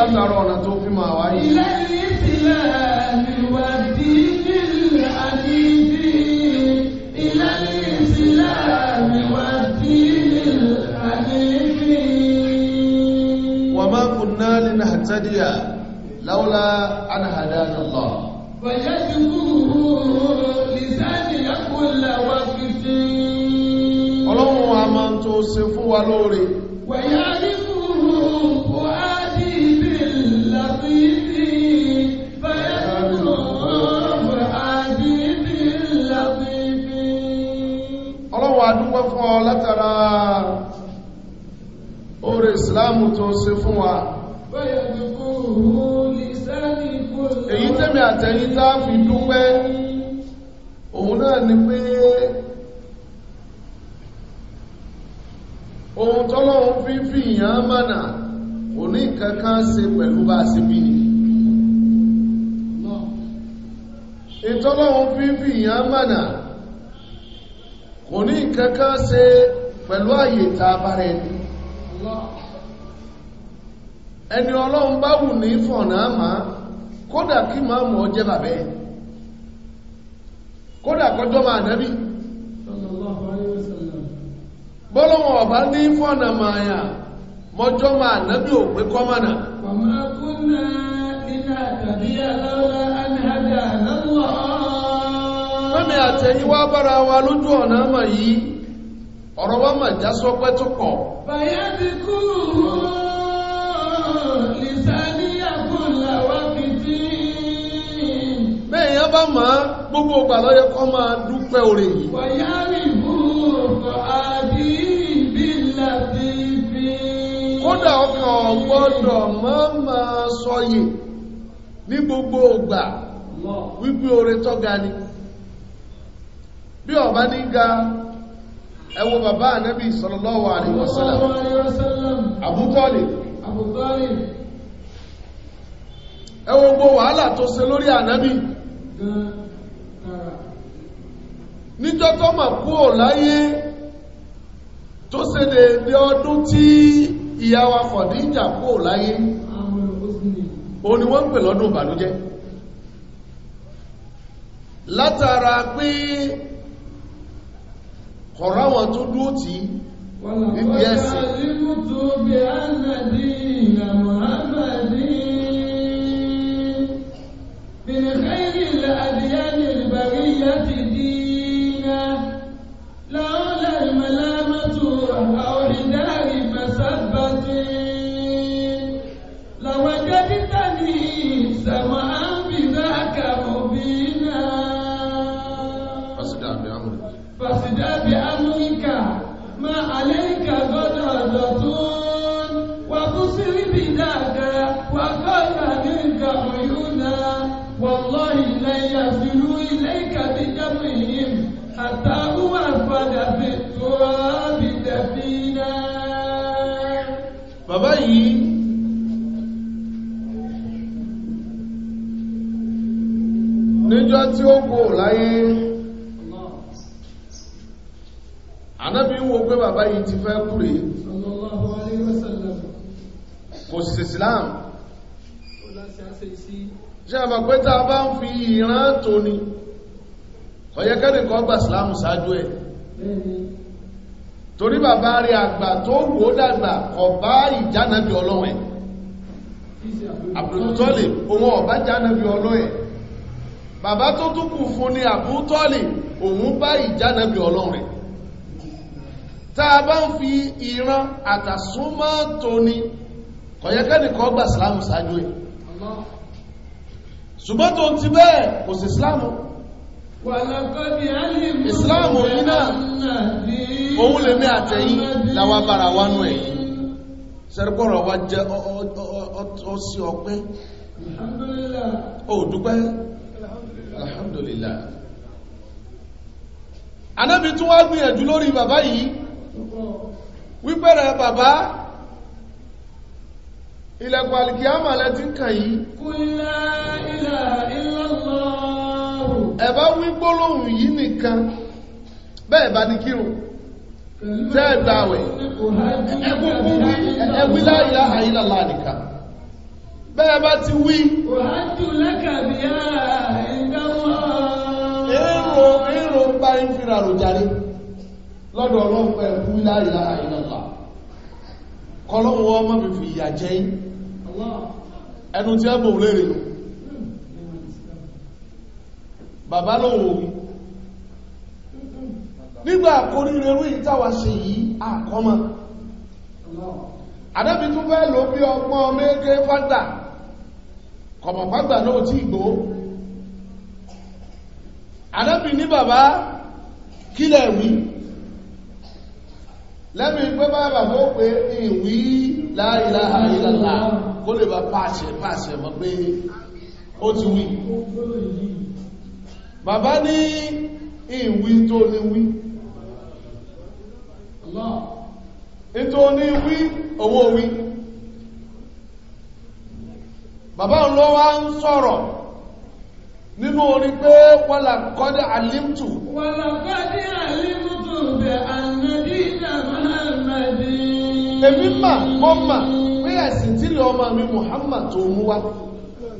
látara ọ̀nà tó fi máa wáyé. lẹ́yìn ìsìlẹ̀ ìwádìí nílùú àdìdí ìlẹ́yìn ìsìlẹ̀ ìwádìí nílùú àdìdí. wa ma kunna linahtadiya lawla an hadana Allah. wàyẹ̀dùkú lìsáàdì yàkùnlẹ̀ wá fífi. ọlọ́run a máa ń tó ṣe fún wa ọ látara oore ìsìláàmù tó ṣe fún wa èyí tẹ́mi àtẹ́yí tá fi dúpẹ́ òun náà ni pé ohun tọ́lọ́run fi fi ìyàn mánà kò ní kankan ṣe pẹ̀lú bá sí bí ni ìtọ́lọ́run fi fi ìyàn mánà kankan se pẹ̀lú àyè ìta abára ẹni ẹni ọlọ́run bá wù ní fọ̀nà àmà kódà kí máa mọ̀ jẹ́ bàbẹ́ kódà kọjọ́ máa nẹ́bí bọ́lọ́wọ̀n ọ̀bá ní fọ̀nà màáyà mọ́jọ́ máa nẹ́bí ò pé àmì àtẹ̀yìnwá bára wa lójú ọ̀nà àmà yìí ọ̀rọ̀ wa mà já sọpẹ́ tó pọ̀. bàyá bá máa gbogbo ọgbà lọ́yẹ kọ́ máa dúpẹ́ orí yìí. kódà ọkàn gbọ́dọ̀ máa máa ní gbogbo ọgbà wípé tọ́ga ni. bí ọba ní ga ẹwọ bàbá ànábì sallallahu alaihi wasallam ẹwọ wàhálà tó se lórí ànábì níjọ́ tó mà kú ò láyé tó ṣe dèdè ọdún tí ìyá wa kú ò láyé o ni wọ́n ń pè lọ́dún látara pé kọ̀rọ̀ àwọn tó dúó tí níbi ẹ̀sìn Bin khairi yìí níjọ́ tí ó kò láyé ànábì ń wo pé bàbá yìí ti fẹ́ kúrè kò sí Islam ṣe àmà pé tá a bá ń fi ìran tó ni ọ̀yẹ́kẹ́ nìkan gbà Islam ṣáájú ẹ̀ torí bàbá rẹ̀ àgbà tó wò dàgbà kọ̀ bá ìjánàbí ọlọ́run ẹ̀ àbúrútọ́lì òun ọ̀bá jánàbí ọlọ́run ẹ̀ bàbá tó tún kù fún ní àbúrútọ́lì òun bá ìjánàbí ọlọ́run ẹ̀ tá a bá ń fi ìran àtàsúnmọ́ tóní kọ̀yẹ́kẹ́nìkan gbà sílámù ẹ̀ ṣùgbọ́n tó ti bẹ́ẹ̀ kò sí sílámù islam yìí náà òun lè ní àtẹ̀yìn láwá bára wá nù ẹ̀yìn sẹ́rẹ́pọ̀rọ̀ wá jẹ́ ọsí ọpẹ́ ó alhamdulillah anábi tún wá gbìyànjú lórí bàbá yìí wípẹ́rẹ̀ bàbá ilẹ̀kùn alìkíyàmà lẹ́tí kàn yìí kúlá ẹ̀bá wí gbólóhùn yìí nìkan bẹ́ẹ̀ bá ní kírò tẹ́ẹ̀dáwẹ̀ ẹkùnkùn wí ẹwí nìkan bẹ́ẹ̀ bá ti wí èrò èrò bá ń fìrà ròjàre lọ́dọ̀ ọlọ́pẹ́ ẹkùn láìlá kọlọ́wọ́ ọmọ mi fi ìyà jẹ́ ẹnu tí bàbá lóhun omi nígbà àkóríreru ìtawà ṣe yìí àkọ́mọ́ àdábi tún fẹ́ ló bí ọgbọ́n mẹ́gẹ́ fádà kọ̀mọ̀ fádà náà tí ìgbó àdábi ní bàbá kílẹ̀ wí lẹ́bí pé bá bàbá ó pé ìwí la ilaha illallah kó lè bá pàṣẹ pàṣẹ mọ́ pé ó ti wí bàbá ní ìwí tó ní wí ètò ní wí owó wí bàbá ló wá ń sọ̀rọ̀ nínú orí pé wọ́lá kọ́dẹ̀ alimtu wọ́lá kọ́dẹ̀ alimtu bẹ̀ ànàdí ìdàmọ́hàmàdí èmi mà mọ́ mà pé Muhammad tó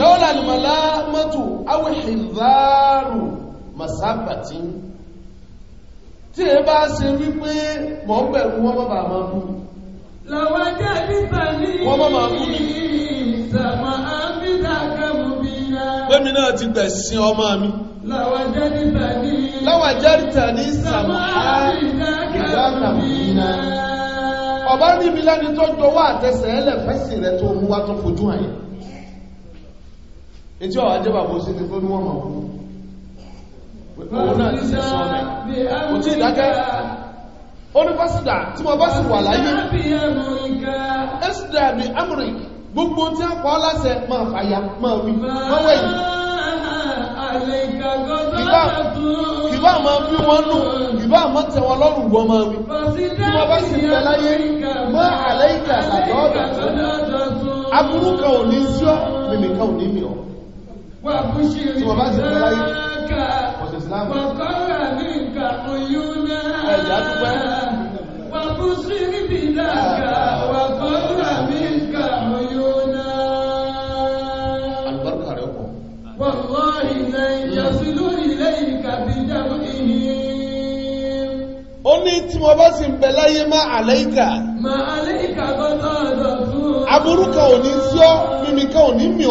lọ́wọ́lá alìmọ̀lá mọ́tò awẹ́hìnzáàrù masábàtí tí ẹ bá ṣe wípé mọ̀ ń bẹ̀rù wọ́n mọ́ bàá máa bú lọ́wọ́ jẹ́ nípa ní ìsàmà áfíríkà kẹ́mùbí náà ọmọ mi lọ́wọ́ jẹ́ nípa ní ìsàmà áfíríkà kẹ́mùbí náà ọ̀bá níbi lẹ́ni tó jọ wá àtẹsẹ̀ ẹlẹ́fẹ́sì rẹ̀ tó etí ọ̀wà jẹ́ bàbá sí ni fún wọn mọ̀ fún òun náà ti sọ ọ̀nà kò tí ìdákẹ́ ó ní pásídà tí mo bá sì wà láyé ẹ́sìdà bí amúrì gbogbo tí a kọ́ láṣẹ máa fàyà máa wí máa wẹ̀yìn ìbá máa bí wọn nù ìbá máa tẹ lọ́rùn wọn máa wí tí bá sì wà láyé máa àlẹ́ ìkà àtọ́ọ̀dà tó aburú ò ní sí ọ́ mímì ò ní mì وبشر ذاك وقر منك عيونا وبشر بذاك وقر منك عيونا والله لن يصل إليك بدمعهم ó ní tí wọ́n bá sì ń bẹ láyé má àlẹ́ìkà má àlẹ́ìkà gbọ́dọ̀ ọ̀dọ̀ fún aburú kan ò ní sí ọ́ ò ní mì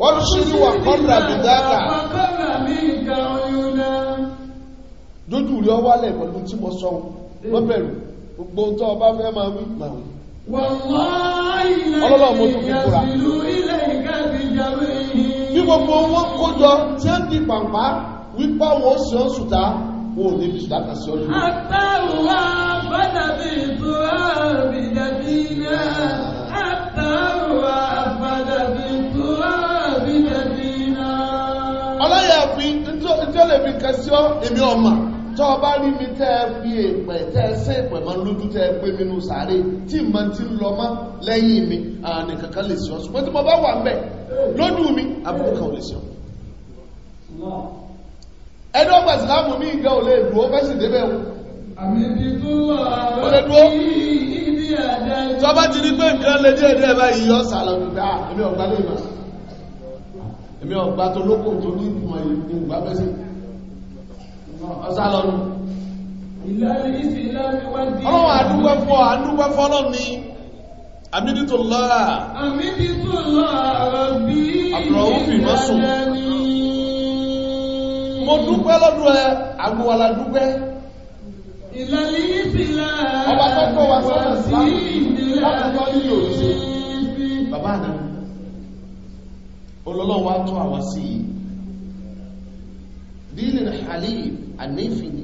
wọ́rùsùlù wà kọ́rà bìdáàkà dójú rí ọwá lẹ̀ pẹ̀lú tí mo sọ lọ́bẹ̀rù gbogbo tó ọba fẹ́ máa wí máa wí ọlọ́lọ́ mo tún fi kúra bí gbogbo wọn kójọ tí ó di pàǹpá wípá wọn ó sì ọ́ wọn ò ní bí sí ọdún. àtàwọn bọ́dà sí ọ́ èmi ọmọ tọ́ ọba rí mi tẹ́ ẹ fi èpẹ̀ tẹ́ ẹ sẹ́ èpẹ̀ máa lójú tẹ́ ẹ pé mi nù sàárè tí ìmọ̀ ti ń lọ mọ́ lẹ́yìn mi àní kankan lè sí ọ́ ṣùgbọ́n tí mo bá wà ń bẹ̀ lójú mi àbúrò kan ò lè sí ọ́ ẹni ọgbà ìsìláàmù ní ìgbà ò lè dúró fẹ́sì débẹ̀ o. àmìbí tó wà lọ́wọ́ ìdí àdá. tọ́ba ti ní pé nǹkan lè dé ẹ̀dẹ́ báyìí yọ sàlọ́nù gbà ah, èmi ọ̀gbá lè mọ̀ èmi ọ̀gbá tó lókò tó ní ìmọ̀ ìgbà mẹ́sìn ọ̀sá lọ́nu ọlọ́wọ́ àdúgbẹ́ fọ́ àdúgbẹ́ fọ́ lọ́nu ni àmìdìtò lọ́ra àmìdìtò lọ́ra bí àbúrọ̀wọ́fì mọ́sùn mo dúpẹ́ lọ́dún ẹ agbówàlá dúpẹ́ ọba tó kọ́ wa sọ́rọ̀ sí lákòókò ní òṣè bàbá àná olọ́lọ́wọ́ tó àwa sí yìí dílìn halif ànífì ni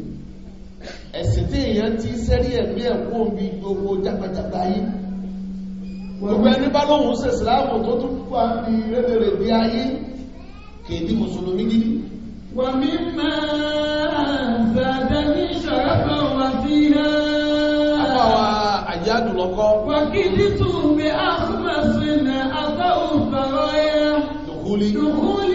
ẹ̀sìn tí èèyàn ti sẹ́rí ẹ̀mí ẹ̀kú omi gbogbo jápajápa yìí gbogbo ẹni bá lóhun ṣe ìsìláàmù tó tún wà ní rẹ́bẹ̀rẹ̀ bí ayé kèdí mùsùlùmí gidi wà mí máa bàbá ní ṣàrápà wà fi hàn àbáwà àjádù lọ́kọ́ wà kí ní tún bí a fún màsínà àbáwò fàrọ̀ ẹ̀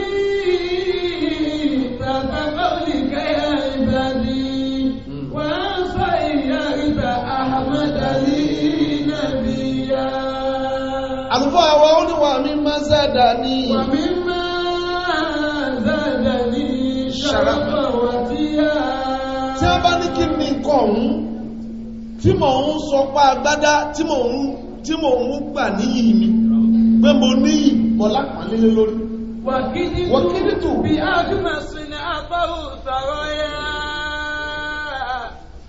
àfáà wa ó ní wà mí má zádà ní. wà mí má zádà ní ṣàràfà wà tí a. tí a bá ní kí ni nǹkan ọ̀hún tí mò ń sọ pa agbádá tí mò ń tí mò ń gbà níyì mi pé mo níyì bọ́lá pàlélé lórí. wà kí ni tù bí a ni a bá wù sọ̀rọ̀ yẹn.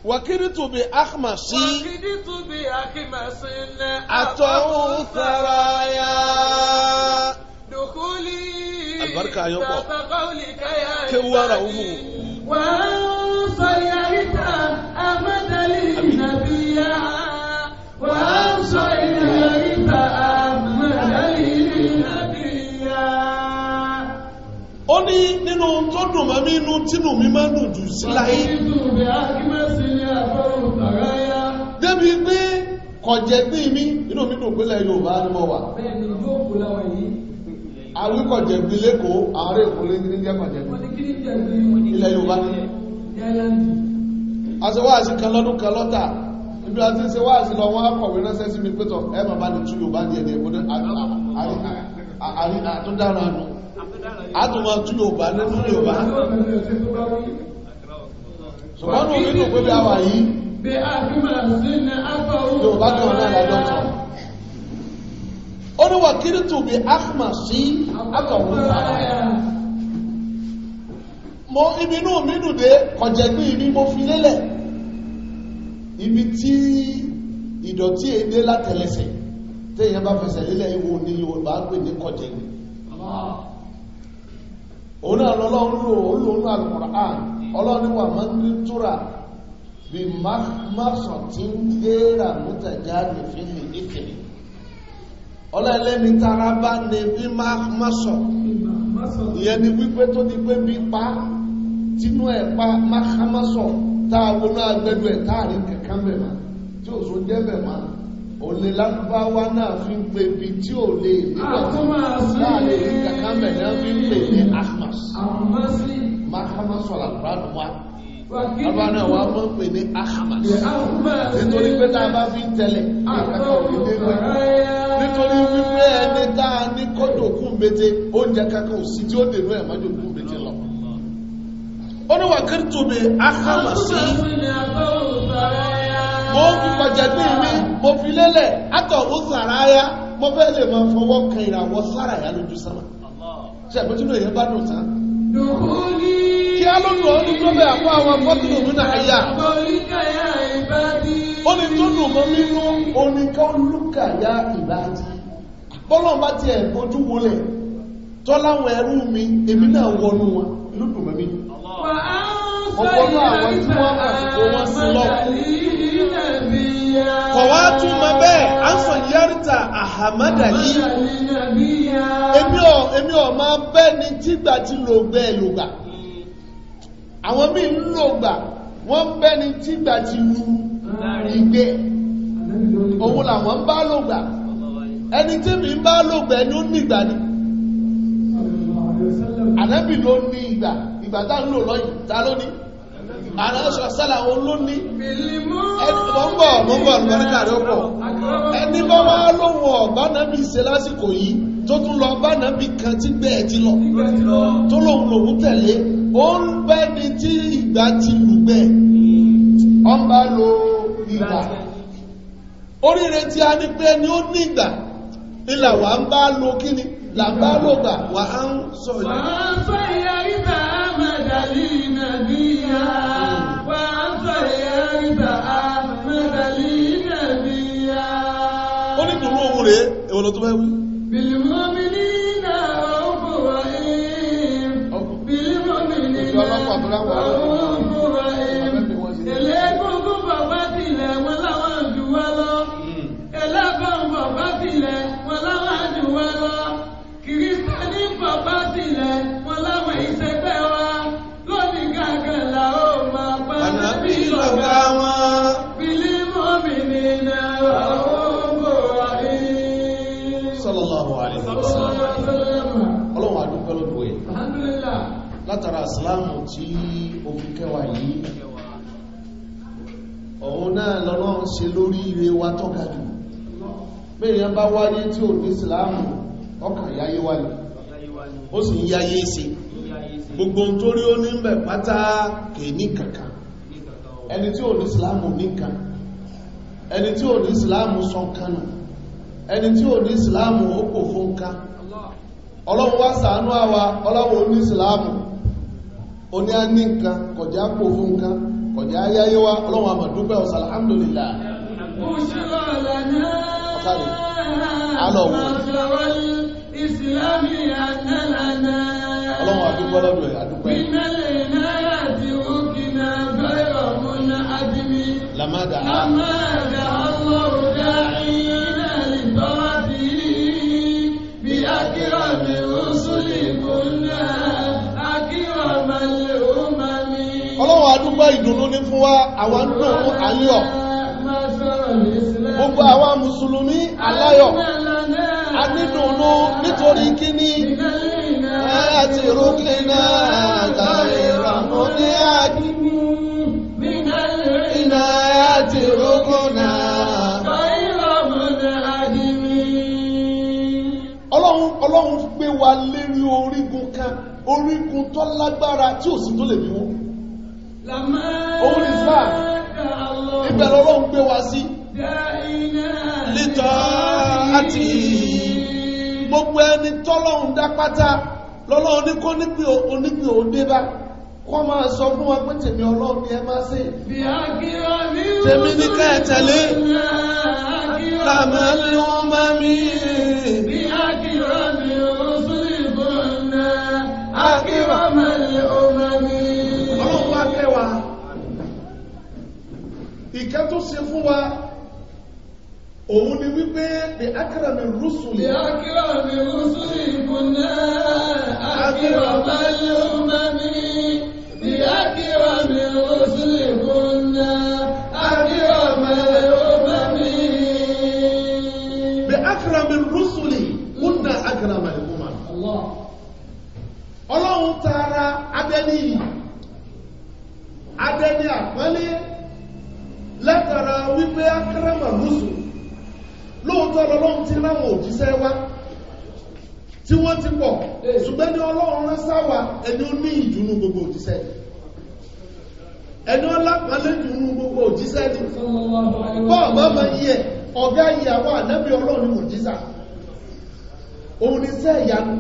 وكرت بأخمصي وكرت بأخمصي أتوه ثرايا دخولي البركة يوم قولك يا كوره وأنصيت أمد للنبي وأنصيت ó ní nínú tó dùn mọ́ mi inú tínú mi máa dùn jù sí láyé débi pé kọ̀jẹ̀gbín mi inú mi dùn pínlẹ̀ Yorùbá ni mo wà àwọn kọ̀jẹ̀gbín lẹ́kọ̀ọ́ àwọn Èkó lé ní jẹ́ ilẹ̀ Yorùbá ibi àti akọ̀wé sí mi pẹ́tọ̀ bàbá ni tú Yorùbá ní ẹ̀dẹ̀ àtùmọ̀ tú Yorùbá nínú Yorùbá ṣùgbọ́n òun nínú pé bí a wà yìí Yorùbá kan náà lájọ́ tán ó ní wà kí ní tùbí ahmà sí akọ̀wé mo ibi inú mi dùde kọjẹ̀gbé ibi mo fi lélẹ̀ ibi tí ìdọ̀tí èdè látẹlẹsẹ̀ téèyàn bá fẹsẹ̀ lélẹ̀ ìwò ní Yorùbá gbé ní kọjẹ̀gbé òun náà lọ́lọ́run lò ó lò ó Al-Qur'an ọlọ́run wà máa ń rí túrà bí máṣàn tí ń gbéra mútàjá lè fi lè níkiri ọlọ́ẹlẹ́ni tara bá ní bí máṣàn ìyẹn ni wípé tó di pé bí pa tínú ẹ̀ pa máṣàn táwọn náà gbẹ́dọ̀ ẹ̀ táàrí kankan bẹ̀ máa tí ò so jẹ́ bẹ̀ máa olè lárúbáwá náà fi ń pè bí tí ò lè ah, láàrin ìkàkàmẹ̀ náà fi ń pè ní ahmas mahamasu alabranu wa bàbá náà wà mọ́ pè ní ahmas nítorí pé tá a bá fi ń tẹ̀lé wípé ẹni tá ní kọ́dọ̀ kún bété oúnjẹ kankan ò sí tí ó dènú ẹ̀ májò kún bété lọ. ó ní wà kírìtò bí ahmas. ó fi pàjàgbé mi mo fi lélẹ̀ àtọ̀ ó sàráyá mo fẹ́ lè ma fọwọ́ kan ìràwọ̀ ya lójú sánmà ṣe àpótúnú èyàn bá dùn tán kí á ló lọ ní tó bẹ́ẹ̀ àpá àwọn fọ́tìlù mi náà yá ó ní tó mọ́ ojú ẹrú kọ̀wá tún ma bẹ́ẹ̀ a ń sàn yárìta emi yìí ma ọ̀ máa jigba ti tígbà tí lògbẹ́ gba àwọn míì ń lògbà ni lu òun làwọn ń bá lògbà ẹni tí mi ń bá lògbà ni ó ní ìgbà ni ànábì ló ní ìgbà ìgbà tá ta ló ní. àrẹ́sọ̀ sálà olóní mọ́mbọ̀ mọ́mbọ̀ lọ́rẹ́kàrí ọ̀pọ̀ ẹni bá wá lóhun ọ̀bá náàbì ṣe lásìkò yìí tó tún lọ bá náàbì kan tí gbẹ̀ẹ́ ti lọ tó lóhun lòun tẹ̀lé ó ń bẹ́ ni tí ìgbà ti lùgbẹ́ hmm. ọ́n bá lo ìgbà oríire tí a ní pé ni ó ní ìgbà ilà wà ń bá lo kíni là ń bá lò gbà wà á ń sọ ìlú. wà á fẹ́ ìyá ìgbà àmàdàlí nàbíyà. rèé èwo ló tún fẹ́ wí. bìlìmọ́mìnì náà ọ̀pọ̀ wáyé bìlìmọ́mìnì náà ọ̀pọ̀ látara ìsìláàmù tí ó fi kẹwà yìí ọ̀hun náà lọ́nà ṣe lórí ire wa tọ́ka jù bẹ́ẹ̀yàn bá wáyé tí ò ní ìsìláàmù ọkàn yáyé wà ní ó sì ń yáyé sí gbogbo tó rí ó ní ń bẹ̀ pátá kèé ní kankan ẹni tí ò ní ìsìláàmù níkan ẹni tí ò ní ìsìláàmù sọkanù ẹni tí ò ní ìsìláàmù ó kò fún ká ọlọ́run wá ṣàánú àwa ọlọ́run ó ní ìsìláàmù ó ní a ní nǹkan kọjá pò fún nǹkan kọjá ayáyé wá ọlọ́run àmàdúpẹ́ ọ̀sán alhamdulillah ọ̀kàrí alọ́wọ́ ọlọ́run àdúpẹ́ lọ́dọ̀ ẹ̀ àdúpẹ́ lamada Allah ọlọ́run adúgbò ìdùnnú ní fún wa àwọn náà ayọ̀ gbogbo àwọn mùsùlùmí aláyọ̀ a nídùnnú nítorí kí ni láti rúkìnà àtàrí ìrànmọ́ ní àdínú iná láti rúkùnà ọlọ́run ọlọ́run gbé wa lérí orígun kan orígun tó tí ò sí tó lè bí wọ́n òun ní Islam ibẹ̀ lọ́rọ̀ ń gbé wa sí lítọ́ àti gbogbo ẹni tọ́lọ́hun dápátá ni ní kó onígbè òde bá kọ́ máa sọ fún wa pé tèmi ọlọ́run ni ẹ máa ṣe tèmi ní ká ẹ tẹ̀lé làmọ́ ni wọ́n máa mi bí akíra mi ò sún ìbọn náà ìkẹ́ tó ṣe fún wa òun ni wípé bí akẹ́rẹ̀mì rúsùlì bí akẹ́rẹ̀mì rúsùlì kùnà akẹ́rẹ̀mì rúsùlì bí akẹ́rẹ̀mì rúsùlì kùnà akẹ́rẹ̀mì rúsùlì bí akẹ́rẹ̀mì rúsùlì kùnà akẹ́rẹ̀mì rúsùlì ọlọ́run tààrà adẹ́ni adẹ́ni àpẹ́lẹ́ akrama rusul lóòótọ́ ọlọ́run ti ráwọn òjíṣẹ́ wá tí wọ́n ti pọ̀ ṣùgbẹ́ ní ọlọ́run rán sáwà ẹni ó ní ìdùnnú gbogbo òjíṣẹ́ ẹni ó lápàálẹ̀ ìdùnnú gbogbo òjíṣẹ́ ni ọ̀gá ìyàwó ànábì ọlọ́run òjíṣà òun ni sẹ́ ìyanu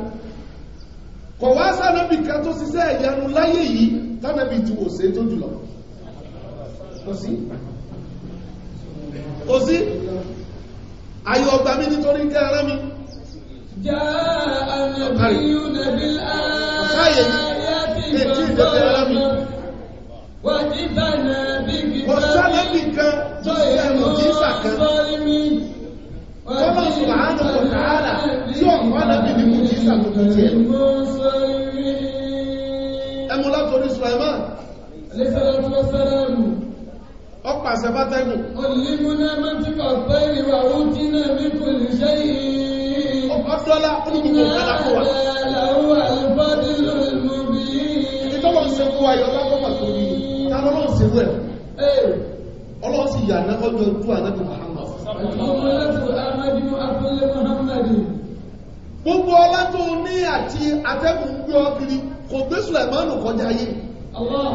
kọ̀ wá sánábì kan tó ṣiṣẹ́ ìyanu láyé yìí tánábì ti wò sí tó jùlọ kò sí ayọ̀ ọgbà mi nítorí jẹ́ ara mi jẹ́ ànàbíyún nàbí Ọlọ́run Ṣùgbọ́n àwọn ọ̀tàrà tí ọ̀pọ̀ alábì ní mú jísà tó tó jẹ́. Ẹmọ́lá torí Ṣùgbọ́n. Alẹ́sàrà tó lọ sára nù ọ̀pá àṣẹfátẹ́gùn. olùlímúná mẹ́tíkọ̀ pé ìwà ó jí náà bí kò lè ṣe yìí. ọ̀pọ̀dọ́lá ó ní gbogbo ìkàlà fún wa. láàrúwà ìbọ́dí lóòlù bí. ìtọ́lọ́ ń sekú wa yọ lágbọ́mà tó yìí ta lọ́lọ́ ń sekú ẹ̀. ọlọ́run sì yà náà ọjọ́ ojú ànábì Muhammad. gbogbo ọlá tó ní àti atẹ́gùn gbé ọ kiri kò gbé Sùlẹ̀mánù kọjá yìí. Allah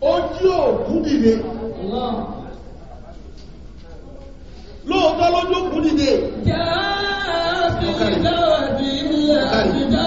ó jí òkú dìde lóòótọ́ lójú òkú dìde Jáàtìlì ìdáwà sí ilẹ̀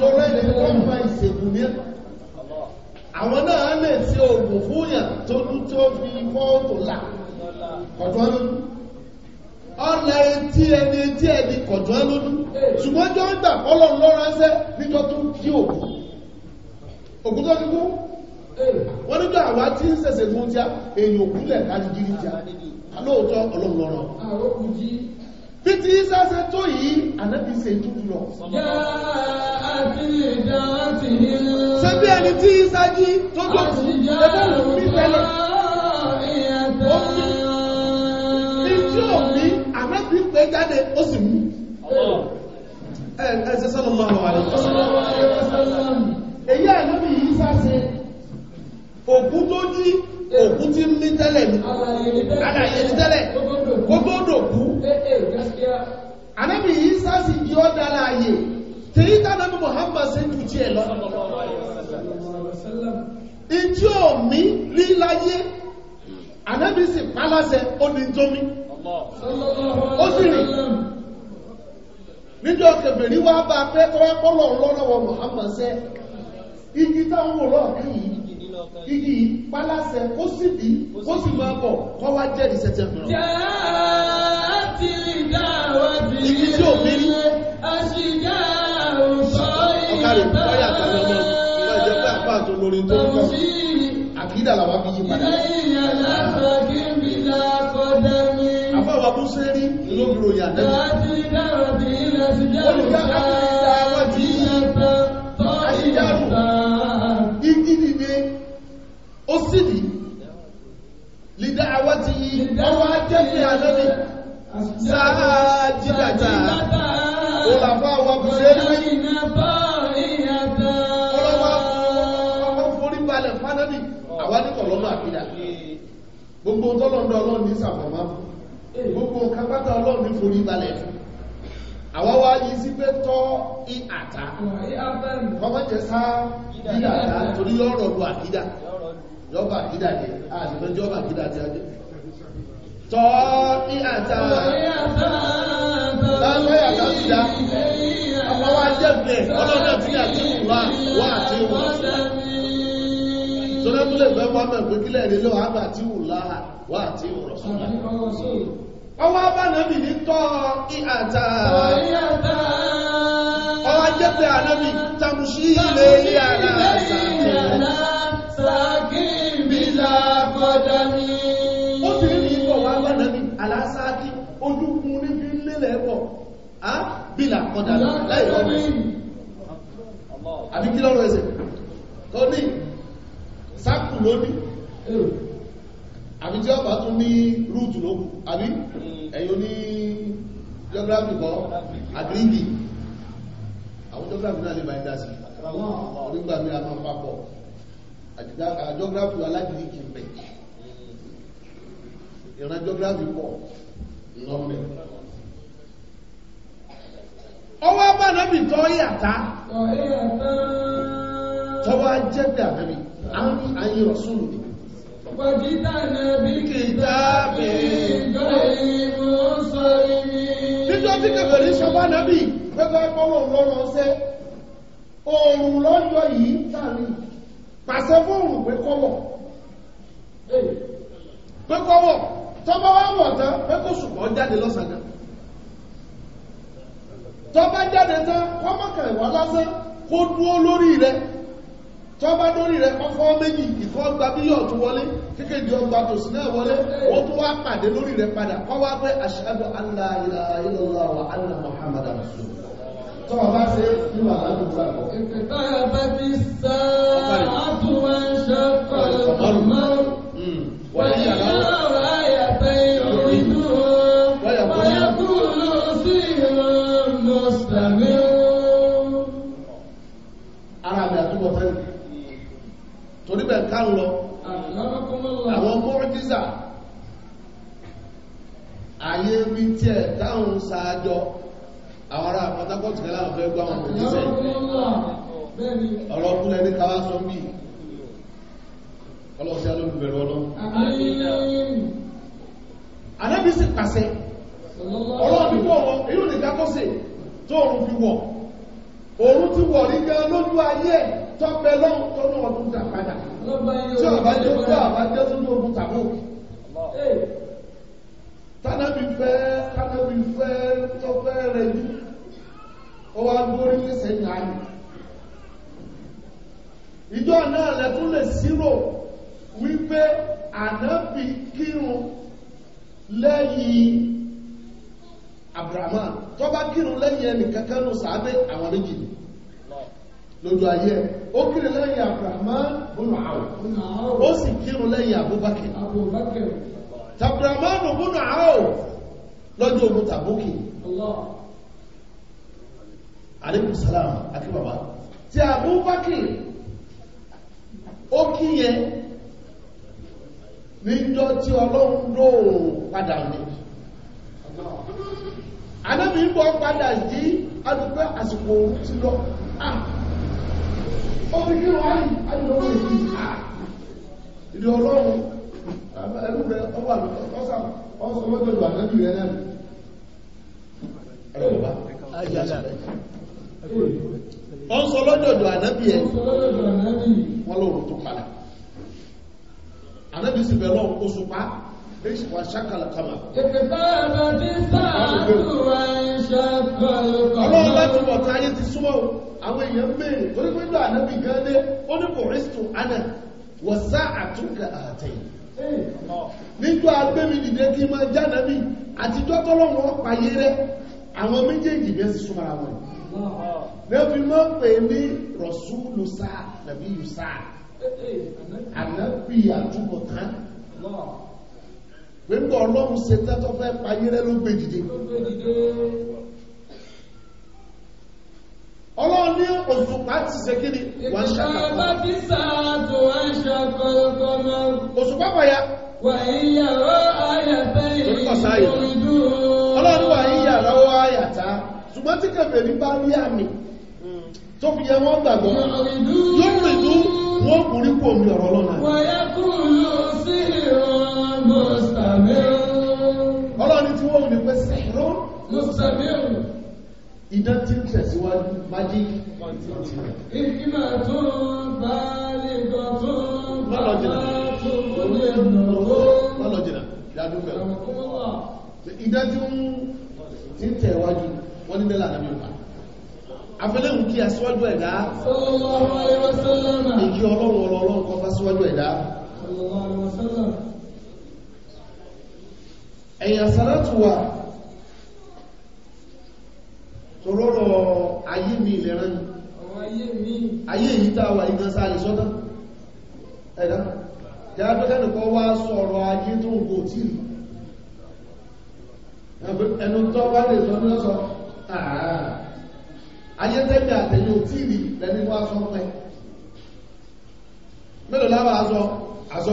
tó rẹ́ni tó ń fa ìṣègùn ní àwọn náà lè tí oògùn fún yà tó ní tó fi fọ́ọ̀tò là ọ̀dọ́ lónú ọ̀là etí ẹni etí ẹni kọ̀dọ́ lónú ṣùgbọ́n jọ ń gbà kọ́lọ̀ lọ́ránṣẹ́ níjọ tó kí òkú òkú tó kíkú wọ́n níjọ àwa tí ń sẹ̀sẹ̀ fún tíá èyàn òkúlẹ̀ láti jírí tíá alóòótọ́ ọlọ́run lọ́rọ̀ títí sáṣẹ́ tó yìí ànábì ṣe tútù lọ. yáa ṣe bí ẹni tí ìsájí tó tó kù ẹgbẹ́ lòun ní tẹ́lẹ̀ ó ní ìjọ mi àmẹ́bí pé jáde ó sì mú ẹ̀ẹ́sẹ̀ sallallahu alaihi wasallam èyí àìlóbi yìí sáṣe òkú tó jí òkú tí ń mí tẹ́lẹ̀ ní àlàyé ní tẹ́lẹ̀ gbogbo òdòkú anábì yìí sáṣì jí ọ́ dára àyè tèyí tánàbí Muhammad sí jù tí ẹ lọ ìjí omi líláyé ànábì sì pálásẹ oníjómi ó sì rìn níjọ́ kẹbẹ̀rí wá bá pẹ́ tọ́wọ́ pọ́lọ̀ lọ́rọ̀wọ̀ Muhammad sẹ́ igi táwọn wò lọ́ọ̀kí yìí igi yìí pálásẹ ó sì bí ó sì máa bọ̀ kọ́ wá jẹ́rìí sẹ́tẹ̀ mìíràn igi tí ò bí rí ọkàrẹ̀ ọyà àtàlọ́mọ́ ìwọ̀n ìjẹ́ pé àpá àtò lórí tó kọ́ àkídà làwà bí yí padà àbáwà bó ṣe rí lóbìrò yàtẹ́ ó sì ní lídá àwọ́ ti ọwọ́ ajẹ́ pé àlọ́lẹ̀ sáà jídàjá Olàbá àwọn abúlé rí. Ọlọ́wọ́ ọmọ forí balẹ̀ fánàbì, àwa ní kọ̀lọ́nà àbídà. Gbogbo tọ́lọ́ndọ̀ ọlọ́run ní sàmọ̀má fún. Gbogbo kápátá ọlọ́run ní forí balẹ̀ fún. Àwa wá yìí sí pé tọ́ i àtà. Ọmọ jẹ sá ìdàdà torí yọ́rọ̀ lu àbídà. Yọ́bà àbídà ni, àṣìfẹ́ jọ́bà àbídà ti ajẹ́. Tọ́ i àtà. Tọ́ i àtà láàrín àyàká sí dá àpáwà jẹ́bẹ̀ ọlọ́dẹ̀ tí àti ìwà wà àti ìwà sọ́dọ̀ tó lè fẹ́ wá mẹ́ pé kílẹ̀ rí lọ́wọ́ àgbà tí ìwà wà àti ìwà ọwọ́ abánàbì ní tọ́ ìhàtà ọwọ́ jẹ́bẹ̀ ànábì tàmùsí ilé ilé àlàáfà sàkí bílá kọ́dámí bílà kọ́dà láì lọ́rọ̀ ẹ̀sẹ̀ àbí kí lọ́rọ̀ ẹ̀sẹ̀ tó ní sákù lóní àbí tí ọba tún ní rúùtù lókù àbí ẹ̀yọ ní geography kọ́ agrigi àwọn geography náà lè bá ẹ̀dá sí onígbà mìíràn máa papọ̀ geography alágbìríkì mẹ́ ìran geography pọ̀ lọ́mẹ́ ọwọ́ bá nábì tọ́ yàtá tọ́wọ́ jẹ́bẹ̀ àbẹ́bì ayé rọ̀súlù ni wàjítà nàbí kìtàbí ìjọ́rìmọ̀ sọ́rí mi títọ́ tí kẹfẹ̀rí sọpá nábì pẹ́gbẹ́ pọ́wọ́ lọ́rọ̀ ṣẹ́ oòrùn lọ́jọ́ yìí tàbí pàṣẹ fóòrùn pé kọ́wọ̀ pé kọ́wọ̀ tọ́bọ́ wá wọ̀ tán pé kó ṣùgbọ́n jáde lọ́sàn-án tó bá jáde tán kọ́mọ̀kà ìwà lásán kó dúó lórí rẹ tó bá lórí rẹ kọ́kọ́ méjì ìkọ́ gba bí yóò tún wọlé kékèdè ọgbà tòsí náà wọlé ó tún wá pàdé lórí rẹ padà kọ́ wá pé ashhadu an la ilaha illallah wa anna muhammadan rasulullah tó wọ́n bá ṣe níwà ládùúgbà bọ̀. ìpìtàyà bá ti sá àtúwà ń ṣe pẹ̀lú ọmọ wọ́n yàrá lọ tán torí bẹ̀ ká ń lọ àwọn mọ́rọ̀dísà ayé bí tí ẹ̀ táwọn sáájọ́ àwọn ará pàtàkọ́tù kẹlá àwọn fẹ́ gbọ́ àwọn mọ́rọ̀dísà ọ̀rọ̀ kúlẹ̀ ní káwá sọ bí ọlọ́sí alóbìnrin ọlọ́run anábì sì pàṣẹ ọlọ́bí wọ̀ wọ́n èyí ò ní kákọ́sẹ̀ tó òun fi wọ̀ òun ti wọ̀ ní gan lójú ayé ẹ̀ tọ́pẹ́ lọ́wọ́ tó ní ọdún tà padà tí ọba jẹ́ tó àbá jẹ́ tó ní ogun tàbó. Tánábì fẹ́ tánábì fẹ́ tọ́pẹ́ rẹ̀ jù ó wá gbórí lẹ́sẹ̀ dání. Ìjọ náà lẹ́tún lè sírò wípé ànábì kírun lẹ́yìn Abrahamu tó bá kírun lẹ́yìn ẹnì kankan nù sàábé àwọn méjì lójú ayé ó kírì lẹ́yìn Abrahman búnú àwọ̀ ó sì kírù lẹ́yìn Abubakar Abrahman búnú àwọ̀ lọ́jọ́ ogun tàbókì alaikum salam akíbàbá tí Abubakar ó kíyẹ níjọ́ tí ọlọ́run ló padà ní anábìnbọ̀ padà yí adúgbẹ́ àsìkò ti lọ ah, ó fi kí wọ́n yìí ayọ̀ ó lè fi hà ìdí ọlọ́run ẹlú rẹ ọwọ́ àlùkò ọ̀sán ọ̀sán mọ́tò lù àtẹ́jú rẹ náà ẹ̀rọ bá wọ́n sọ lọ́dọ̀dọ̀ ànábì ẹ̀ wọ́n lọ́rùn tó kalẹ̀ ànábì sì bẹ̀rẹ̀ ọ̀pọ̀ sùpá ايش وانشق القمر اقتربت الساعه وانشق القمر ọlọ́run láti bọ̀ táyé ti súnmọ́ o àwọn èèyàn ń béèrè torí pé lọ́wọ́ ànábì gan dé ó ní kò rísítù ánà wọ̀ sá àtúnkà àtẹ̀yìn nígbà agbẹ́mi dìde kí máa já nábì àtijọ́ tọ́lọ́run ọ̀páyé rẹ̀ àwọn méjèèjì bẹ́ẹ̀ sì súnmọ́ ara wọn lẹ́fi mọ́ pè ní rọ̀súlù sáà nàbí yù sáà ànábì àtúbọ̀tán pé ń bọ̀ ọlọ́run ṣe tẹ́tọ́ fẹ́ payé rẹ ló gbé dìde ọlọ́run ní òṣùpá ti ṣe kí ni wọ́n ṣàkàkọ́ òṣùpá pàyà wà ìyàwó àyàtà ìrìnlú ọlọ́run wà ìyàwó àyàtà ṣùgbọ́n tí kẹfẹ̀ ní bá rí àmì tó fi yẹ wọ́n gbàgbọ́ yóò rìn tó wọ́n kúrí kò mi ọ̀rọ̀ lọ́nà wà yá kúrò sí ìrọ̀ ọlọ́ni tí wọ́n ní pé sẹ́rọ ìdán tí ń tẹ̀síwájú magic ìgbìmọ̀ tó ń bá lè gọ́ tó ń bá tó ń lè nọ̀rọ̀ lọ́lọ́jìnà ìdádúgbẹ̀ ìdán tí ń tẹ̀wájú wọ́n ìkí ọlọ́run ọlọ́run kọ síwájú ẹ̀dá ẹ̀yìn àsàlátù wà ayé mi ilẹ̀ ni ayé yìí tàà ìgbẹ̀nsá lè sọ́tá ẹ̀dá jẹ́gbẹ́gbẹ́nìkan wá sọ̀rọ̀ ayé tó ń gò tí ẹnu tó wá lè sọ ní ayé tẹ́gbẹ̀ àtẹ̀yìn òtí lẹ́ni wá sọ sọ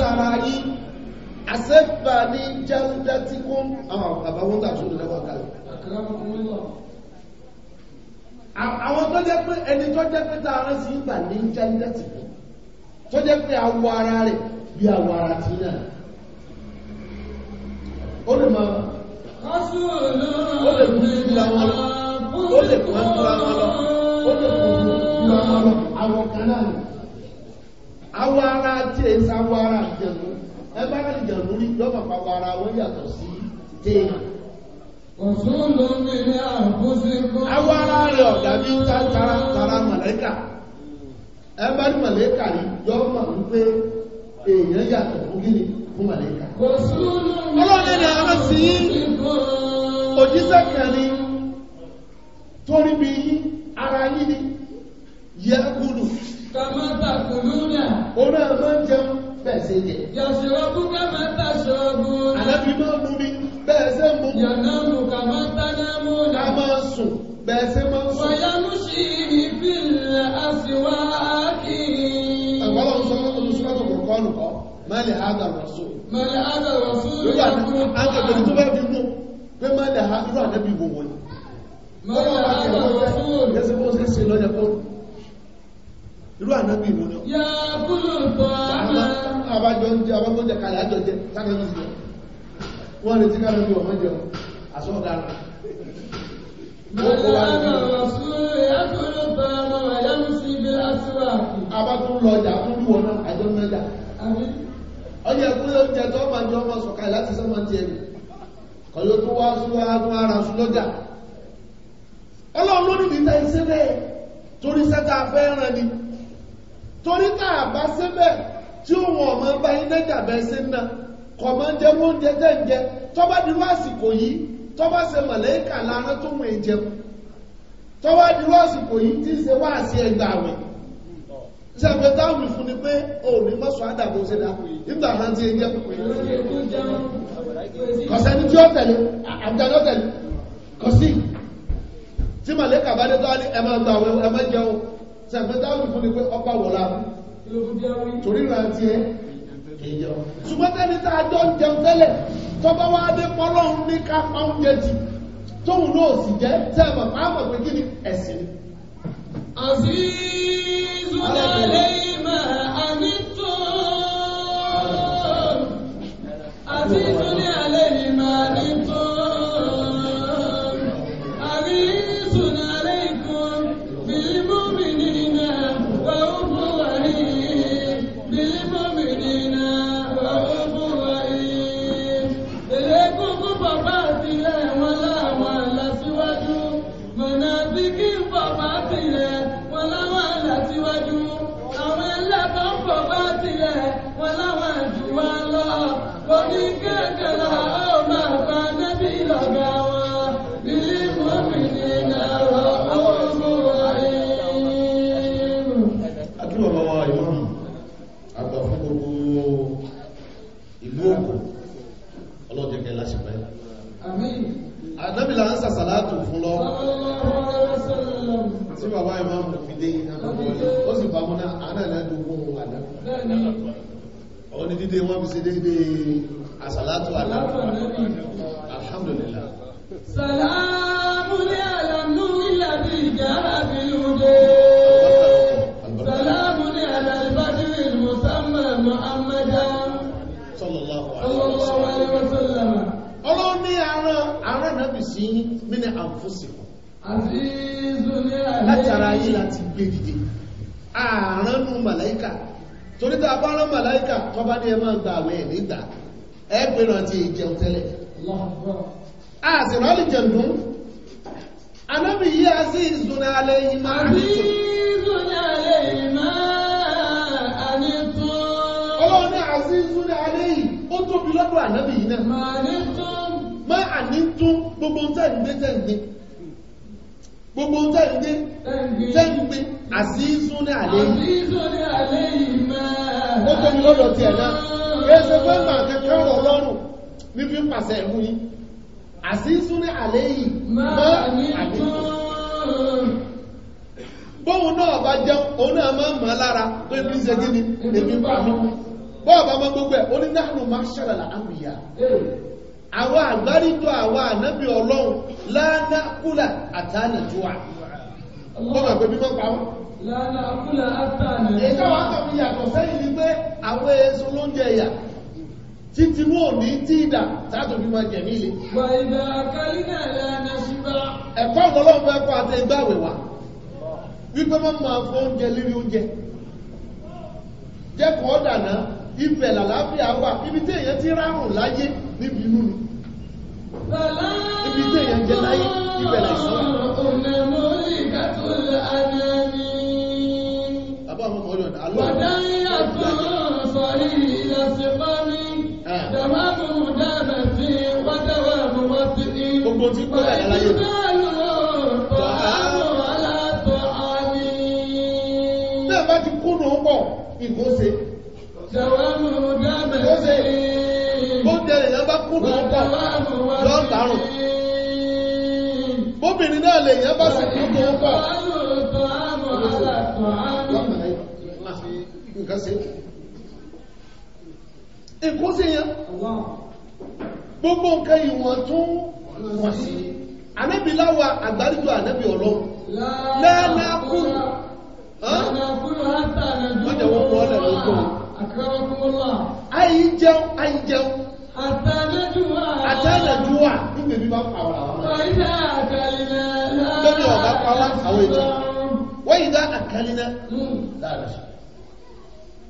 látara yí àṣẹ́fà ní jẹ́rúdá tí kó àwọn ah, àbáwọn tàbí ṣúlẹ̀ lọ́wọ́ kalẹ̀ àwọn tó jẹ́ pé ẹni tó jẹ́ pé tààrán sí ìgbà ní jẹ́rúdá tí kó tó jẹ́ pé awọ ara rẹ̀ bí awọ ara ti náà ó lè máa ó lè mú ìlú àwọn lọ ó lè mú ìlú àwọn lọ ó lè mú ìlú àwọn lọ àwọn kan náà èsà wọ ara ẹgbẹ́ ara àjẹ̀nú rí lọ́mọ̀ pàwọ́ ara wọn yàtọ̀ sí téèyàn. ọ̀sán ló awọ ara rẹ̀ ọ̀gá bí tara tara mọ̀lẹ́kà ẹgbẹ́ mọ̀lẹ́kà rí wípé èèyàn yàtọ̀ fún fún mọ̀lẹ́kà. ara yín ni yẹ kúrò. Kàmá ta ona Òun náà máa ń jẹun bẹ́ẹ̀ ṣe jẹ. Yàṣẹ̀wá kú kàmá ta ṣọ́ọ̀bù. Ànábì máa ń lumi bẹ́ẹ̀ ṣe ń mu. Yàná mu kàmá ta náà mú nà. A máa sùn bẹ́ẹ̀ ṣe máa ń sùn. Wàyà mú sí ibi fílẹ̀ àṣìwá kiri. Àgbàlá ń sọ olùsọ́tò kọ̀ọ̀kọ́ olùkọ́. Mẹ́lẹ̀ Ádà Rasul. Mẹ́lẹ̀ Ádà Rasul. Lórí àgbẹ̀dẹ̀ tó bá fi mú pé mẹ́lẹ̀ Ádà Rasul. Mẹ́lẹ̀ Ádà Rasul irú ànábì wọn náà yà kúrò bọ́ àbájọ ń jẹ àbájọ jẹ kalẹ̀ àjọ jẹ sákẹ́jì jẹ wọ́n lè tí kálọ́bí ọmọ jẹun àsọ́ọ̀dá rẹ̀ Abátún lọ ọjà fún lúwọ náà, àjọ mẹ́jà. Ọjà ẹkùn ló ń jẹ tó máa jọ ọmọ sọ̀kà láti sọ́mọ ti ẹ̀rù. Kọ̀lọ́ tó wá súnwá tó ara sún lọ́jà. Ọlọ́run ló nìdí ta iṣẹ́ bẹ́ẹ̀ torí sẹ́ta fẹ́ràn ni. torí a bá síbẹ̀ tí òun ọmọ bá iná jàbẹ́ sí náà kọ̀ máa ń jẹ oúnjẹ jẹ́ ń jẹ tó dirú àsìkò yìí tó ṣe mọ̀lẹ́kà lára tó dirú àsìkò yìí ṣe wá ṣàpẹ ni pé òní mọ́sùn àdàbò ṣe dà nígbà máa ti ẹgbẹ́ kọ̀sẹ́ni tí sẹ̀fẹ́dáwì fún ni pé ọpa wọ̀lá torí rà ẹ èyàn ṣùgbọ́n tẹ́ni ń jẹun tẹ́lẹ̀ tó wá dé pọ́lọ́run ní ká pa oúnjẹ jì tóun náà sì jẹ́ sẹ́ẹ̀mọ̀ pàápàá pé kí ni ẹ̀sìn Azizu alayma anittu Azizu dédé wọ́n fi ṣe dédé àsàlátù aláàbò alhamdulillah sàlámù ní àlànú ìlàbí ìjà àbí ìrúdé sàlámù ní àlàlbádìrì musamman muhammadu sallallahu alaihi wasallam ọlọ́ ní àárọ̀ àárọ̀ náà bì sí mí ní àfúsìkò àti torí tá a bá rán màláìkà tó bá ní ẹ máa ń a sì rọ́ọ̀lì jẹ̀dún anábì yí a sí alẹ́ yìí máa ń tún. ìzùnà alẹ́ yìí máa ń tún. ọlọ́run ní àzí alẹ́ yìí ó tóbi lọ́dọ̀ yìí náà. máa gbogbo gbogbo jẹ́ mi lọ́dọ̀ ti ẹ̀nà ẹsẹ pé mà kẹ́kẹ́ rọ̀ lọ́rùn ní fi ń pàṣẹ ẹ̀mú yí àṣíṣú ní àlẹ́ yìí mọ́ àbí bóun náà bá jẹun òun náà máa ń mọ̀ lára pé bí ṣe gíní èmi pa mí bọ́ọ̀ bá mọ́ gbogbo ẹ̀ ó ní náà máa lánà àkúlẹ̀ àtàlẹ̀. èyí táwọn àtàwọn yàtọ̀ sẹ́yìn ni pé àwọ èso ló ń jẹ ìyà títí ní tí ìdà tààtò bí jẹ̀mí ilé. wà ìgbà kálínà lánà ṣùgbà. ẹ̀kọ́ ọ̀pọ̀lọpọ̀ ẹ̀kọ́ àti ìgbàwẹ̀ wa wípé wọ́n máa fọ oúnjẹ lérí oúnjẹ dànà ibẹ̀ làlàáfíà wà ibi tí èèyàn ti láyé níbi inú ibi tí èèyàn jẹ láyé ibẹ̀ Gbogbo tí kó yà láyé. Bẹ́ẹ̀ bá ti kúnnù pọ̀, ìgbóse. Ṣàwámù dábẹ̀ sí. Bóde èèyàn bá kúnnù pọ̀, lọ́tàrùn. Bóbìnrin náà lè yẹn bá sì kúnnù pọ̀. Ṣàwámù dábẹ̀ nǹkan ṣe nǹkan ṣe yẹn gbogbo nǹkan ìwọ̀n tó wọ̀n sí ànábì láwa àgbáríjọ ànábì ọlọ́run lẹ́lẹ́kùn wọ́n jẹ́ wọ́n kọ́ ọ́lẹ̀ lọ́tọ́ àìjẹun àìjẹun àtàlẹ́júwà nígbè bí bá pàwọ́ àwọn ìjọ wọ́n ìdá àkàlínà láàrín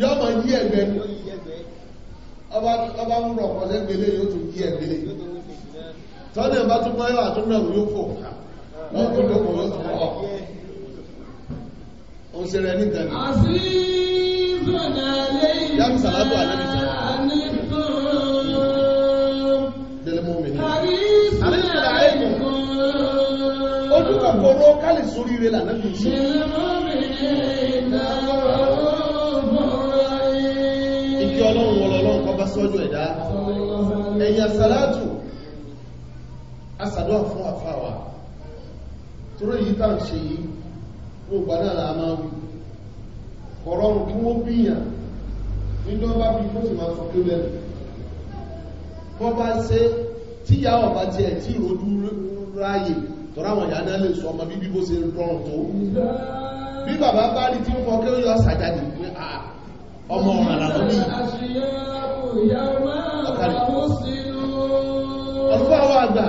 yọ́ ma yí ẹgbẹ́ ọba ń rọ̀ pọ̀ lẹ́gbẹ̀lẹ́ yóò tún yí ẹgbẹ́lẹ́ tọ́nà ẹ̀bá tún mọ́ ẹwà tún mẹ́rù yóò fò wọ́n tó lókùn yóò tún ọ̀ o ṣe rẹ̀ ní kòkòrò kálì sórí rẹ̀ lànàbì ṣe ìkí ọlọ́run wọlọ́lọ́run kọ bá sọ́jú ẹ̀dá ẹ̀yà sàlátù asàdọ́ fún àfáwà torí yìí tàn ṣe yìí gbogbo náà la máa wí kọ̀rọ̀rùn kí wọ́n bíyàn nínú ọba bí fún sí máa sọ pé lẹ́nu wọ́n bá ṣe tíyàwó bá jẹ́ tí ìròdú ráyè tọ́ráwọn ìyá náà lè sọ ọmọ bíbí bó ṣe rọrùn tó bí bàbá bá rí tí ó fọ́ kí ó yọ sàjáde pé ọmọ ọ̀rọ̀ àlàtọ́ ní ọ̀rọ̀fà wà àgbà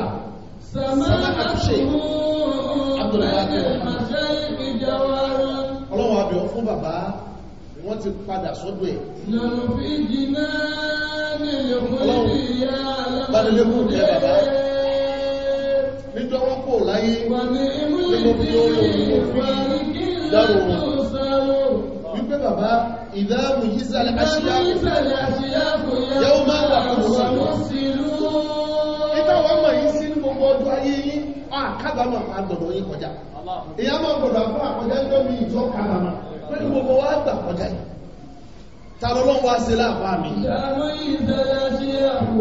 sàmáàtúnṣe ọlọ́wọ́ abẹ́ fún bàbá wọ́n ti padà sọ́dọ̀ ẹ̀ ọlọ́wọ́ bá lè lékún ẹ̀ bàbá níjọ́ wọ́n kò láyé wípé bàbá ìdáàbò yíṣàlẹ̀ aṣíyàkò yóò máa wà kábàámà àgbọ̀dọ̀ yí kọjá ìyá máa gbọ̀dọ̀ àpá àkọjá ń lọ́mí ìjọ kábàámà pẹ̀lú gbogbo wá gbà kọjá yìí tààrọ lọ́wọ́ wá sí láàbá mi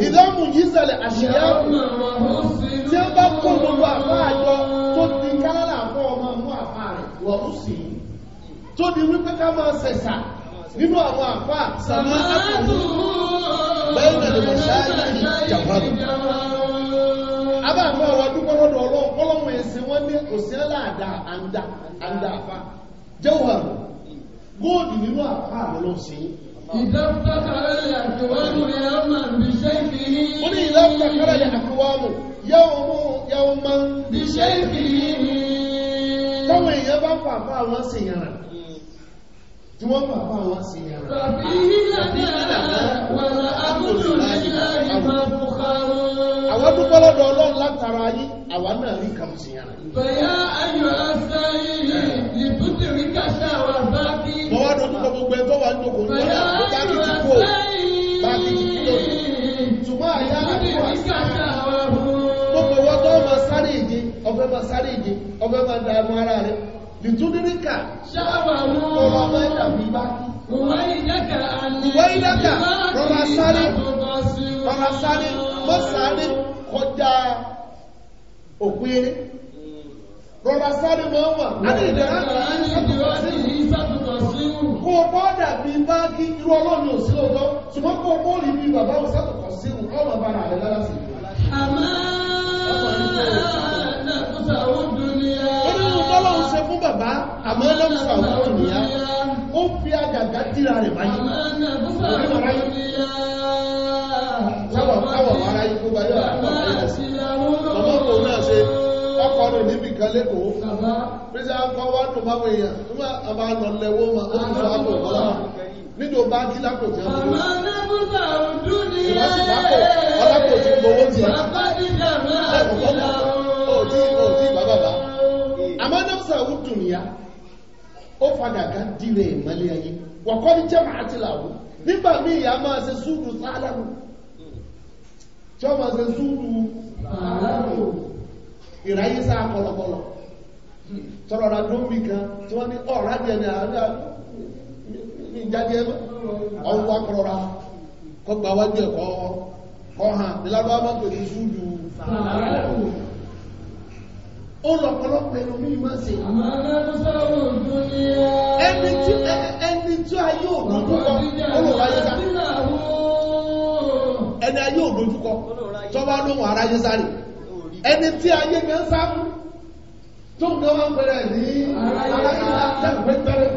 ìdáàbò yíṣàlẹ̀ aṣíyàkò di wípé ká máa sẹ̀sà nínú àwọn àfá sàmà Abáàmọ́ ọ̀rọ̀ dúpọ́lọ́dọ̀ ọlọ́run ẹ̀sìn wọ́n ní òsìnlá àdá àndà àfá. Jẹ́wàrù, góòdì nínú àfá àmọ́lọ́ sí. Ìdáfẹ́kàrà yà àkíwámù ni a máa bí ṣe ìfìyí. Ó ní ìdáfẹ́kàrà yà àkíwámù, yẹ́ tí wọ́n bá bá wọn sí ẹ̀rọ. Tàbí ìlànà wàrà abúlù nílá ìmọ̀ bùkárù. Àwọn dúpọ́ lọ́dọ̀ ọlọ́run látara yí, àwa náà rí kàmù sí ẹ̀rọ. Bẹ̀yà ayọ̀ afẹ́ ilé ìbútì rí kàṣà wà bá kí. Wọ́n wá dojú kọ gbogbo ẹgbẹ́ wa ní òkú lọ́dọ̀ bá kí ti kó. Bá kí ti kó lórí. Ṣùgbọ́n àyà àdúrà sí ẹ̀rọ. Gbogbo wọn tó máa sáré ìje, ọbẹ̀ máa sáré ìje, ọbẹ̀ máa da ara rẹ̀ lìtúndínníkà ọ̀rọ̀ ọ̀fẹ́ tàbí bá ìwọ̀ídàkà rọra sáré rọra sáré mọ́ sáré kọjá òkú eré rọra sáré mọ́ wà ádìdẹ̀rá kó pọ́ dàbí bá kí irú ọlọ́run òsí lọ́tọ́ ṣùgbọ́n kó pọ́ rí bí bàbá àmọ́ lọ́nà àwọn àwọn ìyá ó fi àgàgà tíra rẹ̀ báyìí káwọ̀ ara yìí kó báyọ̀ àwọn ọmọ náà ṣe ọkọ̀ rẹ̀ níbi kan lẹ́kọ̀ọ́ pẹ́sẹ̀ akọ́ wá tó máa wẹ̀ yàn tó máa àbá lọ lẹ́wọ́ ma ó ti sọ àpò ọ̀la nídò bá kí lápò tí a mú ọlápò tí gbowó ti bàbá àmọ́ nọ́fṣà ó dùn ya ó padà ká dìrẹ̀ ìmọ́lẹ̀ ayé wọ̀kọ́ ní jẹ́mà àti làwú nígbà míì ìyá máa ṣe súúrù sáàlánù tí ó máa ṣe súúrù sáàlánù ìráyé sáà kọlọkọlọ tọrọ ra dómi kan tí wọ́n ní ọ̀rá jẹ́ ní àádá ní jáde ọwọ́ akọrọra kọgbà wájú ẹ̀kọ́ kọ́ hàn nílábàá máa pè ní súúrù sáàlánù ó lọ̀pọ̀lọpọ̀ ẹnu mí máa ṣe ẹni tí ẹni tí ayé òdójúkọ olóòrò ayé sáré ẹni ayé òdójúkọ tó bá lóhun aráyé sáré ẹni tí ayé gan sáfún tó ń gbọ́n wọn pẹ̀rẹ̀ ní aráyé sáré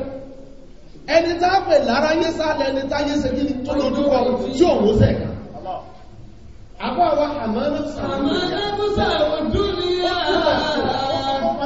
ẹni tá a pè láráyé sáré ẹni tá ayé sẹ́kí tó lójúkọ tí òun sẹ̀ àbọ̀ àwọn àmọ́ náà sàrò dúnìyà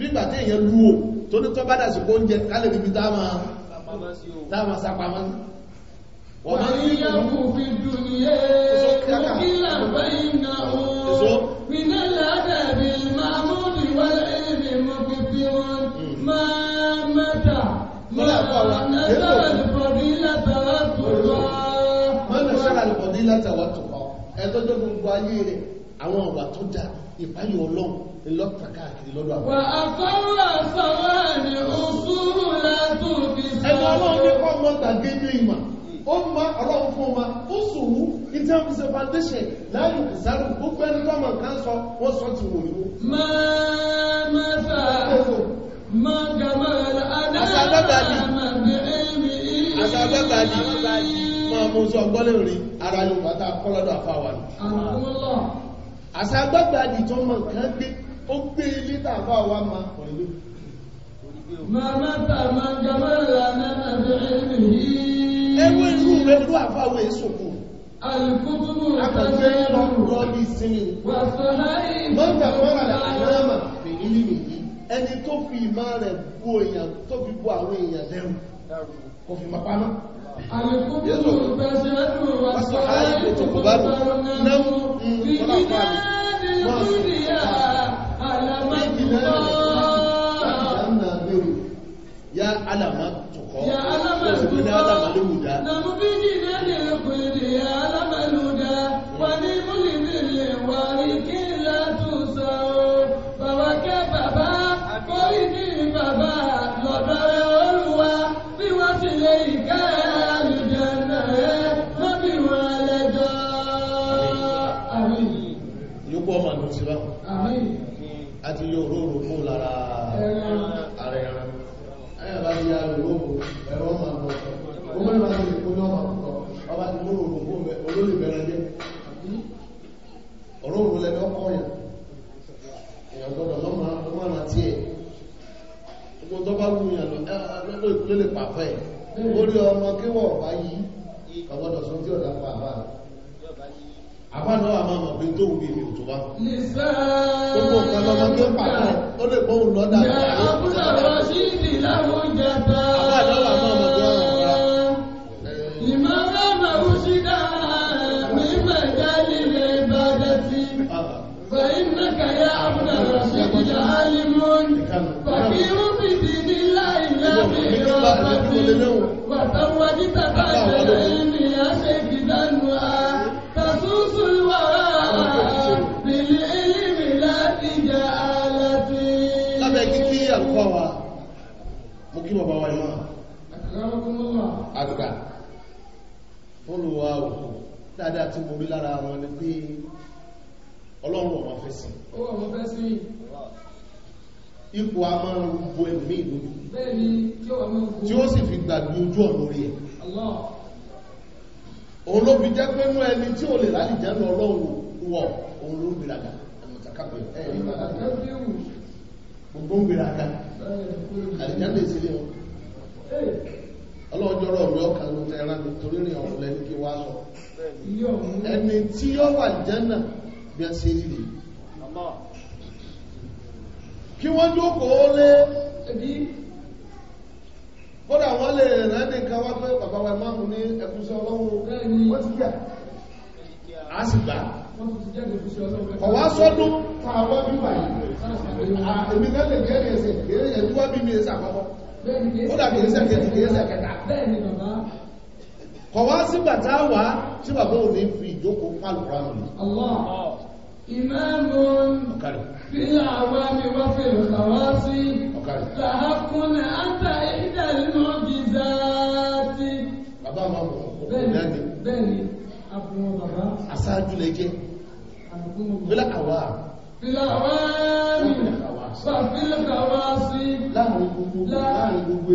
nígbà tí èèyàn lú o tó ní tọ́ bá dà sí kó ń jẹ kálẹ̀ níbi táàmà sápamọ́ sí wọ́n máa ń rí ìyàwó fi dùnìyẹ Ẹ̀tọ́jọ́ gbogbo ayé rẹ̀, àwọn ọ̀wà tó dá ìbáyọ̀ ọlọ́run ńlọ́pàá káàkiri lọ́dọ̀ àwọn. wà á fọwọ́ àfọwọ́ àmì òṣùrù látún fi sọ. ẹni ọlọ́run ní kọ́ mọ́ gbàgede ìmọ̀ ó ma ọlọ́run fún ma ó sòwú ìtẹ́ fi ṣe foundation láàyè ìsàrù gbogbo ẹni tọ́mọ̀ kan sọ wọ́n sọ ti wò ní. máa máa fà máa gàmọ́ àdáàmà máa mú sọ gbọ́lẹ̀ rí ara yóò bá tá kọ́lọ́dọ̀ àfáwà ní. àṣà gbọ́gbàdì tó mọ̀ nǹkan gbé ó gbé ilé tàbá wa ma pọ̀lú màmá tàbá jamára náà bẹ̀rẹ̀ yìí ẹwọ́ irú rẹ̀ ló àfáwọ̀ èsòkò alìkútùmù àtàfẹ́ lọ́rọ̀ ní ìsinmi mọ́ta mọ́ra àmàmà fèyí nìyí ẹni tó fi ìmá rẹ̀ bú èèyàn tó fi bú àwọn èèyàn lẹ́rù kò fi mapáná alìkútùmù pẹ̀sẹ̀ ẹ̀rù wà sọ́hàí ètò kò bá rù náà ń kọ́lá fáàmì ya alama tukọ ya alama tukọ rí òróòrò mú lára ààrẹ ẹran ẹ̀yà bá rí ààrẹ òróòrò ẹ̀rọ ọmọ àgbọ̀ ọmọ ìwà ti rí kójú ọmọ àkọ́kọ́ ọba ti mú òróòrò mú olóòrè bẹ̀rẹ̀ jẹ́ òróòrò lẹ́nu ọgbọ́dọ̀ sọ tí ọ̀dà àwádọ́ àmọ́ ọ̀gbìn tó wù mí òtò wá gbogbo nǹkan lọ́mọ tó pàtó ó lè gbóhùn lọ́dà àwádọ́ àmọ́ ọ̀gbìn فإنك يا عبد الرشيد عالم فقير بدين الله لا في رابة وتوجت بعد àgbà wọ́n lò wá òkú dáadáa tí mo rí lára wọn ni pé ọlọ́run ọmọ fẹ́ sí ipò a máa ń bo ẹ̀mí ìlú tí ó sì fi gbàgbé ojú ọ̀nà orí ẹ̀ òun ló fi jẹ́ pé mú ẹni tí ò lè láti jẹ́ lọ ọlọ́run wọ òun ló ń gbèraga gbogbo ń gbèraga àdìjẹ́ lè sílé wọn ọlọ́jọ́rọ̀ mi ọkà ló tẹ ẹran nítorí rìn ọ̀rọ̀ lẹ́ni kí wá sọ ẹni tí yọ́ wà jẹ́nà bí ẹ ṣe rí rèé kí wọ́n jókòó lé ẹbí kódà wọ́n lè rẹ́ nìkan wá pé bàbá wa máa mú ní ẹkùsẹ́ ọlọ́run wọ́n ti jà á sì gbà ọ̀wá sọ́dún tàwọn bíbà gẹ́rẹ̀ ẹ̀sẹ̀ gẹ́rẹ̀ ẹ̀dúwà bí mi ẹ̀sẹ̀ àkọ́kọ́ ó dàbí ìrẹsẹ̀ kẹta ìrẹsẹ̀ kẹta kọ̀wá sígbà tá a wá sígbà tó ní fi ìjókòó pàlùkùrá mi. ìmáàmù fi àwa mi wá fi ìrọ̀kàwá sí tààkùnrin àtà ìdàlímọ̀ gíga ti. bàbá máa wọ̀ ọ̀pọ̀ bẹ́ẹ̀ni àbúrò lè jẹ́. fílà àwa. fílà àwa mi. Sàfílẹ̀ ọ̀rọ̀sí. Láàrin gbogbo láàrin gbogbo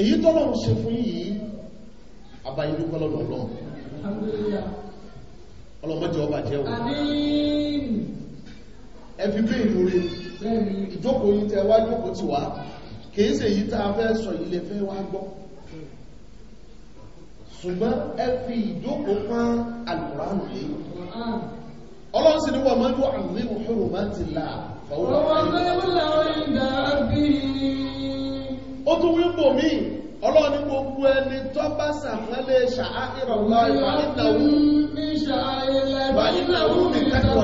Èyí tọ́lọ̀ ń ṣe fún yìí, àbáyédúkọ́lọ́dọ̀ lọ. Ọlọ́mọ́jẹ́ ọba jẹ́ wọn. Ẹ bí ìmúre, ìjókòó yìí tẹ jókòó ti wá, kìí ṣe èyí tá sọ ilé fẹ́ wá gbọ́ ṣùgbọ́n ẹ fi ìjókòó pán alùpùránù lé ọlọ́run sì ní wọ́n mọ́jú àmì òṣèrò máa ti là ó tún wí bò mí ọlọ́run ní gbogbo ẹni tó bá sàmọ́lẹ̀ ṣàá ìrọ̀lọ́ ìwàlítàwó ìwàlítàwó ìtẹ́kọ̀ọ́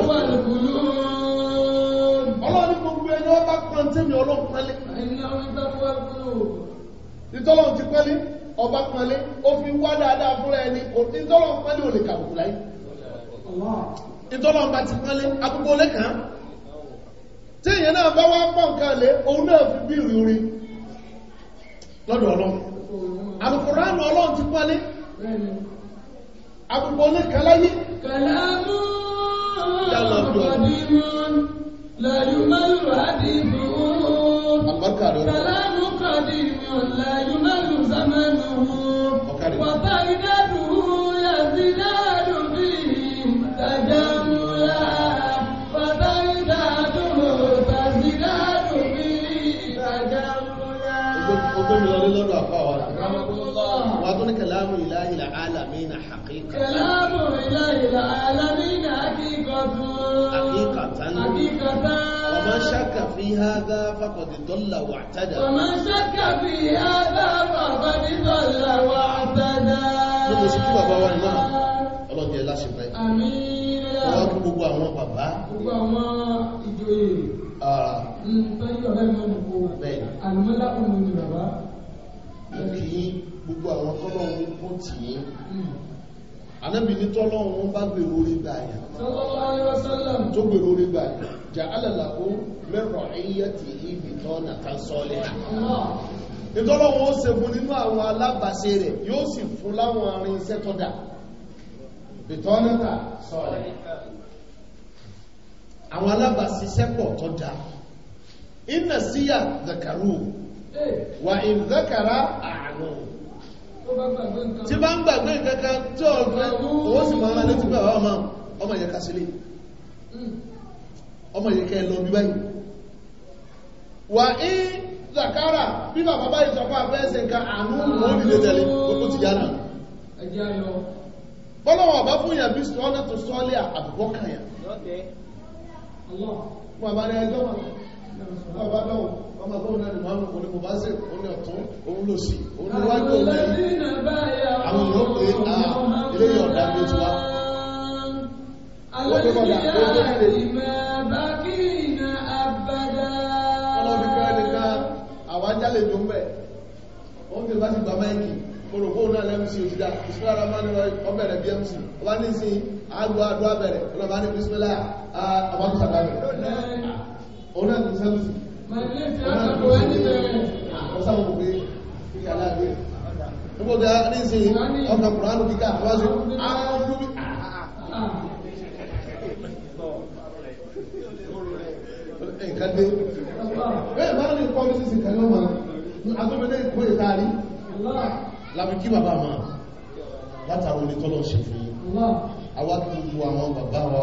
ọlọ́run ní gbogbo ẹni wọ́n bá pọ́ntẹ́mì ọlọ́run pẹ́lẹ́ ọba pọnlé ó fi wá dáadáa fúnra ẹni ìtọ́lọ̀ pọnlé ò lè kàbùkù láyé ìtọ́lọ̀ bá ti pọnlé agbogbo lẹ́kàn tí èyàn náà bá wá pọ̀ nǹkan lé òun náà fi bí ìrìnrìn lọ́dọ̀ ọlọ́run alùkùránù ọlọ́run ti pọnlé agbogbo lẹ́kàn láyé kàlámù ọ̀rọ̀ قديم لا يمل زمنه وفائدته يزداد فيه تجملا وفائدته تزداد فيه تجملا وأظن كلام إله العالمين حقيقة كلام إله العالمين حقيقة حقيقة في هذا فقد ضل واعتدى ومن شك في هذا فقد ضل واعتدى lọ́pọ̀ sí kí bàbá wa náà ọlọ́dẹ láṣepẹ́ ọwọ́ kí gbogbo àwọn bàbá gbogbo àwọn ìjòyè tọ́jú ọ̀rẹ́ mọ́ gbogbo àlùmọ́lá òun gbogbo àwọn kọ́lọ̀ òun kó anábì ní tọ́lọ́run bá gbèrò orí gbàyà tó gbèrò orí gbàyà jà alàlàkó mẹ́rọ̀ ẹ̀yẹ ti ibi tọ́ nàta sọ́lẹ̀ ìtọ́lọ́run ó ṣe fún nínú àwọn alábàṣe rẹ̀ yóò sì fún láwọn arin iṣẹ́ tó dà ìtọ́ nàta sọ́lẹ̀ tí bá ń gbàgbé ìkẹ́kẹ́ tí ọ̀gbẹ́ owó sì máa rẹ̀ létí bẹ̀rẹ̀ ọmọ ọmọ ìyẹ̀ká sílé ọmọ ìyẹ̀ká ẹ̀lọ bí báyìí wà ní zakara bí bàbá báyìí sọpá fẹ́ẹ̀sẹ̀ ka àánú òmìnir tẹ̀lé gbogbo ti yára bọ́lọ́wọ́ bá fún ìyàbí sọ́ọ́lẹ̀ tó sọ́ọ́lẹ̀ àbúkọ́ kàyà ọmọ ẹgbọ́n náà ni máa mú òní mọ̀báṣẹ̀ òní ọ̀tún òun ló sí òun ló wá gbọ́ lẹ́yìn àwọn ìlú pé a ilé yọ̀ dá bí ó ti wá wọ́n tó kọ́dà tó tó kéde ọlọ́bí kan nìkan àwọn ajálè tó ń bẹ̀ wọ́n ti bá ti gba máìkì olùkó náà lẹ́mùsí òjìdá ìsúlára máa ń lọ ọbẹ̀rẹ̀ bí ẹmùsí ọba ní sí àgbà àdúrà bẹ̀rẹ̀ ọlọ́bá ní bísmílà àbábùsàdá bẹ̀rẹ̀ òun náà ti sẹ́mùsì Gbogbo ọ̀gá ní ṣe ọkà Kùránù kíkà wáṣe, àwọn olúmi ẹ̀ka dé. Bẹ́ẹ̀ bá ní kọ́ ní sísì kan lọ́mà, àtọ́bẹ̀lẹ́ ìkó ìtaari, lábi kí bàbá máa látàrí onítọ́lọ̀ ṣe fún yí. Àwọn àtúgbò àwọn bàbá wa,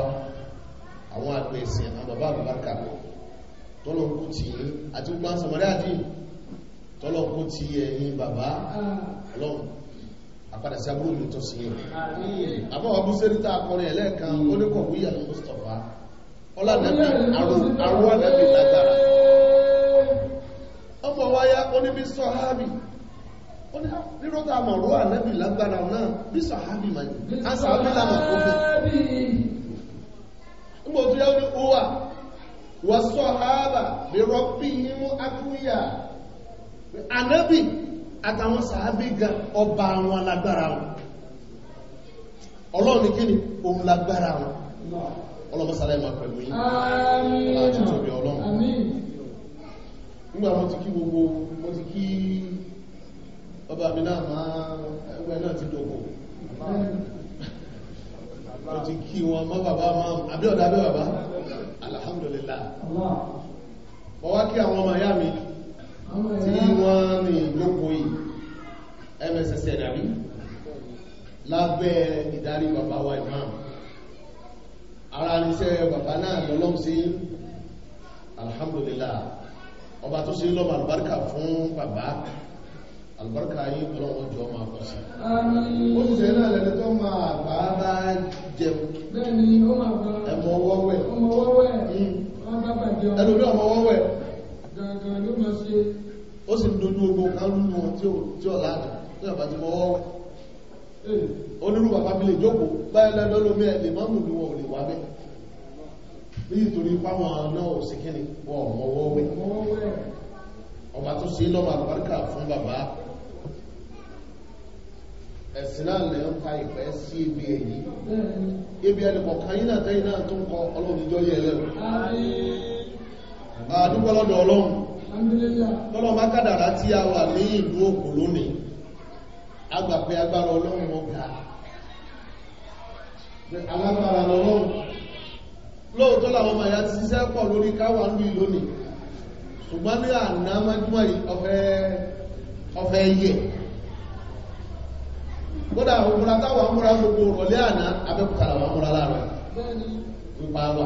àwọn àgbẹ̀ ìsìn àwọn bàbá àbúbákà tọ́lọ̀kú tí yí àti gbogbo àsàmàrí àdín tọ́lọ̀kú tí ẹ̀yìn bàbá ọlọ́run àpadà sí agbúrò mi tọ́ sí yẹn àmọ́ ọdún sẹ́ríta akọrin ẹ̀lẹ́ẹ̀kan ó ní kọ̀wé yà ní Mustapha ọlànàbí àrùn ànàbí lágbára ọmọ wáyá ó ní bí sọ́hábì ó ní rírọ́ta àmọ̀rú ànàbí lágbára náà bí sọ́hábì mà ní àṣà àbílà mà kó wọ́sọ̀háàbà bí rọ́pí nínú akúyà anábì àtàwọn sàábì gan ọba àwọn alágbára wọn ọlọ́run ní kíni ohun lágbára wọn ọlọ́mọsàlẹ̀ máa pẹ̀lú yìí láti tóbi ọlọ́run nígbà wọ́n ti kí gbogbo wọ́n ti kí ọba mi náà ẹgbẹ́ náà ti dọ̀gbọ̀ wọ́n kí wọn mọ́ bàbá máa àbí ọ̀dà bẹ́ bàbá wọ́n wá kí àwọn ọmọ ìyá mi tí wọ́n ní lóko yìí mss dàbí lábẹ́ ìdarí bàbá wa imam ara níṣẹ́ bàbá náà lọ́lọ́m sí alhamdulillah ọba tó sí lọ́mọ àlùbáríkà fún bàbá àlùbáríkà yìí ọlọ́wọ́ jọ máa pọ̀ sí ó sì sẹ́yìn náà lẹ́ni tó máa bá jẹun ẹmọ ọwọ́wẹ́ ẹnu ní ọmọ wọ́n wẹ̀ ó sì ń dojú ogbò kárùn-ún wọn tí ó láàdì tí ọ̀bá ti mọ́ wọ́n wẹ̀ eh. onírú bàbá bí lè jókòó báyẹ̀ lẹ́lọ́lọ́mí ẹ̀ lè mọ́mù ní wọn ò lè wá bẹ́ nítorí páwọn náà sí kíni wọn ọmọ wọ́n wẹ̀ ọba tó sí lọ́mọ àlùbáríkà fún bàbá ẹ̀sìn náà lè ń ka ìfẹ́ sí ibi èyí ibi ẹnìkọ̀ọ̀kan yìí náà tẹ́yìn náà tó ń kọ ọlọ́run ìjọ yẹ lẹ́nu àdúgbọ́lọ́dọ̀ ọlọ́run lọ́lọ́ bá kádàrá tí a wà ní ìlú òkú lónìí agbàpẹ́ agbára ọlọ́run ọgbà alágbára lọ́lọ́run lóòótọ́ làwọn ọmọ ìyá ti ṣiṣẹ́ pọ̀ lórí káwà ń lú ìlónìí ṣùgbọ́n ní àná mẹ́júmọ̀ ọ̀fẹ́ yẹ̀ kódà òmúra táwà múra gbogbo rọ̀lẹ́ àná abẹ́kùtàlà wà múra láàrẹ̀ ń pa wà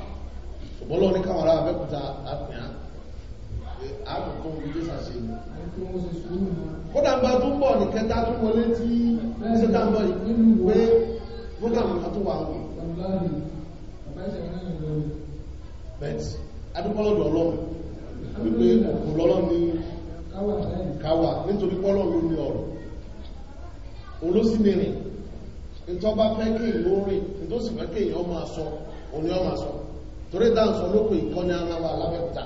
ṣùgbọ́n lọ ní káwọn àpìyàn àkùkọ ìdí sàṣe mú kódà gba tó ń ní kẹta tó wọlé tí ṣẹ́ta ń bọ̀ pé gbọ́gbàmù àtó wà wọ́n bẹ́ẹ̀tì adúgbọ́lọ́dọ̀ ọlọ́run wípé òkú lọ́lọ́run ní fẹ́ kéèyàn ó máa sọ òní ó máa torí dáǹsọ lókò ìkọ́ni ara wa alábẹ́ta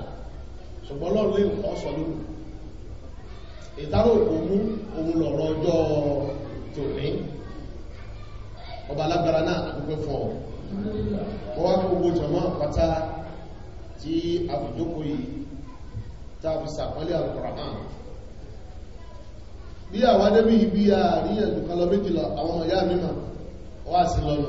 ṣùgbọ́n lọ́rùn lè nǹkan sọ lókù ìtàrà òkú mú òun lọ̀rọ̀ ọjọ́ tòní ọba alágbára náà àdúgbò fún ọ wọ́n wá kó gbogbo jọmọ́ pátá tí àbùjókò yìí tàbí sàpọ́lé àkùrán bí àwọn adébí ibi àríyànjú kan lọ méjìlá àwọn ọmọ mímọ̀ wá sí lọ́nà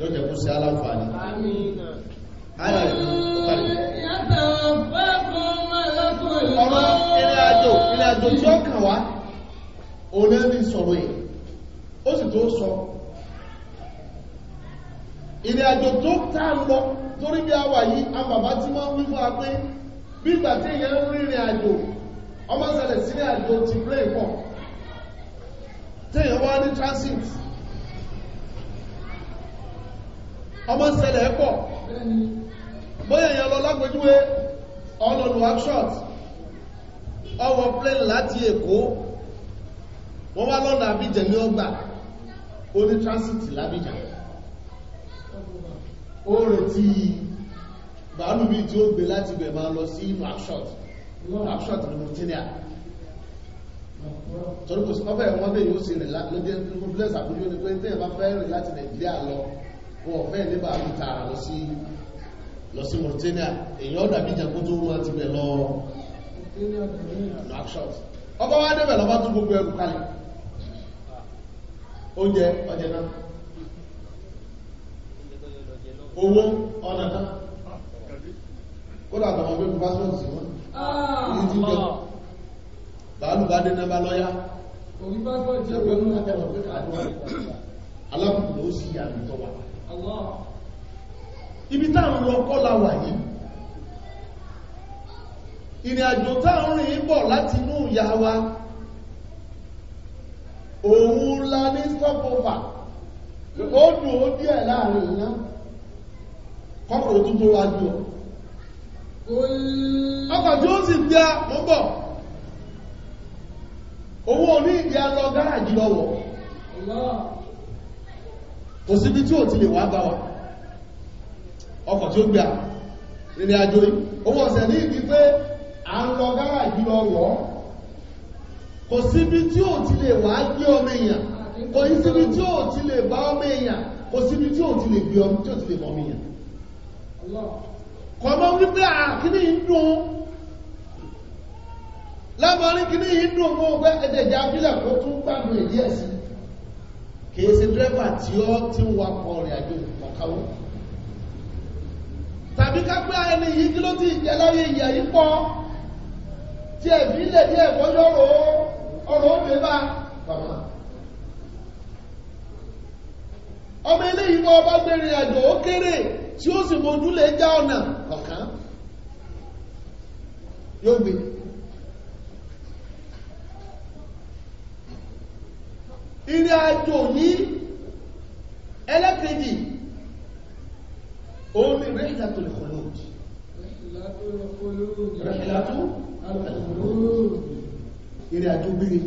yóò jẹ́ kó sí aláǹfààní ọ̀rọ̀ ìrìnàjò ìrìnàjò tí ó kàn wá òní ní sọ̀rọ̀ yìí ó sì tó sọ ìrìnàjò tó tá ń lọ torí bí a wà yìí a bàbá tí wọ́n wí fún wa pé bí ìgbà tí èèyàn ń rìnrìn àjò ọmọ ṣẹlẹ̀ sí àjò ti play pọ̀ tí èèyàn wá ní transit ọmọ ìṣẹ̀lẹ̀ pọ̀ bóyẹ̀ yẹn lọ lágbójúwé ọlọ́lù workshop ọwọ́ plane láti Èkó wọ́n wá lọ́nà Abidjan ní ọgbà oní transit l'Abidjan ó retí bàálù bí tí ó gbé láti bẹ̀ máa lọ sí workshop workshop ní Mauritania torí kò sí ọfẹ́ ìwọ́n bẹ̀ yóò sì rìn rìn láti Nàìjíríà lọ wọn fẹ́ ní bàálù tààrà lọ sí lọ sí Mauritania èyàn ọ̀dà bí jẹ́ kó tó rú àti bẹ̀ lọ ọba wá débẹ̀ lọ́bá tó gbogbo ẹrù kalẹ̀ oúnjẹ ọjẹ́ náà owó ọ̀nà náà kódà àtàwọn ọmọ ẹgbẹ́ pásítọ̀ sí wọn ní ti jẹ bàálù bá dé náà bá lọ́yá alákùnrin ó sì yà ní tọ́wàá ibi táà ń lọ kọ́lá wà yìí ìrìn àjò táà ń rìn bọ̀ láti wa òun la ní sọ́pọ̀fà ó dùn ó díẹ̀ láàrin ìyá kọ́kọ̀rọ̀ tó tó wájú ọ̀ ọkọ̀ tí ó sì alọ gara lọ́wọ́ kò síbi tí ò ti lè wá bá wa ọkọ̀ tí ó gbà rìnrìn àjò yìí owó ọ̀sẹ̀ ní ìdí pé à ń lọ gára ìjùlọ wọ̀ kò síbi tí ò ti lè wá gbé ọmọ èèyàn kò síbi tí ò ti lè bá ọmọ èèyàn kò síbi tí ò ti lè gbé ọmọ tí ò ti lè bá ọmọ èèyàn kìí ṣe dírẹ́bà tí ó ti ń wakọ̀ rẹ̀ àjò ọ̀káwó tàbí kápẹ́ ẹni yìí kí ló ti jẹ́ láyé ìyà yìí pọ̀ tí ẹ̀bí ilẹ̀ díẹ̀ kọjọ́ ọ̀rọ̀ ó bàbá ọmọ ilé ìwọ ọba gbèrè àjò ó kéré tí ó sì já ọ̀nà ọ̀kan yóò ìrìn àjò ní ẹlẹ́kẹ̀ẹ́jì omi rẹ̀hìlátò lè kọlọ̀ òjì rẹ̀hìlátò ìrìn àjò gbírí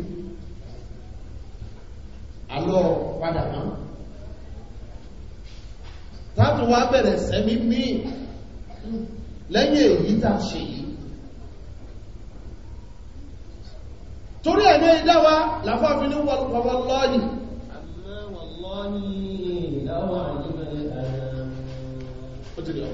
alọ́ padà náà tàbí wá bẹ̀rẹ̀ sẹ́mí míì lẹ́yìn èyí tàà ṣe yìí torí ẹ̀mẹ́ ìdáwà làfáàfin ní wọ́wọ́lọ́yì àmọ́ wọ́lọ́yì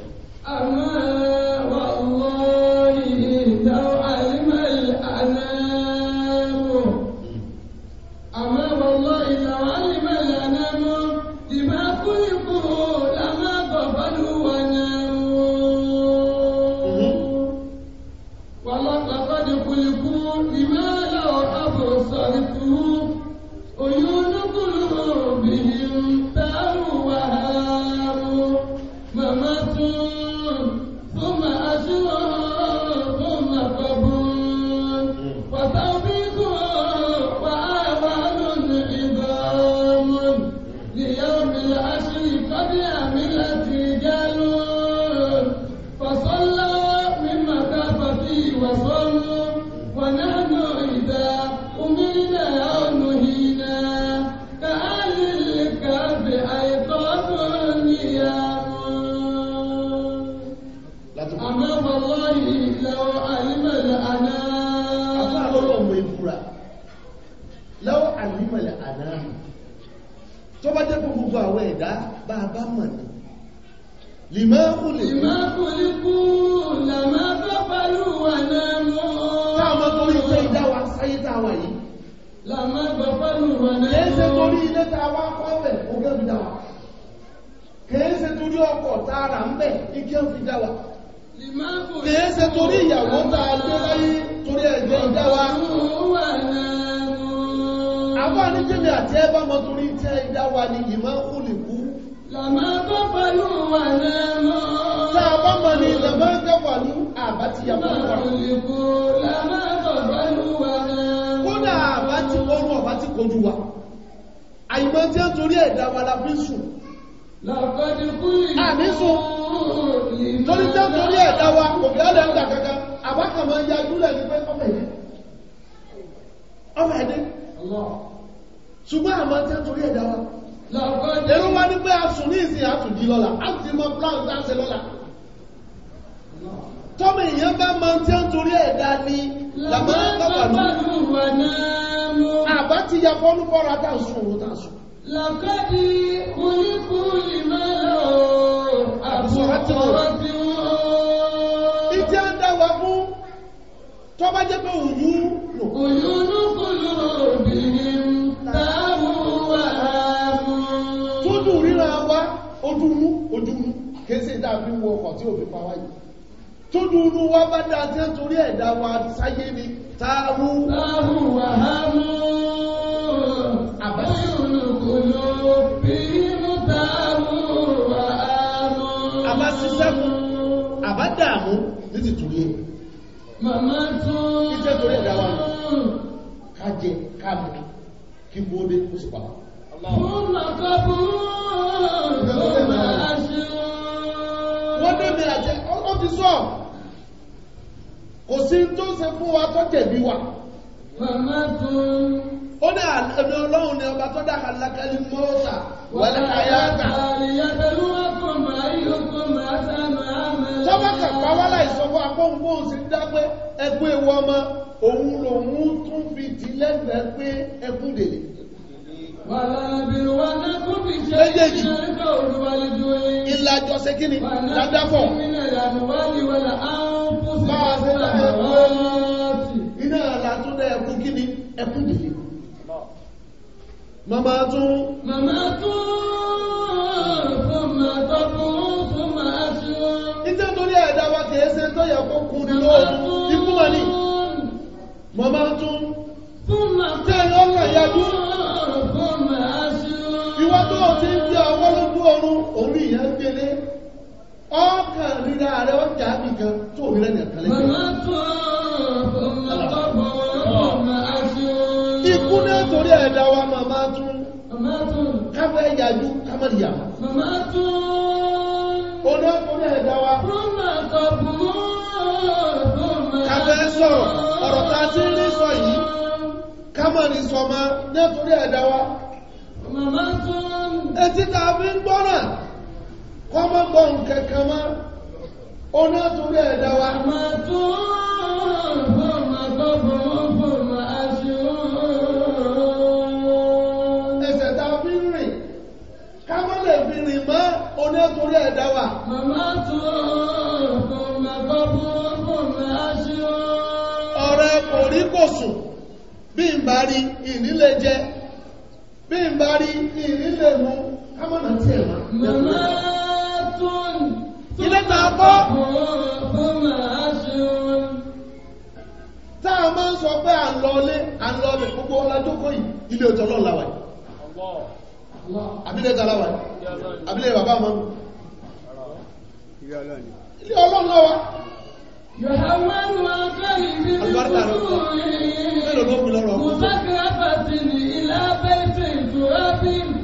tó fi dáwà torí ìyàwó ta gbé láyé torí ẹ̀jẹ̀ ìdáwà àwọn oníjẹ́mi àti ẹbá mọ́ torí tẹ́ ìdáwà ni ìmọ̀ kú lè kú làmá tó pẹ̀lú wà náà mọ́ tá a mọ́ ni làmá tó wà ní àbátiyàmọ́ wà làmá tó pẹ̀lú wà náà kódà àbátí ọrùn àbátí kojú wa àyíkọ́ tí wa la torí jẹ́ torí ẹ̀dá wa òbí ọ̀dẹ̀ kankan àbákan máa ya júlẹ̀ ní pé ọmọ ẹ̀dẹ́ ṣùgbọ́n àmọ́ jẹ́ torí ẹ̀dá wa ẹ̀rọ wá ní pé a sùn ní ìsìn àtùdí lọ́la a ti mọ plan dáṣẹ lọ́la tọ́mọ èèyàn bá máa ń torí ẹ̀dá ni làmọ́ bàbá àbá ti ya fọ́nú fọ́ra ìjẹ́ àdáwà fún tó bá jẹ́ pé òyú nù òyúnú kúrò obìnrin táàmù wà áàmù tó dùn ríra wá ojúmú ojúmú kéèsè dábí wọ ọkọ̀ tí òfin pa wáyé tó dùn rú wá bá dáa tí ó torí ẹ̀dá wa sáyé ni táàmù táàmù wà áàmù àbáyé olùkúrò obìnrin sẹ́kùn àbádàmú ní ti torí ẹ̀ màmá tún iṣẹ́ torí ẹ̀dá wa kájẹ káàmù kí bó dé ó sì pàpà wọ́n débi àjẹ́ ọ́ ti sọ kò sí tó ṣe fún wa tó jẹ̀bi wa màmá tún ó ní àmì ọlọ́run ni ọba tó dára lákàlí mọ́ọ̀tà wọlé àyáàtà. tọ́bàkà pàwọ́lá ìsọwọ́ akóńgbóhùn sí dápé ẹgbẹ́ ìwọ ọmọ òun lòun tún fi di lẹ́gbẹ̀ẹ́ pé ẹkún dèlè. méjèèjì ìlàjọ ṣe kí máa ṣe dáadáfọ̀. iná àlàtúndà ẹkún kí ẹkún dèlè ma màmá tún ma tún fún màtọ́ fún fún màá ṣùgbọ́n ìtẹ́ torí ẹ̀dá wa kìí ṣe tó yẹ kó kú lóòrùn ikú wà ní màmá tún fún màtọ́ ọ̀rọ̀ ìyájú fún màá ṣùgbọ́n ìwọ́n tó ti ń jẹ́ ọwọ́ lójú ọrùn orí ìyá ń gbélé ọkàn ríra rẹ ọjà àbìkan tó rí rẹ̀ nìkan lẹ́gbẹ̀ẹ́ kú náà torí ẹ̀dá wa màmá tún káfẹ́ yàjú kámẹ́rìyà màmá tún ọ̀nà torí ẹ̀dá wa káfẹ́ sọ̀rọ̀ ọ̀rọ̀ tá a ti rí sọ ma náà torí ẹ̀dá wa màmá tún etí tá a fi ń gbọ́ràn kọ́ mọ́ gbọ́n kẹ̀kẹ́ mọ́ ọ̀nà ẹ̀dá wa màmá tún ọ̀nà mọ́ oní ẹ̀tọ́rí ẹ̀dá wà. màmá tó kò mẹ́kọ́ fún kò mẹ́ ṣíọ́. ọ̀rẹ́ kò rí kò sùn bí n bá rí ìnílé jẹ bí n bá rí ìnílé mu kámọ́nà tí ẹ̀ wá. màmá tó ilé ta kọ́. kò máa ń sọ pé à ń lọlé à ń lọlé gbogbo ọlá jókòó yìí ilé ọjọ́ lọ́la wà yìí àbílẹ̀ ìtàláwà àbílẹ̀ bàbá mọ́ ilé ọlọ́run lọ́wọ́ alùbáríkà rẹ̀ ló kú lọ́rọ̀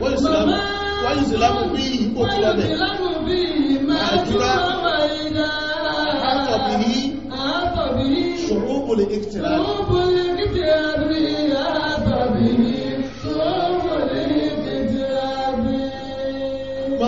wọ́n yìí sílámù bí ipò tí wọ́n bẹ̀ àjúrà àtọ̀bí ṣòro bò lè kìtìlá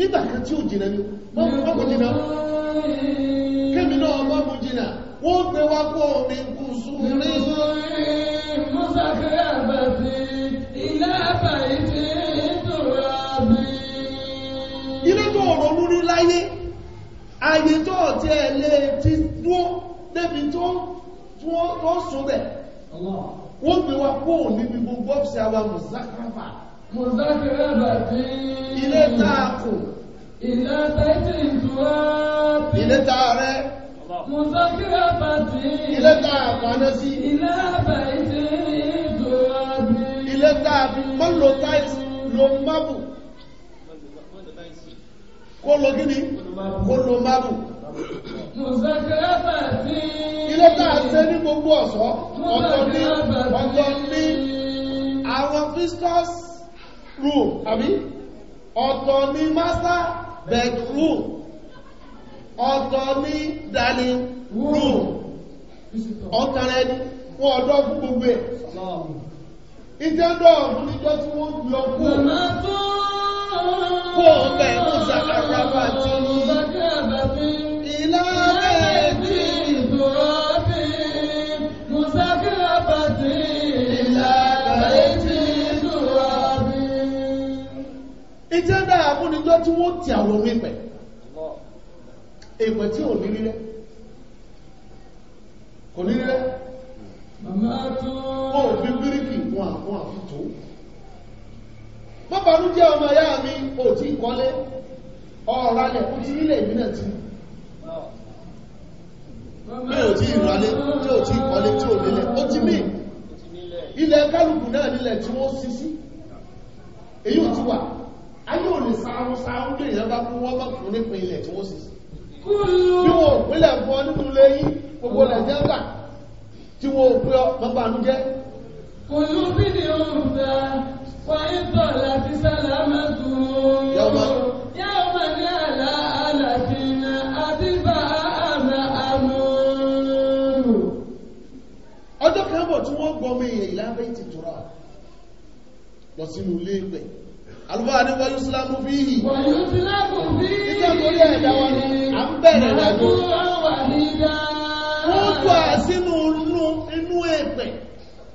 nígbà kan tí ó jìnà ní ọmọ jìnà kémi náà ọmọ mú jìnà wọ́n gbé wá kó omi gúúsù rí ayé tó ọ̀tí ẹ̀lẹ́ ti dúó débi tó sún bẹ̀ wọ́n gbé wá kó omi gbogbo ọ́pùsẹ̀ àwọn mùsákàfà mùsákìrì àbàtì. ilé tá a kù. ìlà tẹ́tì ìtura. ilé tá a rẹ. mùsákìrì àbàtì. ilé tá a paná sí. ilé àbàtì ìtura bí. ilé tá a fi mọ́lò táìsì ló mábù. kó lo kí ni kó lo mábù. mùsákìrì àbàtì. ilé tá a ṣe ní gbogbo ọ̀ṣọ́ ọ̀tọ̀ ní ọ̀tọ̀ ní àwọn fisters room àbí ọ̀tọ̀ ni master bedroom ọ̀tọ̀ ni dining room ọ̀tàrẹ ni wọ́n ọ̀dọ́ gbogbo ẹ̀ ìjẹ́dọ̀ ọ̀dún níjọ́ tí wọ́n gbé ọkú kó ọ̀bẹ̀ mú bá ti rú ìjẹ́ dára fún níjọ́ tí wọ́n ti àwọn orí pẹ̀ èpẹ̀ tí ò ní rírẹ́ kò ní rírẹ́ kò fi bíríkì wọn àwọn àfitò bọ́bàrú jẹ́ ọmọ ayá mi ò tí kọ́lé ọ̀rọ̀ alẹ̀ kú ti nílẹ̀ ìbínà ti mi ò tí ìrọ̀lé tí ò tí kọ́lé tí ò nílẹ̀ ó ti mí ilẹ̀ kálùkù náà nílẹ̀ tí wọ́n sí sí èyí ò ti wà ayé òní sáárún a tó ìyàn bá kú wọ́n bá kú nípin ilẹ̀ tí wọ́n sì sí wọ́n pínlẹ̀ fún ọ nínú ilé yìí gbogbo nàìjíríà tí wọ́n pín ọ jẹ́. kò ló bí ní oòrùn ta fàyíntọ́ láti dùn ún máa ní àlá àlàfínà àti bá àmà àmúrù. ọjọ́ kan bọ̀ tí àlùfáà ní wọ́n yúsùlámù bí i nítorí ẹ̀dá wọn a ń bẹ̀rẹ̀ ìrìnàjò wọ́n tó à sínú inú ẹ̀pẹ̀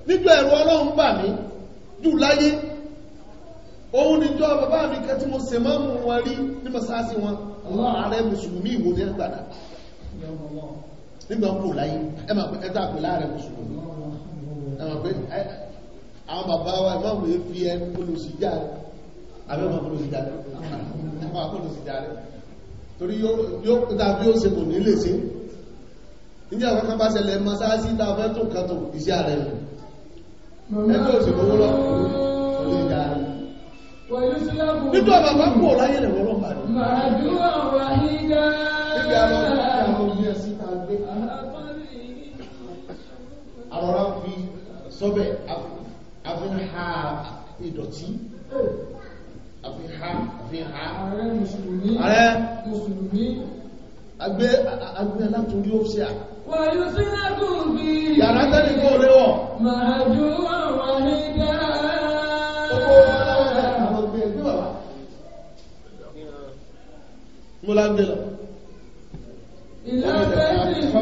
nígbà ẹ̀rọ ọlọ́run bà mí jù láyé òun ni jọ bàbá mi kẹ́ tí mo ṣe máa mú wọn rí ní mọ́sáàsì wọn ààrẹ mùsùlùmí ìwò ní ẹgbàdà nígbà kò láyé ẹta pè láàrẹ mùsùlùmí àwọn bàbá wa ìmáàmù yẹn fi ẹ olùsíjà àbẹ́ ọmọ akọ́lù sí dáre ọmọ akọ́lù sí dáre torí yóò kúta bí ó ṣe kò ní lè ṣe níjẹ́ ọ̀kan kan bá ṣẹlẹ̀ mọ́sáàsì tá a fẹ́ tó kan tó iṣẹ́ rẹ̀ ẹgbẹ́ òṣèlú owó lọ kò lè dáre nítorí ọba bá kú ọ̀rá yẹ̀rẹ̀ wọ́n lọ́pàá rẹ̀ màdúrà wà ní dáa àrọ̀rá fi sọ́bẹ̀ àfihàn ìdọ̀tí ààrẹ mùsùlùmí agbé alátorí ó ṣe à wàyú sí lágùn bí yàrá tẹ́lẹ̀ kó léwọ̀ máa jù àwọn ẹgbẹ́ múláńdé lọ ìlànà ìfẹ́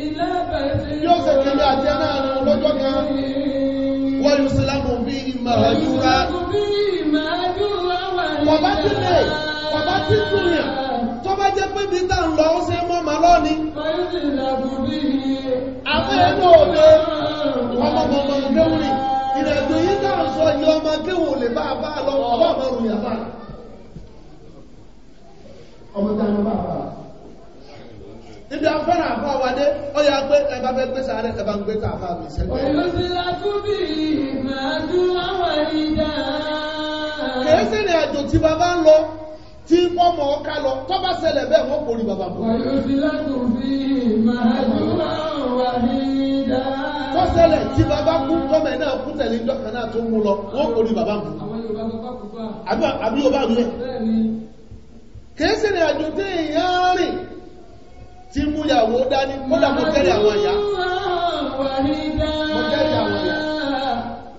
ìlànà ìfẹ́ yóò sẹ̀kẹ̀lẹ̀ àti ẹ̀nà lọ́jọ́ kan wọ́n yóò sílámù bí màájúra bàbá tí lè bàbá tí túnyà tó bá jẹ́ pé bí tá ń lọ ó ṣe mọ́ màá lọ́ni àwọn ẹ̀nà òde ọmọmọmọ ìgbéwúrì ìrẹ̀gbẹ̀ yìí tá ń bá bá fẹ́ràn àfá wa dé ó yá pé ẹba fẹ́ gbé sàárẹ̀ ẹba ń gbé tààfà mi sẹ́gbẹ́ kìí sí ìrìn àjò tí bàbá ń lọ tí wọ́n mọ̀ lọ tó bá ṣẹlẹ̀ bẹ́ẹ̀ wọ́n kò bàbá bọ̀. tó ṣẹlẹ̀ tí bàbá kú tọ́mẹ̀ náà kú tẹ̀lé dọ́kàn náà tó mú lọ wọ́n kò bàbá bọ̀. àbí Yorùbá mi yẹ kìí àjò tí èèyàn rìn tí mú ìyàwó dání kódà mo kẹ́rẹ̀ àwọn ìyá mo kẹ́rẹ̀ àwọn ìyá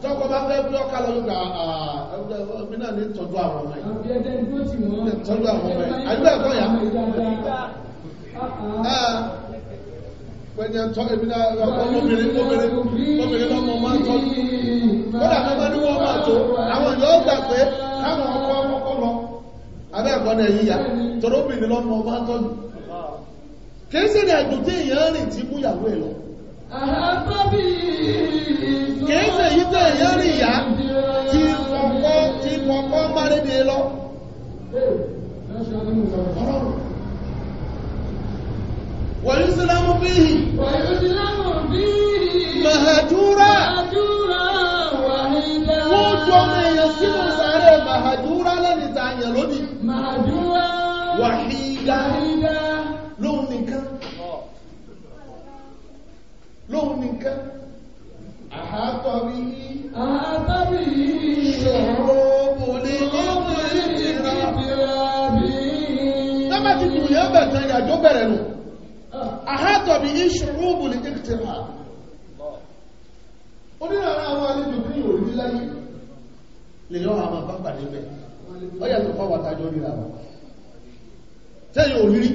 tọ́kọ bá fẹ́ bí ọkà lọ́dún gbà ah, ọmọ náà ní tọ́jú àwọn ọmọ yìí tọ́jú àwọn ọmọ yìí àdúgbò ẹ̀kọ́ yà ah, ah. pẹ̀lú ẹ̀tọ́ èmi náà ọmọbìnrin obìnrin lọ́mọ máa tọ́ kódà mẹ́fà ní wọ́n máa tó àwọn yóò gbà pé káwọn ọkọ ọkọ lọ abẹ́ ẹ̀kọ́ náà yíya tọ́rọ obìnrin lọ́mọ máa tọ́jú kìí sí ìrìnàjò tí èyàn rìn tí mú ìyàwó ẹ̀ lọ kìí sí èyí tí èyàn rìn ìyá tí kọ̀kọ́ tí kọ̀kọ́ márédé lọ wọ̀nyí sílámù bíi mahadura wọ́n jọ èèyàn sínú sáré mahadura lẹ́nìta àyàn lónìí wàhídá lóhun nìkan àhátọ́ bí i àhátọ́ bí i ṣòro òní àhátọ̀ bí ìṣòro òbòlì ìkìtìmá onírànà àwọn àlejò bí yóò rí láyé lè lọ́wọ́ àwọn àbábà níbẹ̀ ó yàtọ̀ fọ́ wàtàjọ́ rí àwọn tẹ́ yóò rí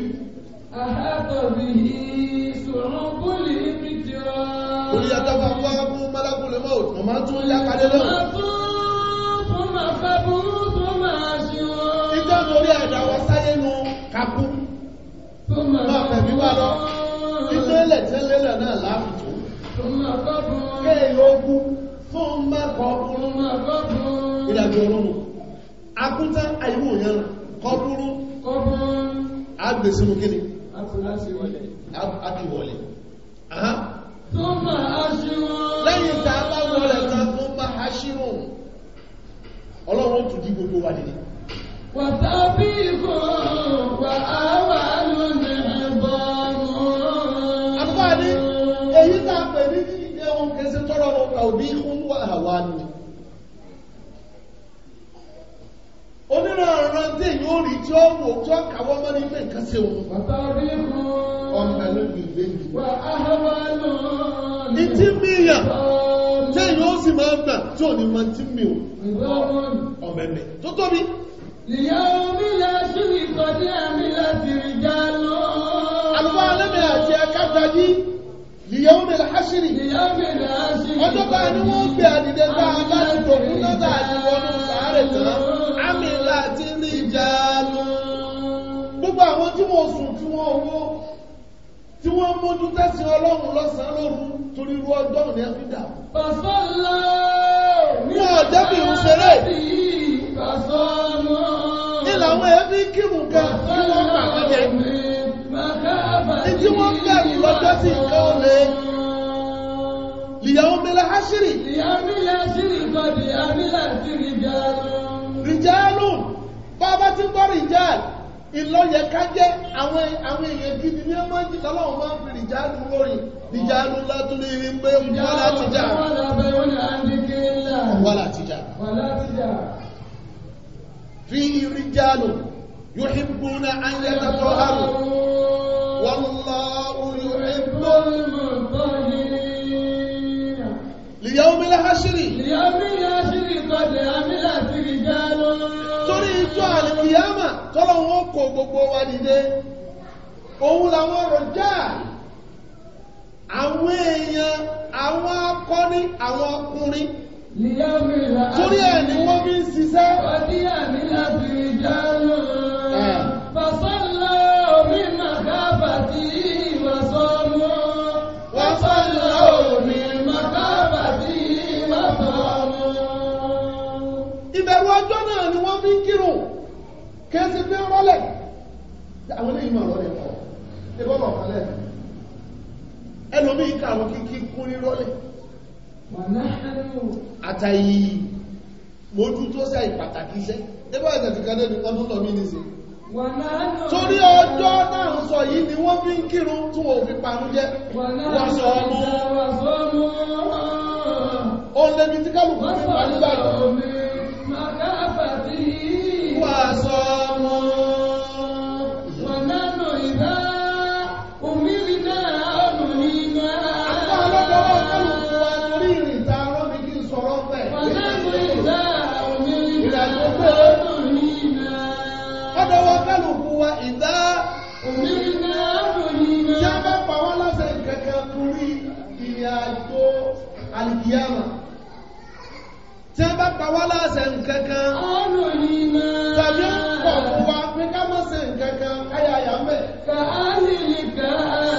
àhátọ̀ bí ìṣòro òbòlì ìkìtìmá Orí yàtọ̀fà fún ọkùn mọ́lákùn lè mọ́ òtù, ọmọ tún yá padé lọ́wọ́. Ìjọ́ torí ẹ̀dà wọ sáyé nu kakú. Máa fẹ̀mí wá lọ. Ìtẹ́lẹ̀ tẹ́lẹ̀lẹ̀ náà láàfùtù. Kéèyàn ogun fún mẹ́kọ̀ọ́ ìdàgbé olóòrùn. Akúntá àyíwò yẹn kọ́kúrú. Agbèsínú kíni? Akúntá wọlé. Akúntá wọlé lẹ́yìn tá a bá wọ́n rẹ̀ ta tó bá a ṣírò ọlọ́run tún jí gbogbo wa dìde wàtàbí kò wà áwà lónìí ẹ̀bọ̀ ọ̀rọ̀ àpá ní èyí tá ní ìjẹun kẹsẹ̀ tọ́rọ̀ ọ̀pàá òbí kún wà àwà nù onírànràn tí èyí ó rí tí ó wò tí ó kàwọ́ mọ́ ní pé nǹkan ṣe òun. pàtàkì mọ́ ọ̀nà ló fi gbé mi. wà á hábà náà. ní tí mi yà tí èyí ó sì máa gbà tí ò ní máa ti mi o. ọ̀mẹ̀mẹ̀ tó tóbi. ìyá omi la ṣì ní ìtọ́jú ẹ̀mí láti rí já lọ. àlùfáà alẹ́mẹ̀ àti ẹ̀ka tají lìyàwó la hásírì ọjọ́ bá ní wọ́n gbé àdìdẹ́gbà aláàdìdòkú náà àdìwọ́nù sàárẹ̀ tán àmì ríjálù gbogbo àwọn tí wọ́n sùn tí wọ́n owó tí wọ́n mójú tẹ́sí ọlọ́run lọ́sàn-án lóru torí irú ọjọ́ ní ẹ́fídà pàṣọ́lá ní ọ̀jẹ́bì ń ṣeré ìlàwọn ẹbí kírun kan tí wọ́n pàdé jẹ ní tí wọ́n bẹ̀rù lọ́jọ́ sí nǹkan olè lìyàwó mẹ́lẹ̀ áṣírí lìyàwó mẹ́lẹ̀ áṣírí kọ́ lìyàwó mẹ́lẹ̀ áṣírí jálù bàbá tí ń gbọ́ rìjáàlì ìlọ́yẹ ká jẹ́ àwọn èèyàn gidi ní ọmọ ìjì lọ́lọ́wọ́ máa ń fi rìjáàlù lórin rìjáàlù látúlé rí ń pé wọ́n látìjà wọ́n látìjà fi rìjáàlù yuhibbuna an yatatahharu wallahu yuhibbul mutahhirin li yawmil hasri li yawmil hasri qad níjọ́ àlùkìyàmà tọ́lọ̀ wọn kò gbogbo wa dìde òun làwọn àwọn èèyàn àwọn akọni àwọn ọkùnrin torí ẹ̀ ni wọ́n fi ń ọdí àmì láti kéèsì pé rọ́lẹ̀ àwọn ilé ìmọ̀ rọ́lẹ̀ pọ̀ ẹgbọ́nà ọ̀kálẹ̀ ẹlòmí ìkà àwọn kíkí kún ní rọ́lẹ̀ àtàyí mójú tó sẹ́ ìpàtàkì iṣẹ́ ẹgbọ́n ìdẹ̀fìkanẹ́ ní ọdún lọ mí nìsí torí ọjọ́ náà ń sọ yìí ni wọ́n fi ń kírun tún ò fi parun jẹ́ wọ́n sọ ọmọ òun lẹ́bi tí kálùkù fi parun jẹ́ wọ́n ọmọ alìkíyàmà tí wọ́n bá pa wá láàṣẹ nǹkan kan tàbí pọ̀ fún wa pé ká má ṣe nǹkan kan káyà yà ń bẹ̀.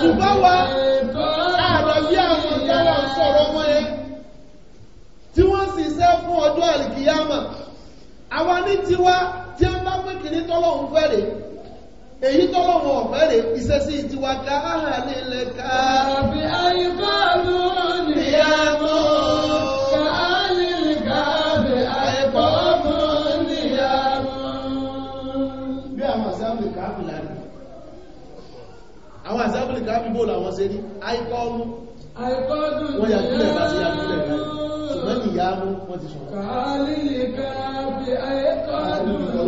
ṣùgbọ́n wa àròyé àwọn ìyára sọ̀rọ̀ wọn yẹn tí wọ́n sì ṣe fún ọjọ́ alìkíyàmà àwa ní tiwa tí wọ́n bá pé kìnnìtọ́lọ́hún fẹ́ rèé èyí tó lọ́wọ́ ọ̀fẹ́rẹ̀ iṣẹ́ sí ti wá ká áhà nílẹ̀ ká. àbí àyíká mú níyà mú ká nílẹ̀ ká àbí àyíká mú níyà mú. bí àwọn àsáàbùlì káàbì lánàá àwọn àsáàbùlì káàbì bò làwọn ṣe ní àyíká ọmú. àyíká ọdún níyà mú wọ́n yà kúlẹ̀ bá sí yà kúlẹ̀ bá ṣùgbọ́n níyà mú wọ́n ti sọ̀rọ̀.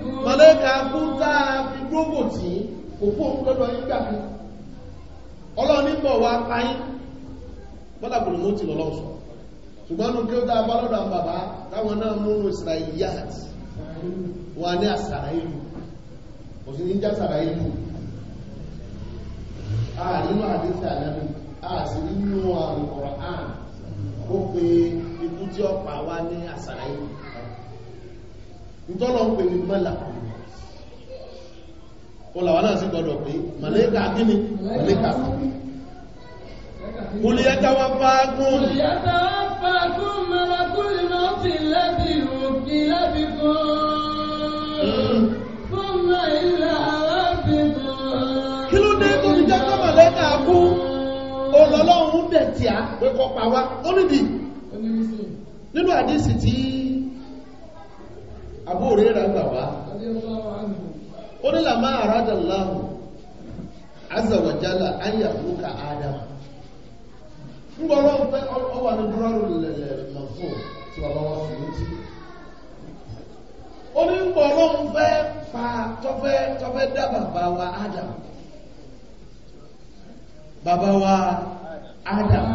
mọ̀lẹ́ka kú fi gbogbo tí òfò lọ́dọ̀ yí gbà fi bọ̀ wá páyín bọ́lá kò lòó ti lọ́lọ́ sọ ṣùgbọ́n nù kí ó dáa bá lọ́dọ̀ bàbá táwọn náà múnú Israiliyat wà ní àsàrà ìlú kò sí ní jẹ́ àsàrà ìlú ìtọ́lọ̀ ń pè ní mẹ́là ọlàwà náà sí gbọdọ̀ pé màlẹ́kà gíní màlẹ́kà kùlìyàtà wà fàágún kùlìyàtà wà fàágún mẹ́lẹ́kùnrin náà ti lẹ́bí òkè lẹ́bí kan fún mẹ́lẹ́ arábìnrin kí ló dé tó ní jẹ́ kọ́ dẹ̀ tí a pẹ́kọ́ pa ó níbi nínú àdísì tí Abu Hurairah gbà wá ó ní làmá àrádà Allahu azza ayàwókà Adam ń gbọ́rọ̀ pẹ́ ọwà ní dúrọ́rù lẹ̀lẹ̀ lọ́fọ́ tí wà bá wọ́n fi létí ó ní gbọ́rọ̀ ń fẹ́ pa tọ́fẹ́ tọ́fẹ́ dá bàbá wa Adam bàbá wa Adam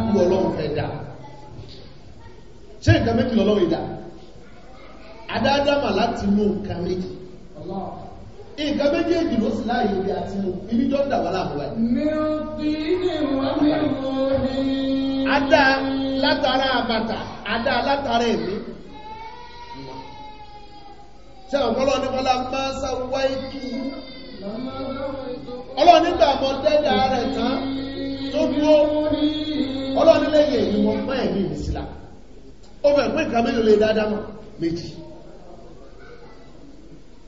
ń adádámà láti mú nǹkan méjì nǹkan méjèèjì ló sì láàyè ibi àti mú ibi tó ń dàbà láàbúwá adá látara àbàtà adá látara èmi ṣe ọ̀pọ̀lọ́ nípọ́lá máa sáwọ́ ikú ọlọ́run nígbà mọ́ dẹ́dà rẹ̀ tán tó ọlọ́run ìwọ̀n ẹ̀mí ìsìlá ó fẹ́ nǹkan méjì lè dáadáa mọ́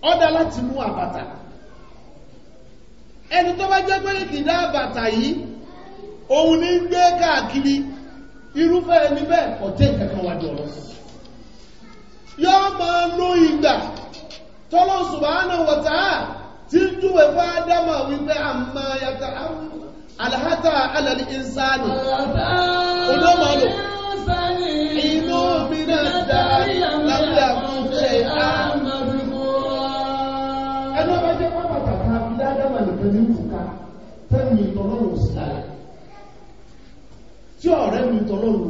ọdá láti mú àbàtà ẹni tó bá jẹ́ pé ìdá àbàtà yìí òun ní gbé káàkiri irúfẹ́ ẹni bẹ́ẹ̀ ọ̀tẹ́ ìkẹ́kọ̀ọ́ wájú ọ̀rọ̀ yóò máa ló ìgbà tọ́lọ́ subhanahu wa ta'ala tí ń júwe fáádámà wípé àmà yàtà alhata alal insani olómọlò inú mi náà dáa lábẹ́ àkúnṣe àmà kankan ní ìfúka tẹ́mi ìtọ́lọ́rùn sí lára tí ọ̀rẹ́ mi ìtọ́lọ́rùn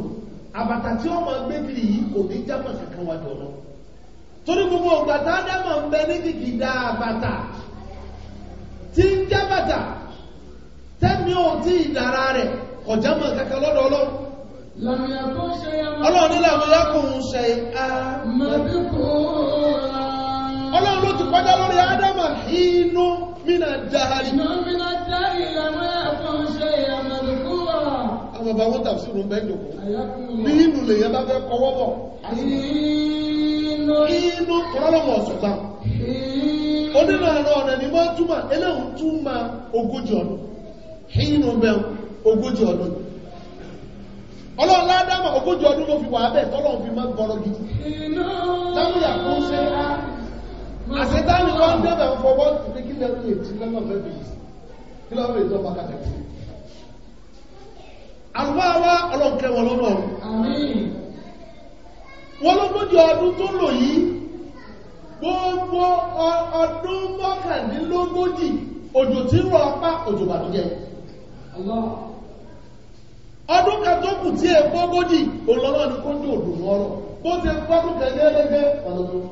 àbàtà tí ó máa gbé kiri yìí kò ní jámọ̀ kankan wájú ọ̀nà torí gbogbo ọgbà tá a dámọ̀ ń bẹ ní kìkìdá àbàtà tí ń jẹ́ bàtà tẹ́mi ò tí ìdára rẹ̀ kọjá mọ̀ kankan lọ́dọ̀ ọlọ́run ọlọ́run nílẹ̀ yàkùn ṣe é ọlọ́run ló ti kọjá lórí ádámà inú mínà dáhàrí àwọn bàbá wọ́n tàbí sírùn bẹ́ẹ̀ jòkó ní inú lè yẹn inú àrọ̀ ni mọ́ túnmà eléhùn túnmà ogójì ogójì ọlọ́run ládámà ogójì ọdún ló fi wà bẹ́ẹ̀ fi gbọ́rọ̀ gidi lábúyà kó ń ṣe As time àṣetáni wọ́n dẹ́bẹ̀ ń fọwọ́ ìpé kí lẹ́nu ètí lọ́nà bẹ́bẹ̀ yìí kí lọ́wọ́ ètò ọba kàtàkì àlùfáàwá What wọn lọ́nà wọn lógójì ọdún tó lò yìí gbogbo ọdún mọ́kànlélógójì òjò tí rọ apá òjò bàdújẹ́ ọdún kan tó kù tí èkó gójì òun lọ́nà ní kójú òdùn ọrọ̀ bó ti pọ́dún kẹ́lẹ́lẹ́gbẹ́ ọdún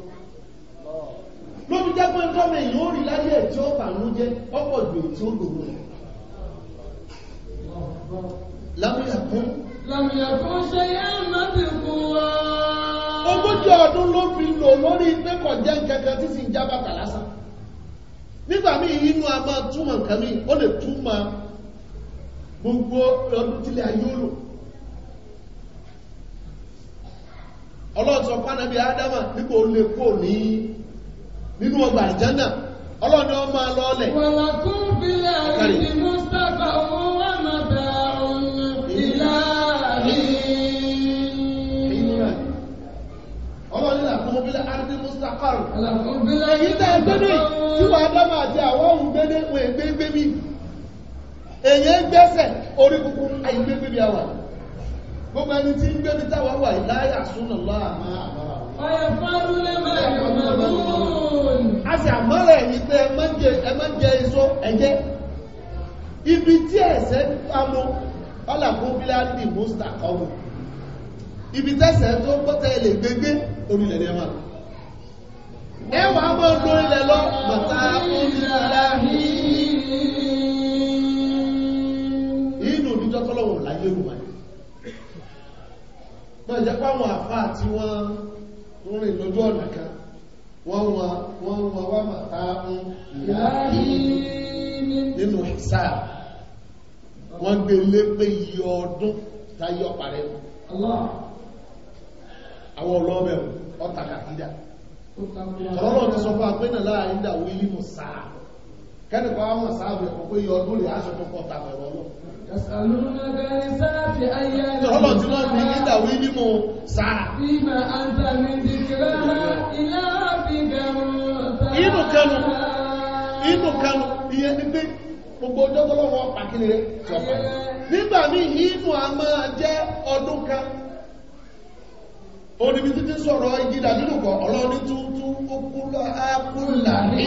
ló fi jẹ́ pé tọ́mọ èyí ó rí láyé ẹ̀ tí ó bàánú jẹ́ ọ̀pọ̀ jù tí ó gbogbo rẹ̀ lámúyàkún lámúyàkún ṣe yá mọ́tì kú wá ogójì ọdún ló fi lò lórí pé kò jẹ́ kẹ̀kẹ́ tí sì ń já bàtà nígbà míì inú a máa túmọ̀ nǹkan míì ó lè túmọ̀ gbogbo ọdún tílé ayé lò ọlọ́ọ̀tọ̀ pánábí ádámà nígbà ó lè ní nínú ọgbà àjánà ọlọ́ni ọ máa lọ́ọ̀lẹ̀ ọlọ́ni làkúnbílẹ̀ arìbí mustaqarr èyí tẹ́ gbẹ́nì tí wà dámà àti àwọn ohun gbẹ́nì wọ́n ègbé gbẹ́mí èyí gbẹ́sẹ̀ orí kúkú àìgbẹ́gbẹ́bí àwà gbogbo ẹni tí ń wà a sì àmọ́rẹ̀ yìí pé ẹmọ́jẹ iṣó ẹ̀jẹ́ ibi tí ẹ̀ṣẹ̀ ń pamọ́ ọlàkúnbílá ní mọ́sítà kọmù ibi tẹ́sẹ̀ tó pọ́tẹ́ ilẹ̀ gbégbé orílẹ̀ ní ẹmà ẹwà mọ́ lórílẹ̀ lọ bàtà onílẹ̀ inú oníjọ́ tọ́lọ̀wọ̀ láyé olùmọ̀ ń rìn lójú ọ̀nà kan wọ́n wọ wọ́n wọ wá màtá ń nínú sáà wọ́n gbé lépè iye ọdún táyé ọ̀parẹ́ àwọn ọlọ́mẹ̀rún ọ̀tàkàkídà ọlọ́run sọ fún apẹ́nà láàrin dàwó ilé mọ̀ sáà kẹ́ni kan àwọn sáàbì ẹ̀kọ́ pé iye ọdún rẹ̀ aṣọ tó kọ́ tàbí ẹ̀rọ ọlọ́ tí wọ́n ní ìdàwí inú kẹnu inú kẹnu iye ní pé gbogbo nígbà mí inú a máa jẹ́ ọdún kan títí sọ̀rọ̀ ìgídà nínú ọlọ́ni tuntun ó á ní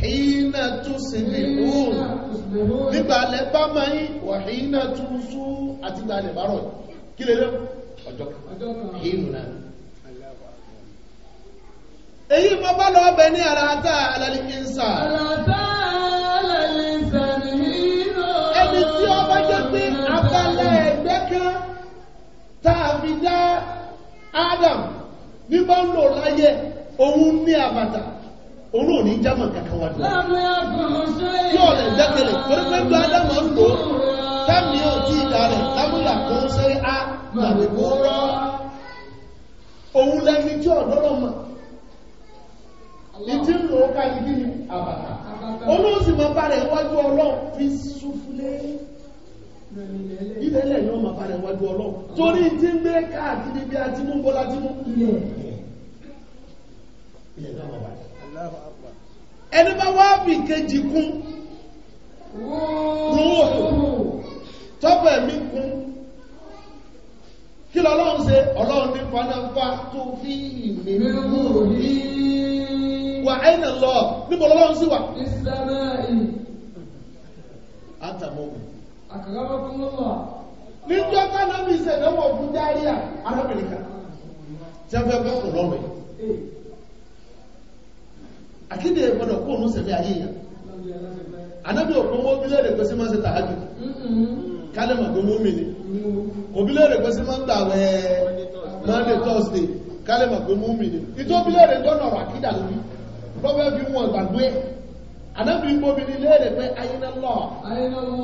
hìínà tó sì lè oòrùn nígbàlẹ̀ bá máa yí wà hìínà tó sú àti gbàlẹ̀ bá rọ̀ kí lè lọ ọjọ́ hìínù náà èyí mọ́ bá lọ ọbẹ̀ ní ara àtà alàlì ìsà ẹni tí ó bá jẹ́ pé abẹ́lẹ̀ ẹgbẹ́ kan tàbí dá Adam ní ń lò láyé òun ní àbàtà orú ò ní jámọ̀ kankan wà ní yóò lè dẹ́kẹ̀lẹ̀ torí pé bí adámọ̀ ń lò tẹ́mi ò tí ìdá rẹ̀ lábúlà kó ń ṣe á tàbí kó rọ́ òun lẹ́ni tí ọ̀dọ́rọ̀ mọ̀ ìdí ń lò ó ká ibi ní àbàtà olóòsì máa bá rẹ̀ wájú fi súfúlé ìdẹ́lẹ̀ ni wọ́n máa bá rẹ̀ torí tí ń gbé káàkiri bí a bọ́lá ti mú ilẹ̀ náà wà báyìí ẹni bá wá bì kejì kún rúwò tọ́pọ̀ ẹ̀mí kún kí ṣe ọlọ́run ní tó fi ìmìnirú ní wà ẹ́nà lọ níbo lọ́lọ́run sí wà átàmọ́mù àkàràmọ́kúnlọ́wà níjọ́ tánàmì ìṣẹ̀lẹ́wọ̀ fún járíà arábìnrin kan tí a fẹ́ àkídè gbọ́dọ̀ kó òun sẹ̀mí ayé yẹn anábì òkun wọ́n bílẹ̀ rẹ̀ pẹ́sí máa ń ṣe tàájú mm-hmm. kálẹ̀mọ̀ tó mú mi ni òbílẹ̀ rẹ̀ pẹ́sí máa ń gbà wẹ́ monday thursday kálẹ̀mọ̀ tó mú mi ni ìtò òbílẹ̀ rẹ̀ tọ́nà ọ̀rọ̀ àkídà lórí lọ́wọ́ bí wọn gbàgbé anábì gbóbi ní ilé rẹ̀ pé ayinalọ́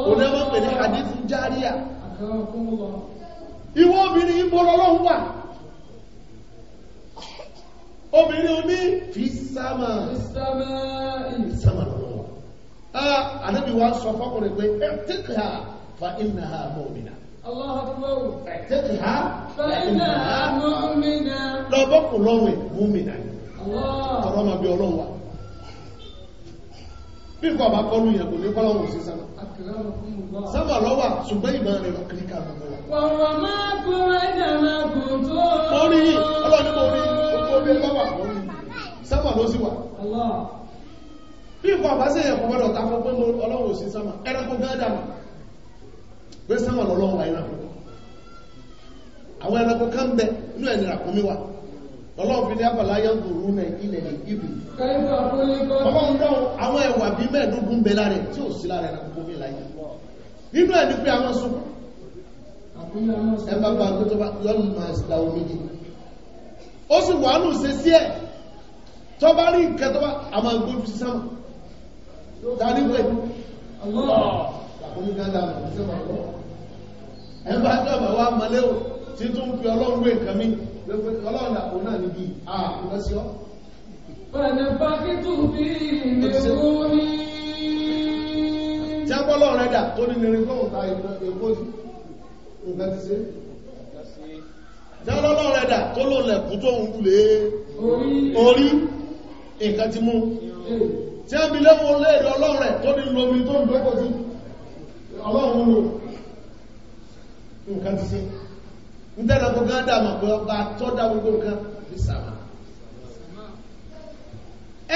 òun náà wọ́n pè ní hadith jariya ìwọ́ obìnrin ìbọn ọlọ́run wà obìnrin oní fi sáàmà sáàmà lọ́wọ́ ànábì wa sọ fọ́kùnrin pé ẹ̀tẹ́kà fa iná ha mọ́mìnà ẹ̀tẹ́kà fa iná ha mọ́mìnà lọ́bọ́kù lọ́wẹ̀ mọ́mìnà ọ̀rọ̀ ma bí ọlọ́run wa bí nǹkan ọba kọlu yẹn kò ní kọ́lọ́run sí sáàmà sáàmà lọ́wà ṣùgbọ́n ìmọ̀ rẹ̀ lọ kíríkà gbogbo wa. wọ̀rọ̀ máa kún ẹ̀dà máa kún tó. mo gbogbo ẹgbẹ́ wà lórí sámà ló sì wà bí ìkọ̀ àbáṣẹ́ èèyàn kò gbọ́dọ̀ tako pé ọlọ́run ò sí sámà ẹranko gádà mà pé sámà lọ́lọ́run àìrà àwọn ẹranko kan bẹ inú ẹni ràkúnmí wà ọlọ́run fi ní àbàlá yẹn kò rú nẹ ilẹ̀ ìbì ọlọ́run náà àwọn ẹwà bíi mẹ́ẹ̀ẹ́dógún bẹ lára tí ò sí lára ẹranko mi láyé nínú ẹni pé àwọn sunkún ẹ bá bá gbé tó bá yọ́nù máa ṣe la omi yìí ó sì wà nù ṣe sí ẹ̀ tó bá rí nǹkan tó bá a máa gbójú sí sánmà dání pé ẹgbà jọba wa mọ́lé o tí tún fi ọlọ́run gbé nǹkan mi ọlọ́run àpò náà níbi àkùnrin sí dà tó ní nǹkan ti ṣe. jálọ́lọ́ rẹ̀ dà tó lò lẹ̀kùn tó ń lè orí nǹkan ti mú tí a bí lẹ́wọ́ lé ọlọ́run tó ní lómi tó ń lọ́pọ̀ sí ọlọ́run nǹkan ti sí ń tẹ́lẹ̀ gbogbo tó dá gbogbo nǹkan sàmà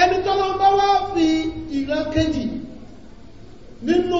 ẹni bá wá fi ìran kejì nínú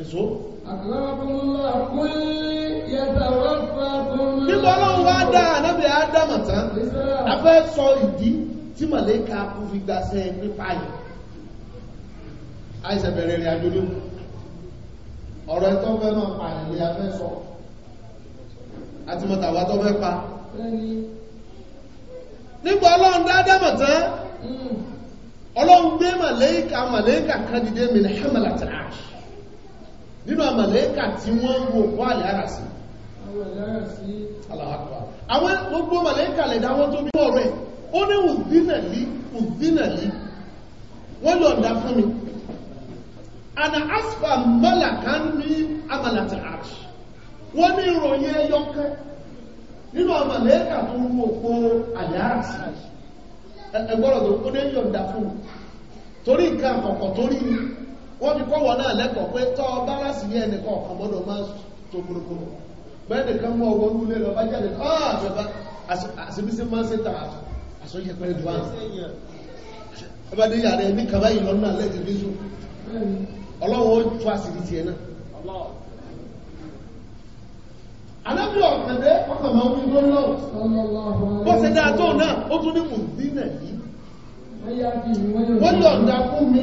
èso. nígbà ọlọ́run wá dá ànábì ádámù tán a fẹ́ sọ ìdí tí màlẹ́kà kú fi gbaṣẹ́ nípa yìí àìsàn bẹ̀rẹ̀ rẹ̀ àjò ní ọ̀rọ̀ ẹ̀tọ́ fẹ́ máa pààyàn lè afẹ́ sọ àti mọ̀tàwà tó fẹ́ pa nígbà ọlọ́run dáadámọ̀ tán hmm. ọlọ́run gbé màlẹ́kà màlẹ́kà kan dìde mìíràn hàmàlà tààṣì nínú àmàlẹ́kà tí wọ́n ń wo kó àlẹ́ara sí àwọn gbogbo lè lẹ́dáwọ́ tó bí ọ̀rẹ́ ó ní wọ́n fún mi ana mọ́làká ní àmàlàtà wọ́n ní ìròyìn ẹyọkẹ́ nínú àmàlẹ́kà tó ń wo kó àlẹ́ara sí ẹgbọ́rọ̀ tó kó ní yọ̀ǹda wọ́n fi kọ́wọ́ náà lẹ́kọ̀ọ́ pé tọ́ bárásì ní ẹnìkan ọ̀kan gbọ́dọ̀ máa tó kúrúkúrú bẹ́ẹ̀ni kan mọ́ owó nílé lọ bá jáde ah, àṣìbísí máa ń ṣe tàà àṣọ́yẹ pẹ́lú bá ẹbá dé yàrá ẹni kàbá yìí lọ́nà lẹ́tì bí sùn ọlọ́wọ́ ó tó àṣìbí tiẹ̀ náà alábí ọ̀pẹ̀dẹ́ ọkàn máa ń wí lọ́nà bó ṣe dáa tó náà ó tún ní mùsùlùmí náà yìí wọ́n yọ̀ǹda fún mi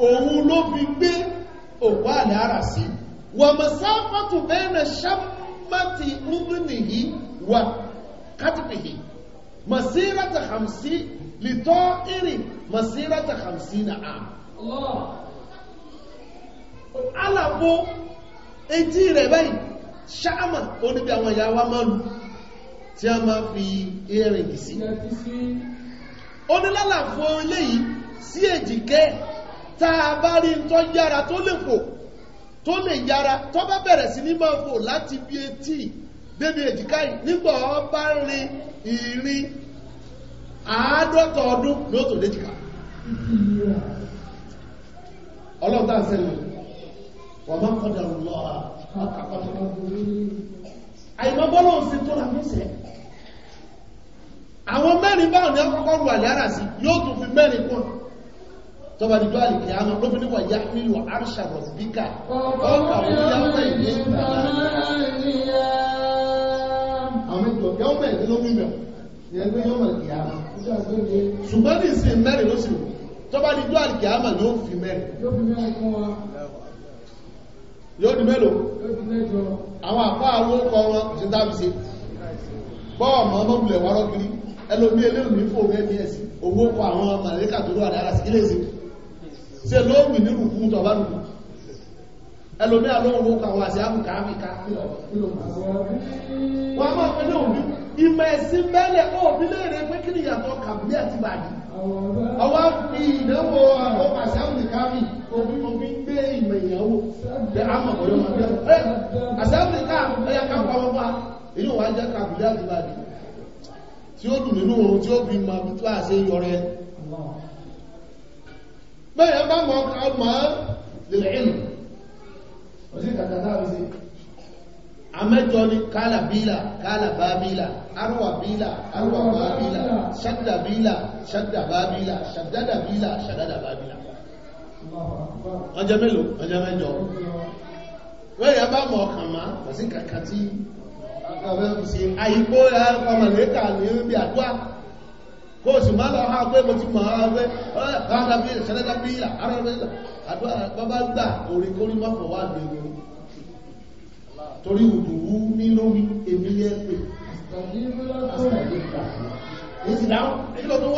òun ló fi gbé òkú àlẹ́ ara sí wà mọ̀sáfàtù bẹ́ẹ̀rẹ̀ ṣámátì ọdúnnì yìí wà kátìpì yìí masírata hamsi lìtọ́ ìrìn masírata hamsi na àm alàbò etí rẹ̀ báyìí ṣáàmà oníbi àwọn ìyá wa máa tí a máa fi ìrìn sí onílàlàfo eléyìí sí èjìkẹ́ tá a bá rí tó yára tó lè fò tó lè yára tó bá bẹ̀rẹ̀ sí ní máa fò láti bí etí débi èjìká yìí nígbà ọ bá rin ìrìn àádọ́ta ọdún ní ó tó déjìká ọlọ́ta sẹ́lẹ̀ wọ́n máa kọjá lọ àìmọ́ bọ́lọ̀ sí tó rà mẹ́sẹ̀ àwọn mẹ́rin báwọn ni ọkọ̀kọ́ rù àlẹ́ àrà sí yóò tún fi mẹ́rin kún tọba dídọ́ àlìkì àmà ló fi níwà yá nílò àrṣà rọ̀síbíkà ọkà òfìyàwó ìlú tọba dídọ́ àlìkì àmà yóò fi mẹ́rin yóò di mélòó àwọn àpá àwọn ọkọ̀ wọn ti dábìsí bọ́ọ̀ mọ́ mọ́bùlẹ̀ wárọ́ kiri ẹlòmí eléòmí fò mẹ́bí ẹ̀sì owó kọ àwọn màlẹ́kà tó lọ́wọ́ àdára sí ilé ìsìnkú se lóòrùn ní rùkú tọ̀ bá rùkú ẹlòmí àlóòrùn ó kàwà sí àbùkà àmìkà wọ́n máa pẹ́ ní òbí ìmọ̀ ẹ̀sìn mẹ́lẹ̀ òbí léèrè pé kí nìyàtọ̀ kàbílẹ̀ àti bàdì ọwọ́ ìdánwò àwọn pàṣẹ gbé ìmọ̀ ìyàwó bẹ́ẹ̀ èyí ò wá jẹ́ kàbílẹ̀ tí ó dùn nínú tí ó fi mọ̀ bẹ́ẹ̀ bá mọ̀ ọmọ lèlẹ̀ ìlú òsì kàtàtà àbísí àmẹ́jọ ni kálà bílà kálà bá bílà arúwà bílà arúwà bá bílà ṣádà bílà ṣádà bá bílà ṣàdádà bílà ṣàdádà bá bílà ọjọ́ mélòó ọjọ́ mẹ́jọ bẹ́ẹ̀ bá mọ̀ ọkàn má kàkàtí àyíkó ọmọ kó sì máa láwọn àpé mo ti mọ̀ ara pé arábílà sẹ́lẹ́dábílà arábílà àdúrà bàbá gbà oríkórí mọ́fọ̀ torí ìdùnwú ní lórí èmi lẹ́pẹ̀ ọlọ́run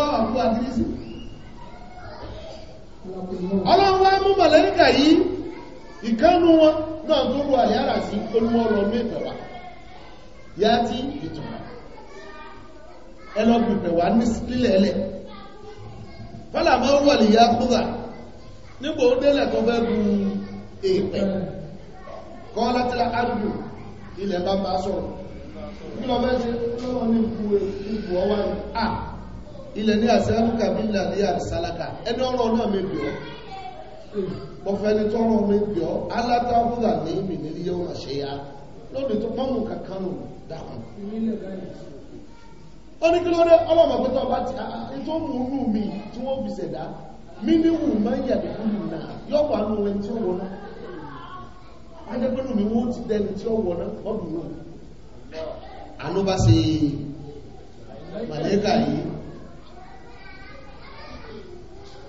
wá mú màlẹ́ríkà yìí ìkánú wọn náà tó rú àyára sí olúwọ́rọ̀ mẹ́fẹ̀wà yá tí ìtùnà ẹlọ́gbìpẹ̀ wà ní sílẹ̀ẹ́lẹ̀ fọ́là máa wà lè yá kúrà nígbò ó délẹ̀ tó fẹ́ bu èèpẹ̀ kọ́ láti àdúgbò ilẹ̀ bá bá sọ̀rọ̀ e- ilẹ̀ ní àṣẹ́lúkà bí ilẹ̀ ní àṣálàkà ẹni ọ̀rọ̀ náà mi bìọ́ mọ̀fẹ́ni tọ́rọ mi bìọ́ alátàbúrà ní ìmìnirí yóò àṣẹ́yà lónìí tó mọ́mù kankanù dákùn ó ní kí ló dé ọlọ́mọ pé tọ́ba ti tó mú inú mi tí wọ́n fi ṣẹ̀dá mí wù máa ń yàgbé kúlù náà yọ̀pọ̀ àánú ẹni tí ó náà mi wọ́n ti dẹni tí ó náà ọdún náà àánú bá ṣe màlẹ́kà yìí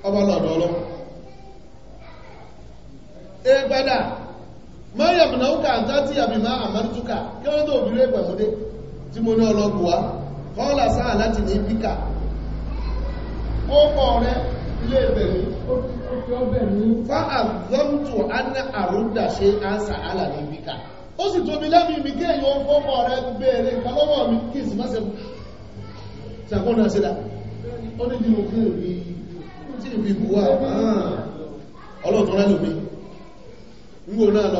ọba lọ́dọ̀ ọlọ́ ẹ kọ́ọ̀lá sáà láti ní píkà ó kọ́ rẹ̀ ilé ìbẹ̀ ní fa àzọ́mtò anna àrúdà ṣe ánsà àlà ní píkà ó sì tóbi lẹ́mí mi kí èyàn fọ́mọ̀ rẹ̀ bèèrè kọlọ́wọ́ mi kí sì má sẹ́kúnnà sídá ó ní bí mo fi rí tí ìbí buwá ọlọ́tún rẹ̀ lómi ń gbò náà lọ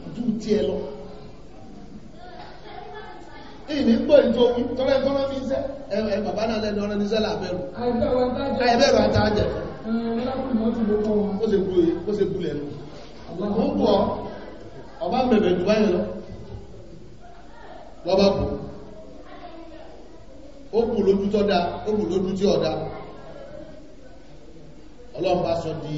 ju ti ẹ lọ ìní gbọ́ ìjọ wí tọ́lẹ̀ tọ́lẹ̀ fi iṣẹ́ ẹ bàbá náà lẹ́nu ọ̀rẹ́ níṣẹ́ làbẹ̀rù àìbẹ̀rù àtàjẹ̀ ó ṣe gbúlẹ̀ ó ṣe gbúlẹ̀ lọ ó ń bọ̀ ọba sọ di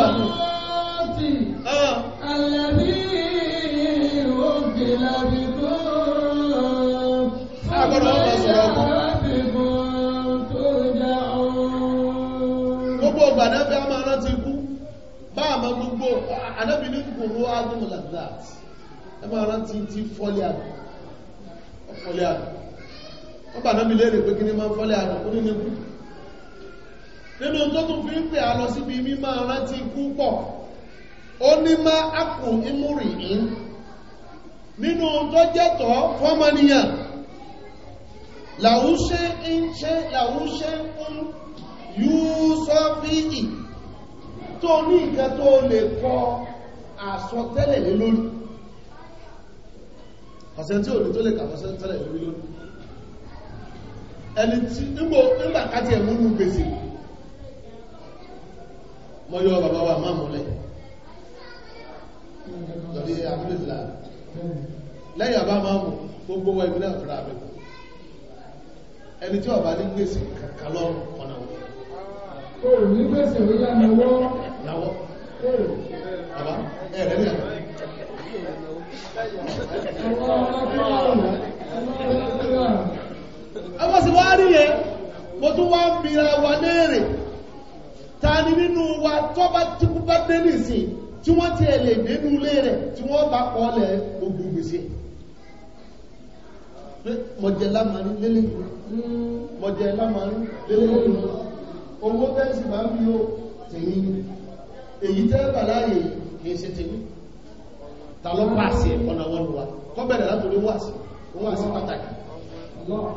Ah. gbàdùn. Ah, gbogbo ọgbà náà fẹ́ máa rántí kú, bá àmọ́ gbogbo ànábì ní gbogbo ágùn like that. Ẹ máa rántí ti fọ́lé àgbà. Ọ̀fọ́lé àgbà. Wọ́n bà náà mi lérè pé kí ní máa fọ́lé àgbà, ó ní ní kú nínú tó tún fi ń pè á lọ síbi mímọ́ rántí ikú pọ̀ ó ní má ápù imúrì in nínú tó jẹ́tọ̀ fọ́mọnìyàn làúṣẹ́ ń ṣe làúṣẹ́ ń yúú sọ fíì tó ní nǹkan tó lè kọ àsọtẹ́lẹ̀ lé lórí ọ̀sẹ̀ tí tó lè kàfọ́sẹ́ tẹ́lẹ̀ lórí lórí ẹni tí nígbà ẹ̀mú gbèsè mọ́yọ́ bàbá wa máa múlẹ̀ lọ́dí àbúrẹ́sìlá lẹ́yìn àbá máa mú gbogbo wa ìmìnà fúra rẹ̀ ẹni tí ọba ní gbèsè kàkà lọ́rùn ọ̀nà wọn o ní gbèsè ó yá náwọ́ náwọ́ bàbá ẹ̀rẹ́ ní àná ọwọ́ sí wá rí yẹn mo tún wá ń bira wa léèrè Tani ni nínú wa tó bá tíkú bá dé nìsín tí wọ́n ti ẹ̀lẹ̀ dénú ilé rẹ̀ tí wọ́n bá kọ́ lẹ̀ ogun gbèsè mọ̀jẹ̀ lámarí lélẹ̀ mọ̀jẹ̀ lámarí lélẹ̀ owó tẹ́sì máa ń bí ó tèyí èyí tẹ́ bà láàyè kìí ṣe tèyí ta lọ pàṣẹ ọ̀nà wọn lọ wa kọ́ bẹ̀rẹ̀ látòrí wàṣẹ wàṣẹ pàtàkì ọgbọ́n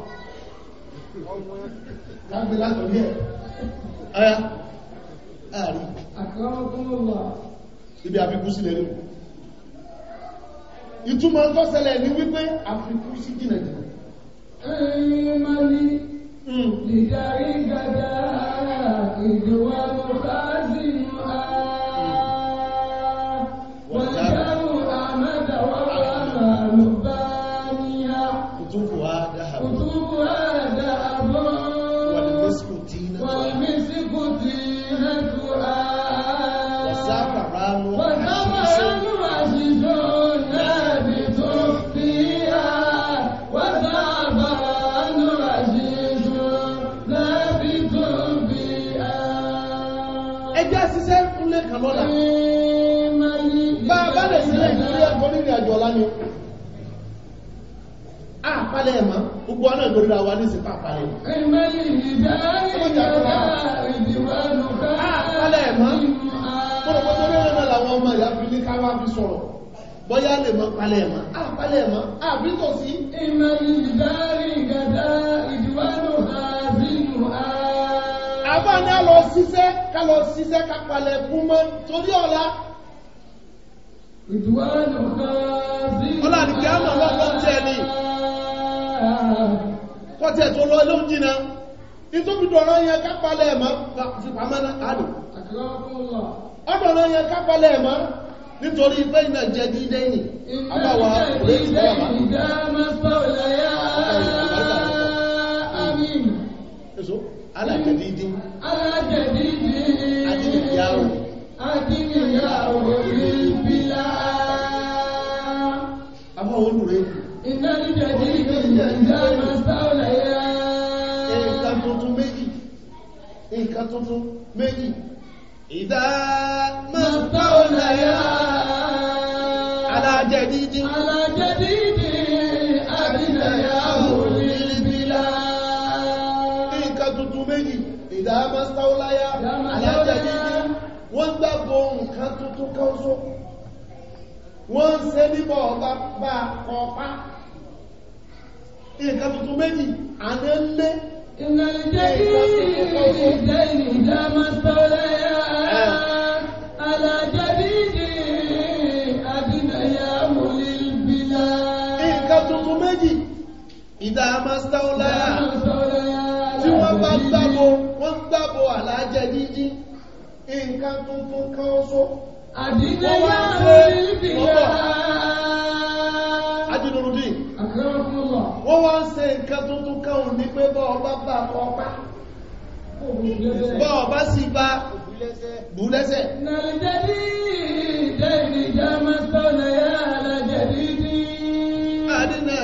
ààrí ibi àfikún sílẹ̀ ló ìtumọ̀ tọ́sẹlẹ̀ ní wípé àfikún sí jìnà jù Ìmọ̀lì, hmm. ìdarí gada, ìjọwà mọ̀ sáájú lọ́la bá a bá lè sí nàìjíríà gbọ́nrí ìrìn àjò ọ̀la ni a palẹ̀ ẹ̀mọ́ gbogbo ọ̀nà ìgbòrìlà wa ní ìsìnkú àpalẹ̀ ẹ̀mọ́ bọ́yá lè mọ́ palẹ̀ ẹ̀mọ́ àpalẹ̀ ẹ̀mọ́ àbítọ̀ sí ìmọ̀ ìdárí gàdá ìdíwánú àbá ní a lọ ṣiṣẹ́ ká lọ ṣiṣẹ́ ká palẹ̀ fún mọ́ torí ọ̀la. ọ̀la àdìgbẹ́ àmọ́ ọlọ́pàá ń tẹ̀ ni kọ́tẹ̀ tó lọ ló ń jìnà nítorí dọ̀rọ̀ yẹn ká palẹ̀ mọ́ fipamọ́ àdùn. ọ̀dọ̀rọ̀ yẹn ká palẹ̀ mọ́ nítorí pé iná jẹ́ dídé ní àbáwá òye ti bọ́ wà. ìdá mọ́sọ̀ lẹ́yà àmín alájẹ̀dídí alájẹ̀dídí adínìyàwó adínìyàwó ìbílá àwọn olùrẹ́ iná níjẹ̀dídí ìjẹ̀jẹ̀ masáwọ̀lẹ̀ yá nǹkan tuntun méjì nǹkan tuntun méjì ìdá masáwọ̀lẹ̀ yá alájẹ̀dídí alájẹ̀dídí ìdáhámá sáúláyá alájájíjá wọ́n gbàgbọ́ nǹkan tuntun kan só wọ́n ń ṣe níbọ̀ ọba bá ọpá nǹkan tuntun méjì àná lé ìnàlẹ́jẹ́ kí ìdá ìdáhámá sáúláyá alájájíjì àdínàyà mọ̀lẹ́bílá nǹkan tuntun méjì ìdáhámá sáúláyá jẹ jíjí nǹkan tuntun kan oṣó àdínlé yára lórí ibi yára ajínúrúdí wọ́n wá ń ṣe nǹkan tuntun kan ò ní pé bọ́ ọba bá kọ́ pa bọ́ ọba sì bá bùlẹ́sẹ̀ nàìjẹ́dí ìjẹ́ ìjẹ́ mọ́sánà yára lájẹ̀dí ní àdínlé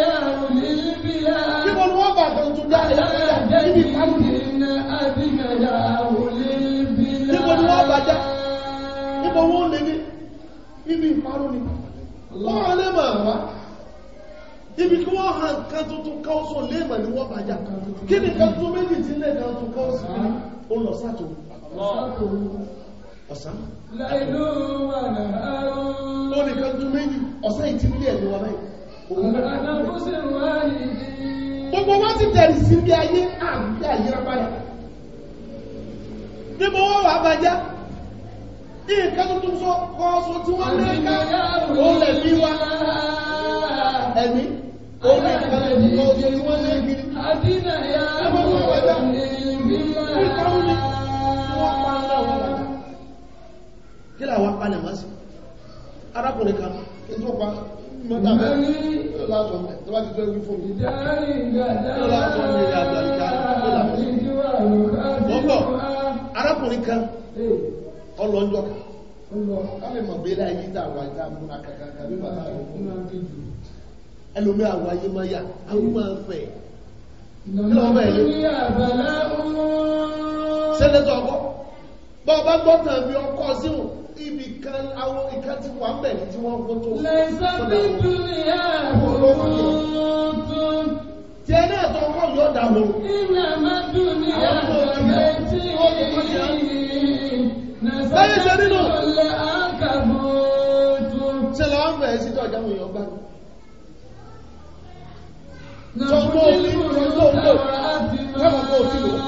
yára lórí ibi yára kí wọ́n wọ́n bàtàn níbo ni wọ́n bàjá níbo wọ́n lè ní ibi ìparun ni wọ́n hàn lẹ́mọ̀ àwá ibi kí wọ́n hàn kan tuntun káọ́sù lẹ́mọ̀ ni wọ́n bàjá kí ni kan tún méjì tí lè kan tún káọ́sù ní olùsàtò ọ̀sán lórí kan tún méjì gbogbo wọ́n ti tẹ̀rì sí bí ayé àgbẹ̀ àyíra padà níbo wọ́n wà bàjá ní nǹkan tó tún sọ kọ́ọ̀sọ tí wọ́n lẹ́ẹ̀ká òun lẹ̀mí wa ẹ̀mí òun lẹ̀mí ọjọ́ tí wọ́n lẹ́ẹ̀kí Kílà wá pàdà máa sí, arákùnrin kan, ìjọpa tó bá ti tó ẹgbẹ́ fún mi. Ìjẹ́ arákùnrin kan ọlọ́njọ́ kan kálẹ̀mọ̀ bèèrè ayé ìdáwà ìdámúra kàkàkà bí bàbá rẹ̀ fún ẹlòmí ma ayé máa yà àwọn máa fẹ́ lọ́bẹ̀ ilé sẹ́lẹ̀tọ̀ ọkọ́ bọ́ọ̀bá gbọ́tàn bí ọkọ síhùn ibi kan àwọn ìkan ti wà ń bẹ̀ tí wọ́n tí ẹ náà tó wọ́n yóò dàwó. ìlà máa dùn ní àgbàgbé tí ó ṣe nínú. ọ̀lẹ́ àkàbọ̀tò. ṣe lọ wọ́n bẹ̀rẹ̀ sí tọ́jà wọn yọgbà. sọ́kọ́ òfin tó tó lò kẹ́kọ̀ọ́ kó òfin lò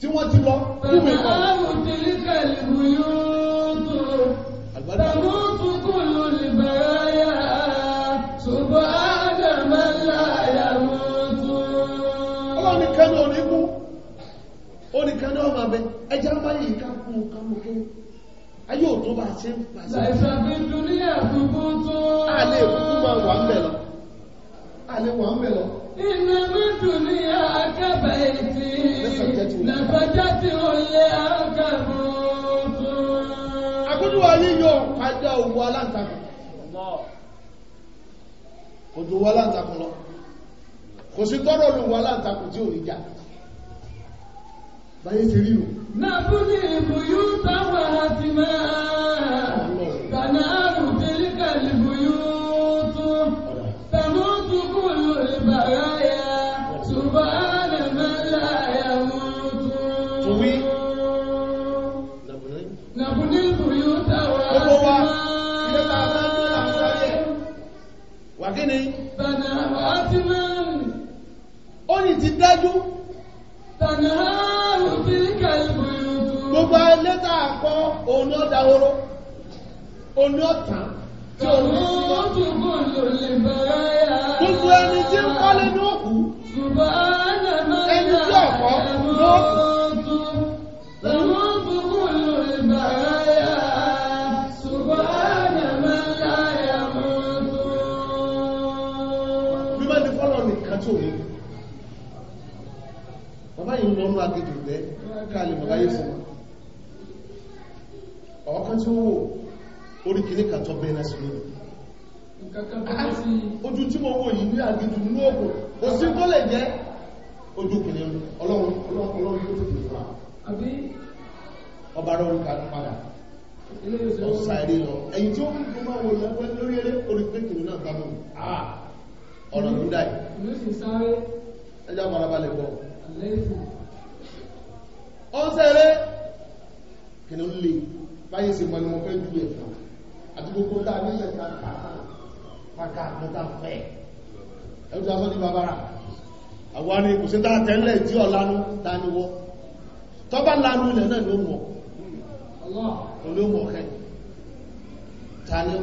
tí wọ́n ti lọ kúmi kan. bàbá àrùn tìlíkà ìlú yóò tó. àgbàdo. oníkan náà máa bẹ ẹjá báyìí ká kún un ká mú kí ayé ò tó bá ṣe ń pàṣẹ. ṣàìṣàbíjú ní àdúgbò tó. àlè kúkú máa wà ń bẹ̀ lọ. àlè wà ń bẹ̀ lọ. iná mídù ní àkàbà ètì nàbàjá tí ó àkàbà tó. àkójú wa yíyọ kájá òwú aláǹtakùn. kò ju aláǹtakùn lọ. kò sí tọ́rọ̀ olùwọ́ aláǹtakùn tí ò ní jà báyé ti rí nù. nàbúlì ìbòyú táwọn àti máa tànà àrùtẹ́lẹ̀ kàlí ìbòyú tó tàmú tukú lò ìbàrá yá ṣùgbọ́n àlẹ́ mẹ́lá yá mú tó. Tùwí. Nàbúlì ìbòyú táwọn àti máa. Ilé ta bá ń lọ Wà kí ni? Tànà àti máa. Ó ní ti dájú gbogbo ilé tá a kọ́ òun ni ó dahoro òun ni ó tàn tí òun ní sí wa gbogbo ẹni tí ń kọ́lé ní òkú ẹni tí ọ̀pọ̀ ní òkú. Thank you. àdíyèsí ọ̀kan tí ó wò orí kìíní kan tó bẹ́ẹ̀ lẹ́sìn lónìí ojú tí mo wò yìí ní àgbìjù nínú òkú kò sí kó lè jẹ́ ojú kìíní ọlọ́run ọlọ́run tó tètè wà ọba rẹ̀ orúkà padà ọ̀sà èrè lọ ẹ̀yìn tí ó ń gbọ́n wò lẹ́gbẹ́ lórí eré orí pé kìíní náà gbámọ̀ ọ̀rọ̀ ló dáì ẹjá balabalẹ̀ bọ̀ ó ń sẹ́rẹ́ kìnnà ń lè báyé sí mọ́ ni mo fẹ́ ju ẹ̀fọ́ àti gbogbo tá ní ilẹ̀ kàkà àtọ́ta fẹ́ ẹ̀rù tí sọ ní babara àwọn ni kò sí tá a tẹ́lẹ̀ tí ọ̀lanu ta ni wọ́ tọ́ lanu ilẹ̀ náà ló mọ̀ olóòmù ọ̀kẹ́ ta ni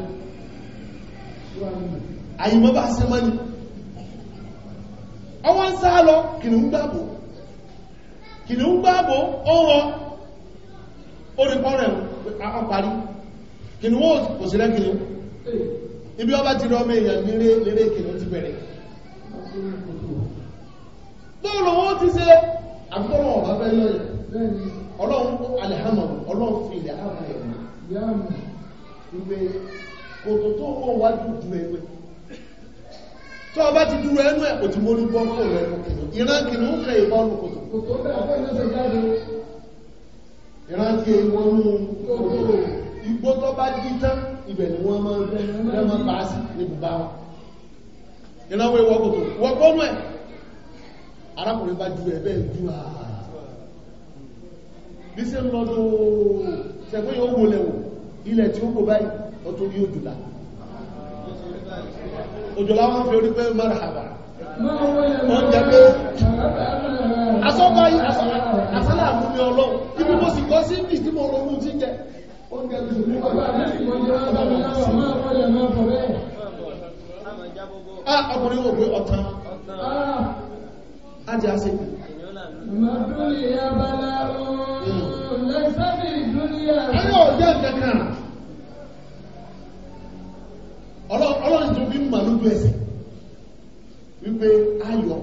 àyìnbó bá ṣe mọ́ ni kìnnì ń gbáàbò ọwọ́ orìkọ́ rẹ̀ àpàrí kìnnì wọ́n kò sí lẹ́kìnnì ibi ọba ti rọ mẹ́yàn lérè kìnnì ti bẹ̀rẹ̀ bọ́ọ̀lù wọ́n ti ṣe àgbọ́rọ̀ ọ̀bá fẹ́ lọ́yẹ̀ ọlọ́run alẹ́hàmà tó ọba ti dúró ẹnu ẹ̀ òtí mo rúgbọ́ kò rẹ̀ ìran kìí ń kẹ ìbọnù kòtò ìran kí ìwọnú igbó tó bá jí tán ibẹ̀ ni wọ́n máa rẹ̀ máa bá sí ibùbá wọn ìran wọ́n kòtò wọ́n gbọ́nú ẹ̀ arákùnrin bá ju ẹ̀bẹ́ ju àà bí sí ń lọ́dún ṣẹ̀gbọ́n yóò wọlẹ̀ wò ilẹ̀ tí ó kò báyìí ọtún yóò dùlà òjò láwọn fi orí pé marhaba wọ́n jẹ́ pé asọ́gbà asọ́lá àmúmi ọlọ́run ibi mo sì kọ́ sí ìbí tí mo ronú tí jẹ ah, ọkùnrin wo pé ọ̀tán ah. á hmm. jẹ́ ọlọ́run tó fi ń mọ̀ lójú ẹsẹ̀ wípé ayọ̀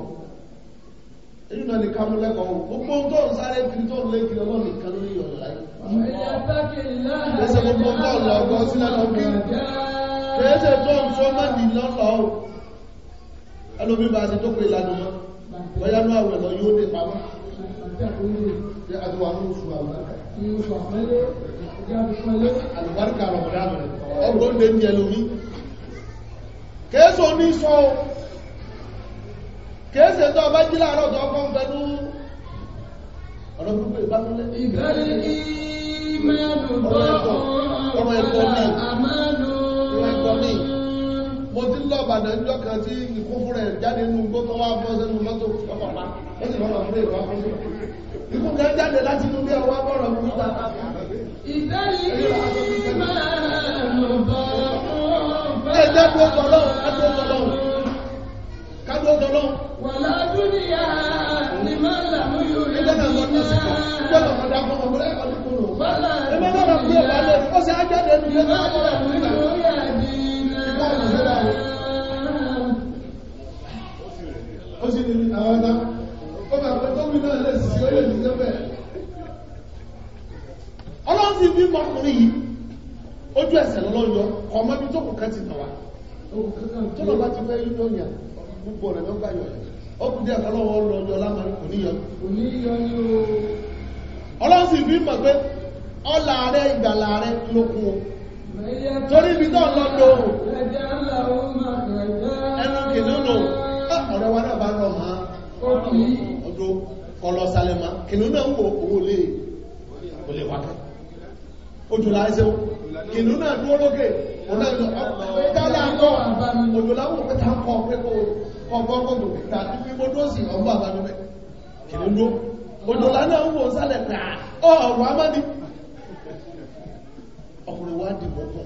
èyí náà ní kámú lẹ́kọ̀ọ́ gbogbo tó ń sáré kiri tó ń lé kiri ọlọ́run nìkan lórí ìyọ̀ láyé ẹsẹ̀ gbogbo tó ń lọ gbọ́ sílẹ̀ lọ kí ẹsẹ̀ tó ń sọ má nì lọ́lọ́ o ẹlòmí bá ti dókòó ìlànà mọ́ bóyá ní àwẹ̀ lọ yóò dé pamọ́ àdúrà ní oṣù àwọn àlùbáríkà rọ̀mọ̀dá rẹ̀ ọgbọ́n lé ní ẹlòmí kéèsò ní sọ o kéèsè tó ọba jí láàárọ̀ ọkọ̀ ń pẹ̀lú ọ̀rọ̀ gbogbo ìbámúlẹ̀ ìgbẹ̀rẹ̀ ìmẹ́lù ọ̀rọ̀ ẹ̀kọ́ ní mo ti lọ ọ̀bàdàn ìjọ kan tí ìkún jáde nínú igbó wá bọ́ ẹjẹ́ dúró tọ́lọ́run kádúró tọ́lọ́run kádúró tọ́lọ́run. wàlá dúnìyà ọlọ́run ti bí mọ́kùnrin yìí ojú ẹsẹ̀ lọ́yọ ọmọ ibi tó kù kan ti tó lọ bá ti fẹ́ yí lọ́yà gbogbo ọ̀rẹ́ lọ́gbà yọ ọkùn díẹ̀ lọ́wọ́ lọ́yọ lámàrí kò níyọ ọlọ́run sì fi mọ̀ pé ìgbàlà torí ibi náà lọ lọ ẹnu ah, ọ̀rẹ́ wa náà bá rọ̀ mọ́ ọdún náà wò owó lè ojú kìnnú náà dúró lókè ọkùnrin wá dìbò pọ̀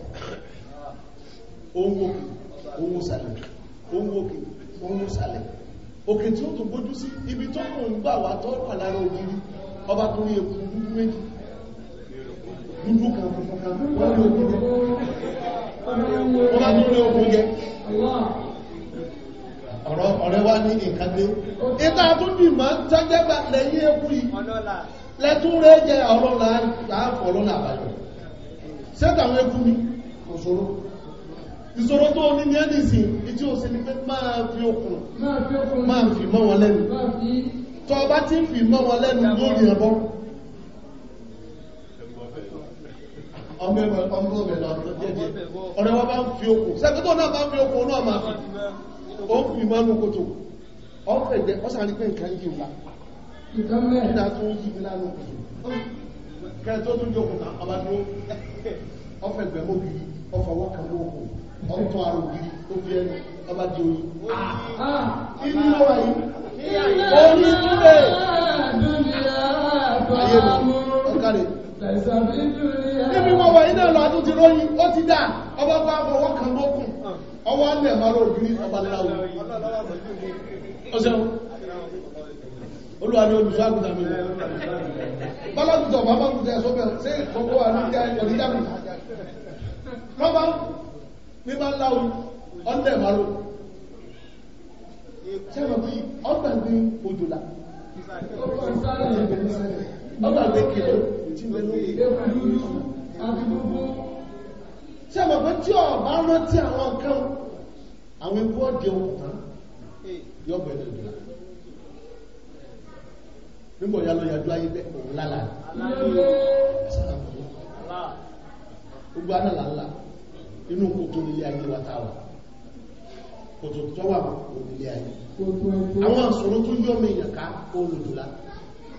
ohun òkè ohun sàlẹ̀ ohun òkè ohun sàlẹ̀ òkè tí ó tó gbójú sí ibi tó kùn ń gbà wà tó pàlára ògiri ọba tó ní ẹkùn méjì dúdú kan funfun kan wọ́n ní ogun jẹ́ wọ́n bá tún ní ogun jẹ́ ọ̀rẹ́ wá ní nǹkan dé ìta tún dì máa ń tẹ́jẹ́gbà lẹ́yìn ẹkù yìí lẹ́tún rẹ̀ jẹ́ ọlọ́lá láàfọ̀ ọlọ́lá ni pé fi mọ́ wọn lẹ́nu tọ́ bá ti fi mọ́ wọn lẹ́nu lórí ẹ̀bọ́n ọ̀rẹ́ wọ́n bá ń fi okùn sẹ́kútọ̀ náà bá ń fi okùn náà máa fi ó ń fi mọ́nú kòtò ọ̀pẹ̀ ìgbẹ́ ọ́sàrí pé nǹkan yìí wà ìdámẹ́ta tó ń yìí lánú kẹ́ tó tún jókòó náà ọmọdún ọ̀fẹ́ ìgbẹ́ mọ́bí ọfọwọ́ kan lóòkùn ọ̀tọ́ àrùn yìí tó fi ẹnu ọba di oyin ah. ah. inú ọwà yìí oyin kúrẹ̀ ayé lọ ọkàrẹ̀ níbi wọn wà iná lọ àtúntì lóyún ó ti dá ọba bá ọwọ́ kan lókun ọwọ́ alẹ̀ máa lọ ògiri ọba lẹ́láwọ̀ ọ̀sẹ̀wọ̀n olúwa ni olùsọ àgùntàn mi bọ́lọ́dún tọ̀ bàbá kùtẹ̀ sọ́bẹ̀ sí ìkọ̀kọ́ wà ní ọ̀dídàmì lọ́bàá ní bá láwù ọ̀dẹ̀ máa lọ sẹ́wọ̀n bí ọ̀gbẹ̀gbẹ̀ odòlà ṣe mọ̀ pé tí ọ̀bá rántí àwọn nǹkan àwọn ikú ọ̀dẹ̀ ohun tán yọ bẹ̀rẹ̀ ìdúrà nígbà ọ̀yá lọ yàjú ayé bẹ́ òun lálà gbogbo anáàlá ńlá inú kòtò nílé ayé wa táwà kòtò tọ́wà òun nílé ayé àwọn àṣòro tó yọ́ mi ìyàká olùdúrà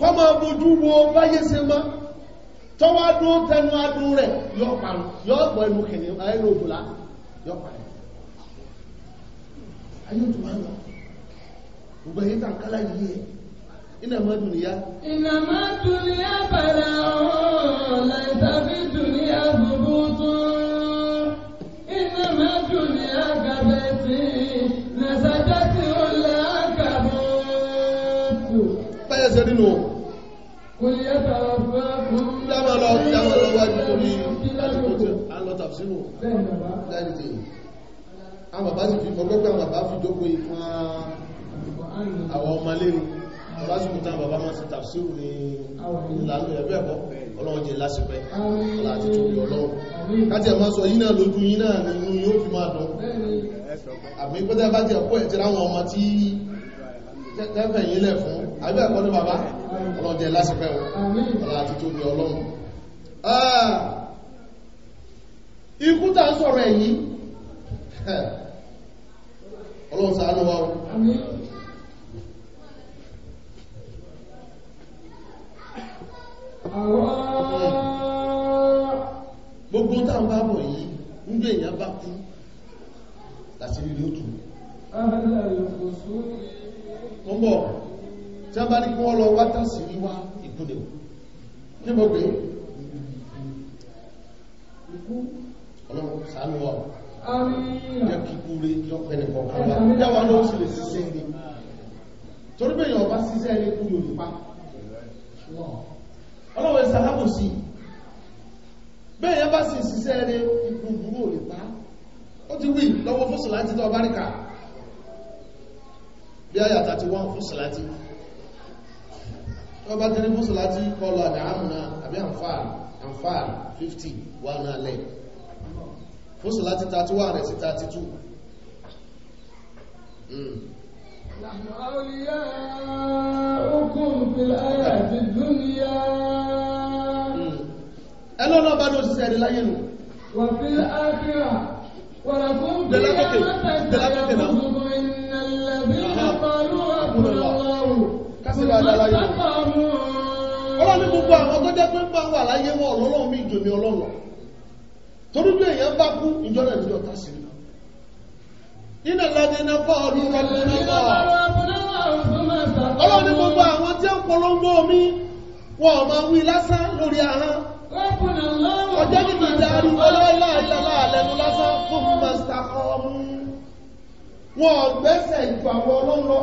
kọ́ máa bójú wo báyé ṣe má tọ́wọ́ adún tẹnu adún rẹ̀ yọ parun yọ gbọ́ ẹnu kìnnì ẹnu òbúlá yọ parun ayé òtún máa lọ gbogbo ẹ̀yìn tàn kálá yìí ẹ̀ iná máa dùn níyà. iná máa dùn níyà bàrà ọ̀hún láìsá fi dùn níyà gbogbo tún iná máa dùn níyà gàbẹ̀ sí i tí ó lẹ́ àgàbọ̀. báyọ̀ sẹ́ni nù lọ dáwọ́ lọ́wọ́ nítorí àtìkótó alọ́tà sínú láìdí àwọn bàbá sì fi ọgbọ́gbẹ́ àwọn bàbá fi dókò ìfún àwọn ọmọlẹ́rin bàbá sì kúta bàbá máa ti tàfsírù láti ẹ̀mọ́ sọ yínà lójú yínà nínú yóò fi máa dùn àmì pẹ́tẹ́ bá ti ẹ̀kọ́ ẹ̀tẹ́ láwọn ọmọ tí tẹ́fẹ̀ yínlẹ̀ fún àbẹ́ ẹ̀kọ́ ní bàbá ọlọ́run lásìpẹ́ ọlọ́run àti tó bí ọlọ́run Ah. ikú tàà sọ̀rọ̀ ẹ̀yìn ọlọ́run gbogbo bá bọ̀ yìí ń gbé èyàn bá kú láti rí lótú tí a bá ní kí wọ́n lọ kú ọlọ́run ṣàánú wa jẹ́ kíkú rí jọ́pẹ̀lẹ̀ kọ̀ọ̀kan wa ló sì lè ṣiṣẹ́ ní torí pé èèyàn bá ṣiṣẹ́ ní kú yóò ọlọ́run ẹ̀sà lábò sí bẹ́ẹ̀ bá sì ṣiṣẹ́ ní ikú burú ó ti wí lọ́wọ́ fúsùláńtì tó bá ríkà wọ́n tó bá tẹ́lẹ̀ àbí àǹfààní 50 wà náà lẹ́ fún sí láti 31 rẹ̀ sí 32 hmm. hmm. ẹlọ́nà bá ló ṣiṣẹ́ rí láyé nù wọ́n fi ákíra wọ́n fún bí i látàkì ọmọ ìnàlẹ̀bí àpàlú àpùrọ̀lọ́wọ́ kásìlá adáláyé ọlọ́ni gbogbo àwọn tó jẹ́ pé ń bá wà láyé wọn ọlọ́lọ́run bí ìjòmí ọlọ́lọ́ torí pé èèyàn bá kú ìjọ náà níjọ ta sí nínú iná ládé náà bọ́ ọdún rọ́bí náà ọlọ́ni gbogbo àwọn tí ń polongo omi wọn ò wí lásán lórí ahọ́n ọjọ́ níbi ìdarí ọlọ́ọ̀lá àtàlà àlẹ́nu lásán fún mọ́sítà ọmú wọn ò ìfọ̀ àwọn ọlọ́lọ́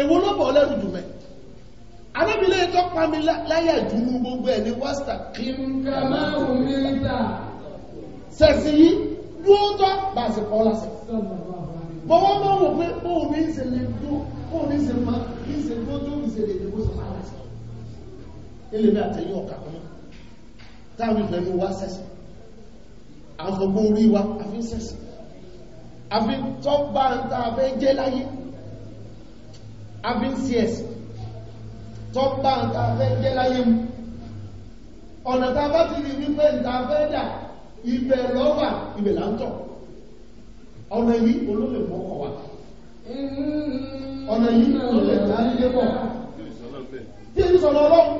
èwo ló bọ̀ lẹ́rù jù mẹ́ alábìlẹ̀ tó pa mi láyà jù ní gbogbo ẹ̀ ní wáṣítà kí n kàmá òmìnira sẹ̀sì yìí dúó tọ́ bá a sì kọ́ lásẹ̀ bọ́ wọ́n mọ́ wò pé bóò ní ṣe lè dó bóò ní ṣe máa ní ṣe dó tó ní ṣe lè dé bó ṣe máa lásẹ̀ sẹ̀sì àfọ̀gbọ́n orí wa àfi avincies tó bá ń ta fẹ́ jẹ́ láyé mu ọ̀nà ta bá ti rí wípé ń ta fẹ́ dà ibẹ̀ lọ́wà ibẹ̀ láńtọ̀ ọ̀nà yìí olóòlè mọ́kọ̀ wà ọ̀nà yìí olóòlè láyé mọ́ tí èyí sọ̀rọ̀ ọlọ́run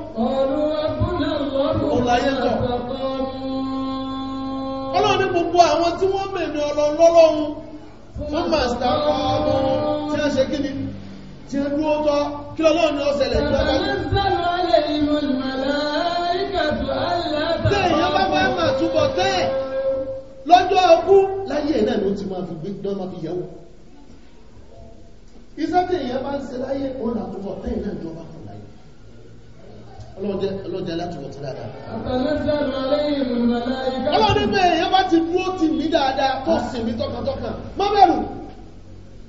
ọ̀rọ̀ ayé tọ̀ ọlọ́run ní gbogbo àwọn tí wọ́n mẹ́rin ọlọ́run lọ́lọ́run fún màsítà ọmọ tí a ṣe kí ni tí ń dúó tọ́ kí lọ́lọ́run ní ọ̀sẹ̀lẹ̀ tí ọ̀sẹ̀lẹ̀. Téèyàn bá fẹ́ mà túbọ̀ tẹ́ lọ́jọ́ ogún láyé náà ló ti máa fi gbé dán máa fi yẹ̀wò. Iṣẹ́ téèyàn bá ń ṣe láyé òun là túbọ̀ tẹ́yìn náà jọba fún láyé. Ọlọ́dẹ látúbọ̀ ti dáadáa. Ọlọ́dẹ bẹ́ẹ̀ èèyàn bá ti dúó ti mí dáadáa tó sì mí tọkàntọkàn. Má bẹ̀rù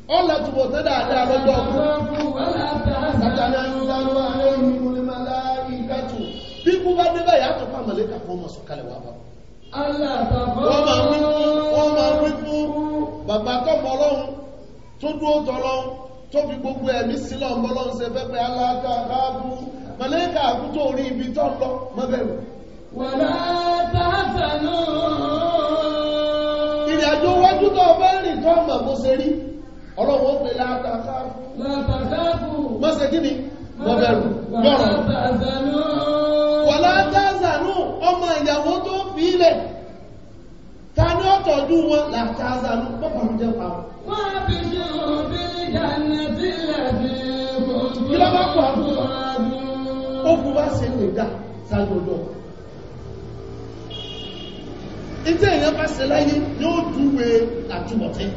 ó lọ tùbọ̀ tán dáadáa lọ́jọ́ ọkùn látàrí ayúláwọ́ aléhùn ìmúlẹ̀mọ́lá ìgbàtù bí kú bá dé báyìí àtọ́ pa mọ̀lẹ́kà fún ọmọ sọ̀kalẹ̀ wà bá wọ́n máa wí fún bàbá tọ́mọ ọlọ́run tó dúró tọ́lọ́run tó fi gbogbo ẹ̀mí sílọ̀ ọlọ́run ṣe fẹ́fẹ́ aláàtàkàbù mọ̀lẹ́kà àkútó orí ibi tọ́ lọ mọ́bẹ̀rù wọ̀lá tààtà náà ìrìnàjò wájú tó ọbẹ̀ rìn tọ́ mọ̀ bó ṣe rí ọlọ́wọ́ pè látàkáfù látàkáfù mọ́sẹ̀ kí ni mọ́bẹ̀rù mọ́rùn wà látàzànú ọmọ ìyàwó tó fi ilẹ̀ ta ní ọ̀tọ̀jú wọn látàzànú pọ́pàá jẹ́ pàwọ́ wọ́n fi ṣe òbí ìjànà sílẹ̀ bí i kò ìtẹ́ èèyàn bá ṣe láyé yóò dúwe àtúbọ̀tẹ́.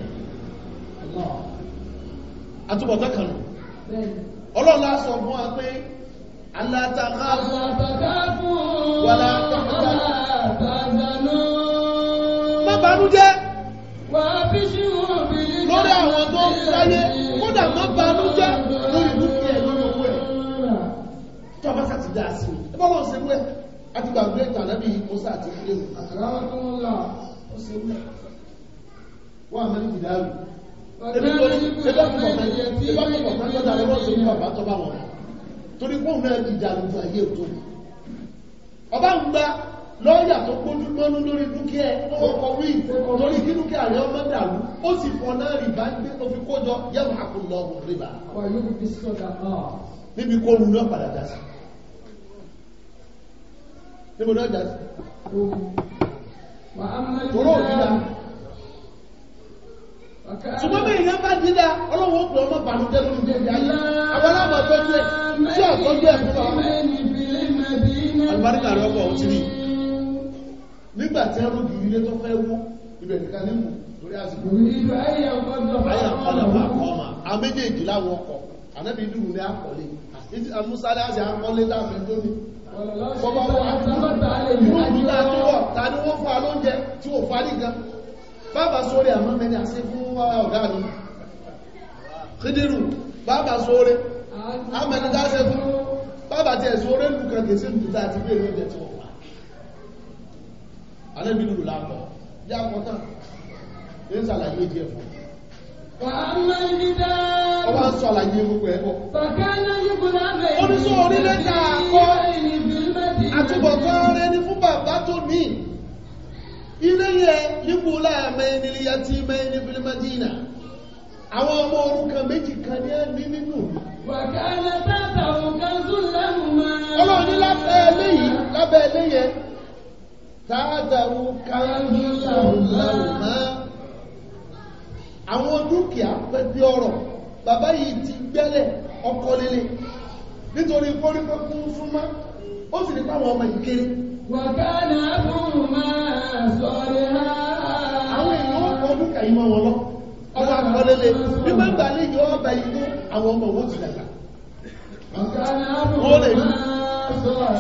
Allah àtúbọ̀tán kan nù ọlọ́run á sọ fún wa pé alátàkà wà látàkà má banújẹ́ lórí àwọn tó ń sáyé kódà má banújẹ́ lórí dúkìá lórí owó ẹ̀ tó a bá sàti dá sí i bọ́lá ọ̀sẹ̀ wẹ̀ àti gbàgbé tàlẹ́bí musa àti ilé ìwé àtàrà wọn tó ń la ọ̀sẹ̀ wẹ̀ wọ́n àmọ́ ní ìdáàbò torí pọ́ùn náà dìjà lójú ayé tó ọba ń gba lọ́ọ̀yà tó kójú mọ́nú lórí dúkìá ọkọ̀ wí torí kí dúkìá rẹ̀ ọmọ dàrú ó sì fọ́ náà rí bá gbé tó fi kójọ yẹ́mù àkùnlọ ọ̀hún rí bá níbi kó rú náà padà jà sí níbo náà jà sí tòró òdìdá ṣùgbọ́n bí ìyẹn bá dídá ọlọ́wọ́ òkú ọmọ bàmújẹ́ fún mi ayé abọ́lábọ̀ tọ́jú ẹ̀ tí ọ̀tọ́jú ẹ̀ fún ọmọ àlùbáríkà rẹ̀ ọkọ̀ ọ̀hún ti rí nígbà tí ẹrù gìrì ilé tó fẹ́ wó ibẹ̀ nìka nímú torí àsìkò ìlú ayé ọ̀pọ̀lọpọ̀ àkọ́ ọmọ àméjèèjì láwọn ọkọ̀ ànábì dùn ní àkọ́lé àti àmúsálẹ́ àti àkọ́lé láàfẹ́ tó ní bọ́bá wọn àti àkọ́lé tó wọ̀ tani wọ́n fún alóúnjẹ tí ò farí gan bàbá sóre àmọ́ mẹ́ni àṣẹ fún uh, ọ̀gá mi kídìrù bàbá sóre àmẹ́ni dáṣẹ fún bàbá tí ẹ̀sùn orí lù kan kèsí lù tá àti bí èrò ìjẹ tí wọ́n wà alẹ́bí lù lápọ̀ yá pọ̀tán ní sàlàyé díẹ̀ fún ọba sọ àlàyé gbogbo ẹ̀kọ́ oníṣòrí lẹ́ta àkọ́ àtúbọ̀kọ́ rẹ ni fún bàbá tó ní iléyẹ líbúlá mẹ́rinlẹ́yà tí mẹ́rin fílímẹ́dínà àwọn ọmọ òrukàn méjì kan ní ẹni nínú wàkálẹ̀ tàbí òkan tún lẹ́nu máa ọlọ́run ní lábẹ́ eléyìí lábẹ́ eléyẹ tàbí òkan tún lẹ́nu máa àwọn dúkìá ọ̀rọ̀ bàbá yìí ti gbẹ́lẹ̀ ọkọ̀ lélẹ̀ nítorí súnmọ́ ó sì ní ọmọ ìkéré wàkánà fún máa sọ̀rọ̀ ha. àwọn èèyàn ọkọ̀ ọdún kàyí mọ́ wọn lọ ọba àkọlẹ́lẹ́ bí wọ́n gbà lè yọ ọba yìí ní àwọn ọmọ owó ti dàgbà wọ́n lè rí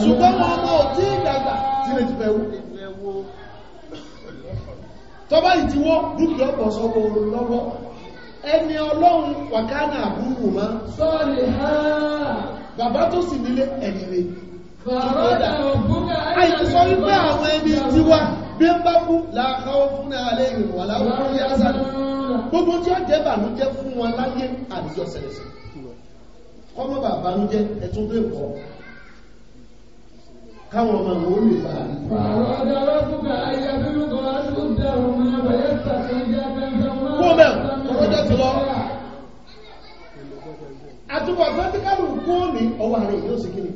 ṣùgbọ́n wọn ọmọ ò tí dàgbà tí lè ti fẹ́ wú tọ́bá yìí ti wọ́ dúkìá ọ̀pọ̀ sọ́wọ́ lọ́wọ́ ẹni ọlọ́run wàkánà àbúrò máa sọ́ọ̀lẹ̀ ha bàbá tó sì nílé ẹ̀nìyàn àìsí sọ wípé àwọn ẹni tí wá bí ń bá mú làákàwọ́ fún alẹ́ ìrìnwà láwọn orí àṣà gbogbo tí ó jẹ́ bànújẹ́ fún wọn láyé àdìjọ sẹ̀lẹ̀sẹ̀ ọmọ bàbánújẹ́ ẹ̀tún lè kọ́ káwọn ọmọ wọn lè bá rí. kó bẹ́ẹ̀ ọ̀rọ̀ jẹ́ ti lọ àtúbọ̀ tẹ́tíkàlù kó ní ọwọ́ rẹ̀ yóò sì kí ní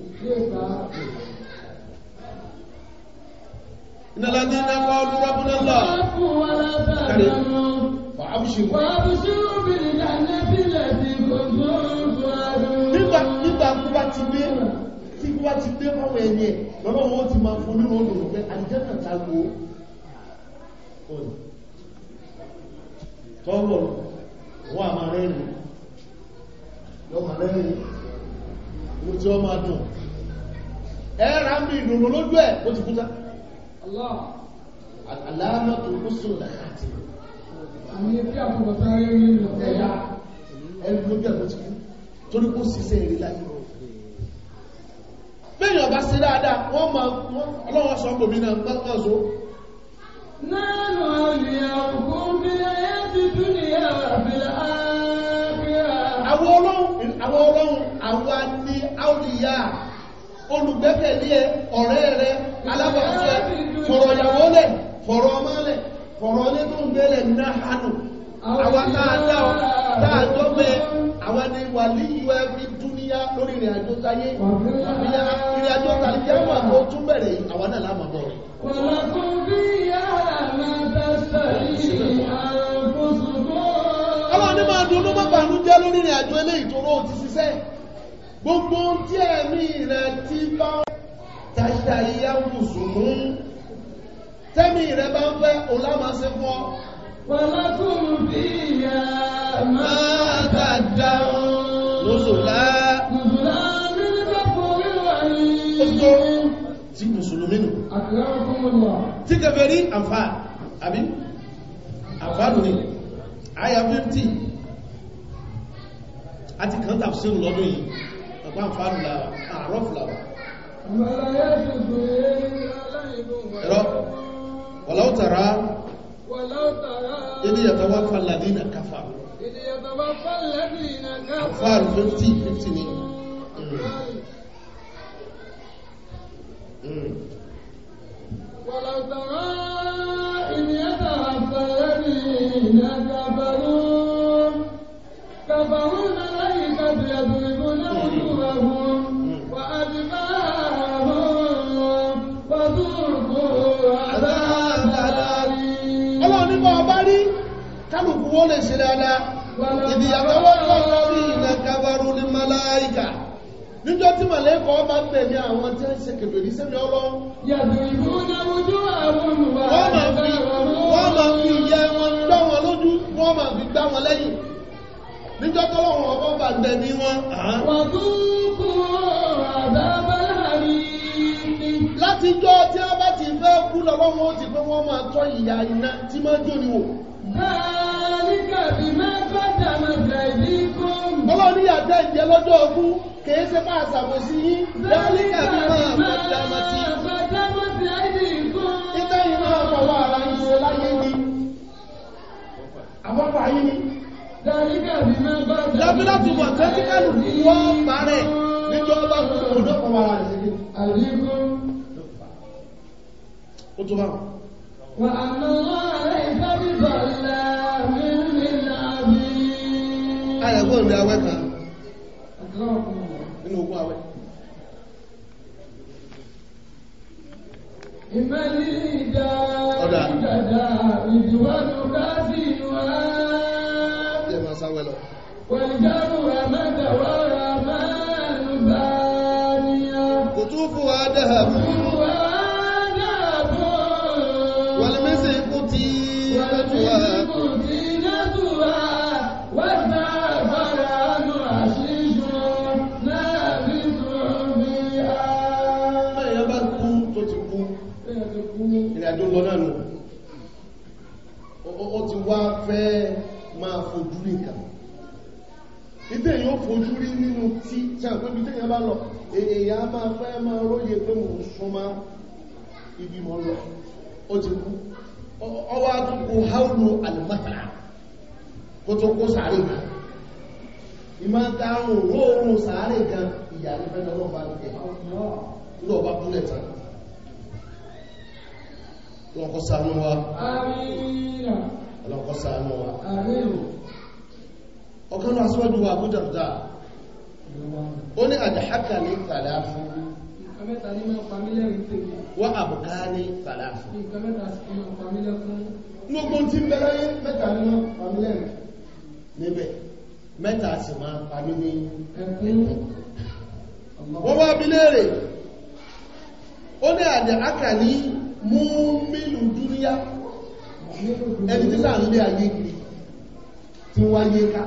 ìnàlàdínà kọ́ lúrọ́bùnàlá kẹrẹ nígbàkúbá ti dé tí kúbá ti dé fáwọn ẹni ẹ̀ lọ́nà wọ́n ti máa fún nínú olùrùn pé àdìjẹ́nà tàgbó tọ́rọ̀ wọ́n àmà rẹ̀ lọ́mọ lẹ́yìn ó tí ó máa dùn ẹ̀rà ń bí ìdùnnú lójú ẹ̀ ó ti kúta aláàmọ́ tó kó sùn láti àmì ẹbí àbúrò sáré ní ìlọ̀tẹ̀yà ẹni lójú ẹ̀ ló ti kú torí kó ṣiṣẹ́ èrè láyé ọba ṣe dáadáa wọ́n máa ọlọ́wọ́ sọ gbòmìnà pẹ́pẹ́ àwọn ọlọ́run àwa ni áwùdíyà olùgbẹ́kẹ̀lé ẹ ọ̀rẹ́ rẹ alábàáṣẹ fọ̀rọ̀ ìyàwó lẹ̀ fọ̀rọ̀ ọmọ lẹ̀ fọ̀rọ̀ ilé tó ń gbélẹ̀ náà hànú àwa táàdá ọ táàjọ́ mẹ́ àwa ni wà ní ìwà ẹbí dúníyá lórí ìrìn àjò sáyé ìrìn àjò tàbí àwọn àmọ́ tún bẹ̀rẹ̀ àwọn náà lámọ̀ bọ̀. wọ́n lọ fún bí yára lórí ìrìn àjò ilé ìtòrò ti ṣiṣẹ́ gbogbo tí ẹ̀mí rẹ̀ ti bá tàṣà ìyá wùsùnmú tẹ́mì rẹ̀ bá ń fẹ́ olámasẹ́ fún ọ bí ìyá máa tàdá lóṣòlá tí mùsùlùmí nù tí kẹfẹ́ rí àǹfà àbí àǹfà nù àyà 50 àti kan tàbísírù lọ́dún yìí ọ̀pá àǹfààní láwà àárọ̀ fìlàwà ẹ̀rọ wọ̀láwùtàrá ilé yàtọ̀wà fàlàdí na káfà àfáàrù 50 50 ni wọ̀láwùtàrá ilé yàtọ̀wà fàlàdí na káfà قد يضربون وجوههم وأدمارهم وذوقوا عذاب الأليم ọlọ́run nípa ọba rí kálukú wọ́n lè ṣe dáadáa ìdíyàtọ̀ wọ́n lọ́wọ́ rí ìnàkàbàrú ní màláìkà àwọn tí wọ́n máa fi yẹ wọn gbá wọn lójú wọ́n máa fi gbá wọn lẹ́yìn níjọ́ tọ́lọ́wọ́n ọba bá gbẹ ní wọn. látijọ́ tí a bá ti fẹ́ kú lọ́wọ́ wọn ó ti pé wọ́n máa tọ́ ìyá iná tí máa jó ni wò. Ọlọ́run ní àjẹ́ ìjẹ́ lọ́jọ́ ogún kìí ṣe máa ṣàbòsí yín dálíkà bí máa fọ́dámọ́ sí. Ìtẹ́yìn náà fọwọ́ ara yín ṣe Àwọn ọkọ̀ ayé ni lábílátù wà tẹ́tíkàlù wọ́ parẹ̀ níjọba òdọ́pọ̀ wà rẹ̀ ó tó bá wà àmàlá rẹ̀ ìfẹ́bíbà láàrin Ìmẹ́lì ìdá ìdàdà ìdíwájú láti ìwárí. والجمع متوارمان ثانية قطوفها ذهب والمسك تينتها والزعفران عشيش نابت بها ẹ̀yà bá kú tó ti kú ìrìnàjò lọ náà nù ó ti wá fẹ́ máa fojú nìkan ìdẹ́ yóò fojú rí nínú tí tí àpé bá lọ èyà máa fẹ́ máa róye pé mò súnmá ibi mọ́ lọ ó ti kú ọwá àtúkò haúlù alìmọ́tàrà kó tó kó sàárè gan ìmá dáhùn sàárè gan ìyà ọ̀kan náà síwájú wa Abu Darda ó ní àdàhákà ní tàlàfù wọ́n àbùká ní tàlàfù gbogbo tí bẹ̀rẹ̀ mẹ́ta ní pàmílẹ̀ níbẹ̀ mẹ́ta sì máa pàmí ní ẹkùn wọ́n wá bí léèrè ó ní àdàhákà ní mú mílù dúníyà ẹni tí sáà ń lé ayé kiri wáyé ká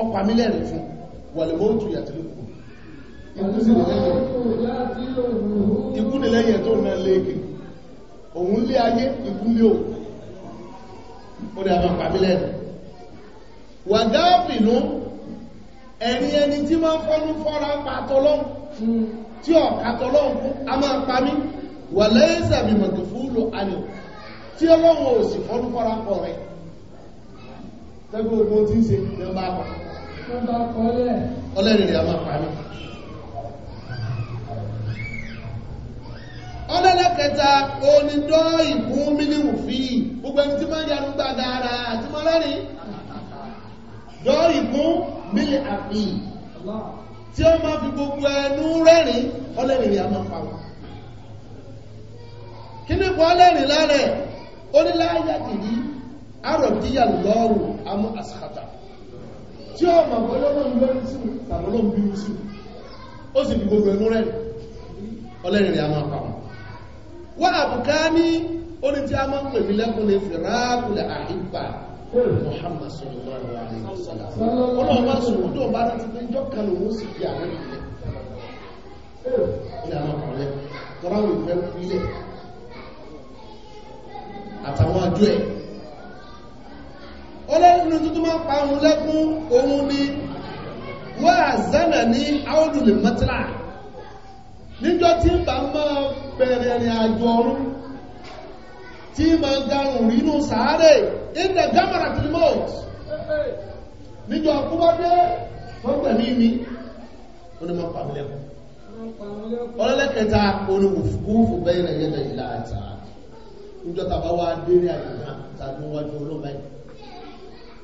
ọpa mílẹ̀rìn fún wàlẹ̀mọ́tù yàtìlúkù ikú ni lẹ́yìn tó náà léèkì òun lé ayé ikú lé o ó dẹ̀ àwọn àpàmílẹ̀ wàdáàbìnú ẹ̀rí ẹni tí máa fọ́nú fọ́ra pàtọ́lọ́n tí ọ̀ kàtọ́lọ́n fún a máa pamí wà lẹ́ẹ̀sàbì mọ̀kẹ̀fúlò àníò tí ọlọ́run ò sì fọ́nú fọ́ra pọ̀ rẹ̀ tẹ́gbẹ́ ogun tí ń ṣe ìjọba pàtàkì ọlẹ́rìnrìn a máa pàánà ọlẹ́lẹ́kẹta onídọ́ ìbún mílíwù fi gbogbo ẹni tí máa yà ń gbà dára àti máa lẹ́rìn dọ́ ìbún mílì àfi tí ó máa fi gbogbo ẹnu rẹ́rìn ọlẹ́rìnrìn a máa pàánà kí ní kọ́ ọlẹ́rìn lárẹ̀ oníláyàtìdí arọ̀díyà lọ́rùn amú àsìkàtà tí ó mọ̀ ọlọ́run lórí sí tàbí ọlọ́run bí ó sí ó sì fi gbogbo ẹnu rẹ̀ ọlẹ́rìn rẹ̀ a máa pàwọn wọ́n àbùká ní oní tí a máa ń pè ní fìrákùlẹ̀ àìbà Muhammad sallallahu alaihi wasallam ọlọ́run bá sọ ọdún ọba láti pé jọ́ kan lòun sì fi àwọn ìpìlẹ̀ ilẹ̀ àwọn ọ̀rẹ́ tọ́ráwọ̀ ìfẹ́ àtàwọn àjọ ẹ̀ ó lẹ́nu tuntun máa pa ohun lẹ́kún ohun ni wọ́n àzánà ní áwùlù mẹ́tìlá níjọ́ tí ń bá máa bẹ̀rẹ̀ rìn àjò ọ̀run tí máa garùn rínú sàárè ìdẹ̀ gámàrà tìlímọ́t níjọ́ kúbọ́dé wọ́n pẹ̀lú mi ó ní máa pa mí lẹ́kún ọlọ́lẹ́kẹta oníwòfúkúfù bẹ́ẹ̀rẹ̀ yẹ́lẹ̀ ìlà àtà níjọ́ tàbá wá dé ní àyíká tàbí wájú olóògbé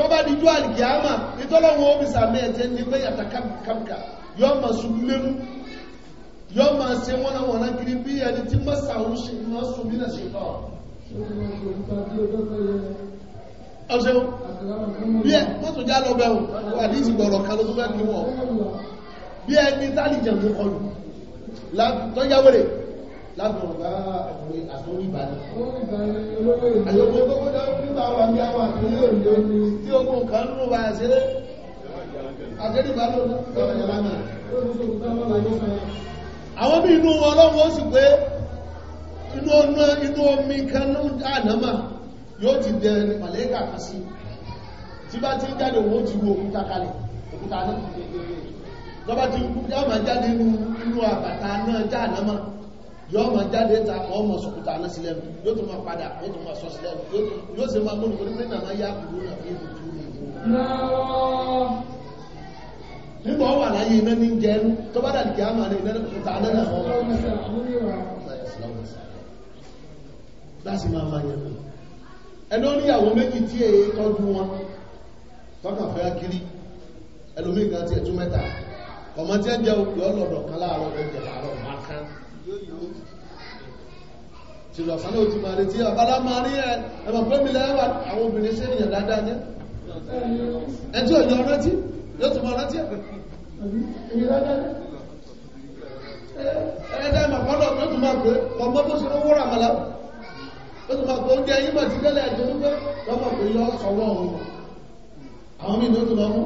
tó bá dijú àlìkìámà ìtọ́lọ́wọ́ ó bí sàmì ẹ̀tẹ́ ní pé yàtà kàmkà yọ ma ṣubú lẹ́nu yọ ma ṣe wọ́nà wọ̀nà kiri bí ẹni tí mọ́sà ń ṣe mọ́ ṣubí náà ṣe tọ́ ọ̀ṣẹ́ bí ẹ mọ́tò já lọ bẹ́ẹ̀ wà ní ìsìgbọ̀rọ̀ kan ló tó fẹ́ kí wọ́n bí ẹni tálìjẹ̀ tó kọlù tọ́jáwèrè lábọ̀nbá ìwé àtọ́rí ìbàdàn. Àyọ̀kú gbogbo nípa wà ní àwọn àtúnyẹ̀ òyìnbó ni tí ogun kan nínú wa ṣeré. Àjẹ́rìbá ló ń tọ́rọ yàrá náà. Àwọn bí inú ọlọ́run ó sì pé inú ọ̀nà inú omi kan ní ànámà yóò ti dẹ ní màlẹ́kà kan sí. Tí bá ti ń jáde òun ó ti wo òkúta kalẹ̀, òkúta náà. Tọ́ba ti ń kú, yóò máa jáde inú àbàtà náà já ànámà yóò máa jáde ta wọ́n mọ̀ sùkúta náà sílẹ̀ yóò tún máa padà yóò tún máa sọ sílẹ̀ yóò sì máa gbóni kóní pínlẹ̀ máa yá kúrú náà fi ètò tó lè wò. nígbà wà láyé iná ní jẹun tó bá dàdí kí á máa ní iná kúta náà wọn. láti máa máa yẹ mi ẹni ó níyàwó méjì tí èyí tọ́jú wọn tọ́kàn fẹ́ kiri ẹlòmíì kan tiẹ̀ tún mẹ́ta ọmọ tí ẹ jẹ́ òkú ọlọ́dọ̀ kan láàárọ̀ ọjọ́ àárọ̀ máa kán tìlọ̀ sánà òtí máa retí àbálá máa rí ẹ pé mi lẹ́wà àwọn obìnrin ṣe èèyàn dáadáa jẹ́ ẹjọ́ ìyọ rántí yóò tún mọ rántí ẹ̀ẹ́dá ìmọ̀ pọ́lọ̀ tó tún máa pé ọmọ tó ṣe owó rà mọ́lá ó tún máa pé oúnjẹ yìí mọ̀ sí tẹ́lẹ̀ tó pé lọ́mọ pé yọ ọwọ́ ọ̀hún àwọn míì ló tún lọ mú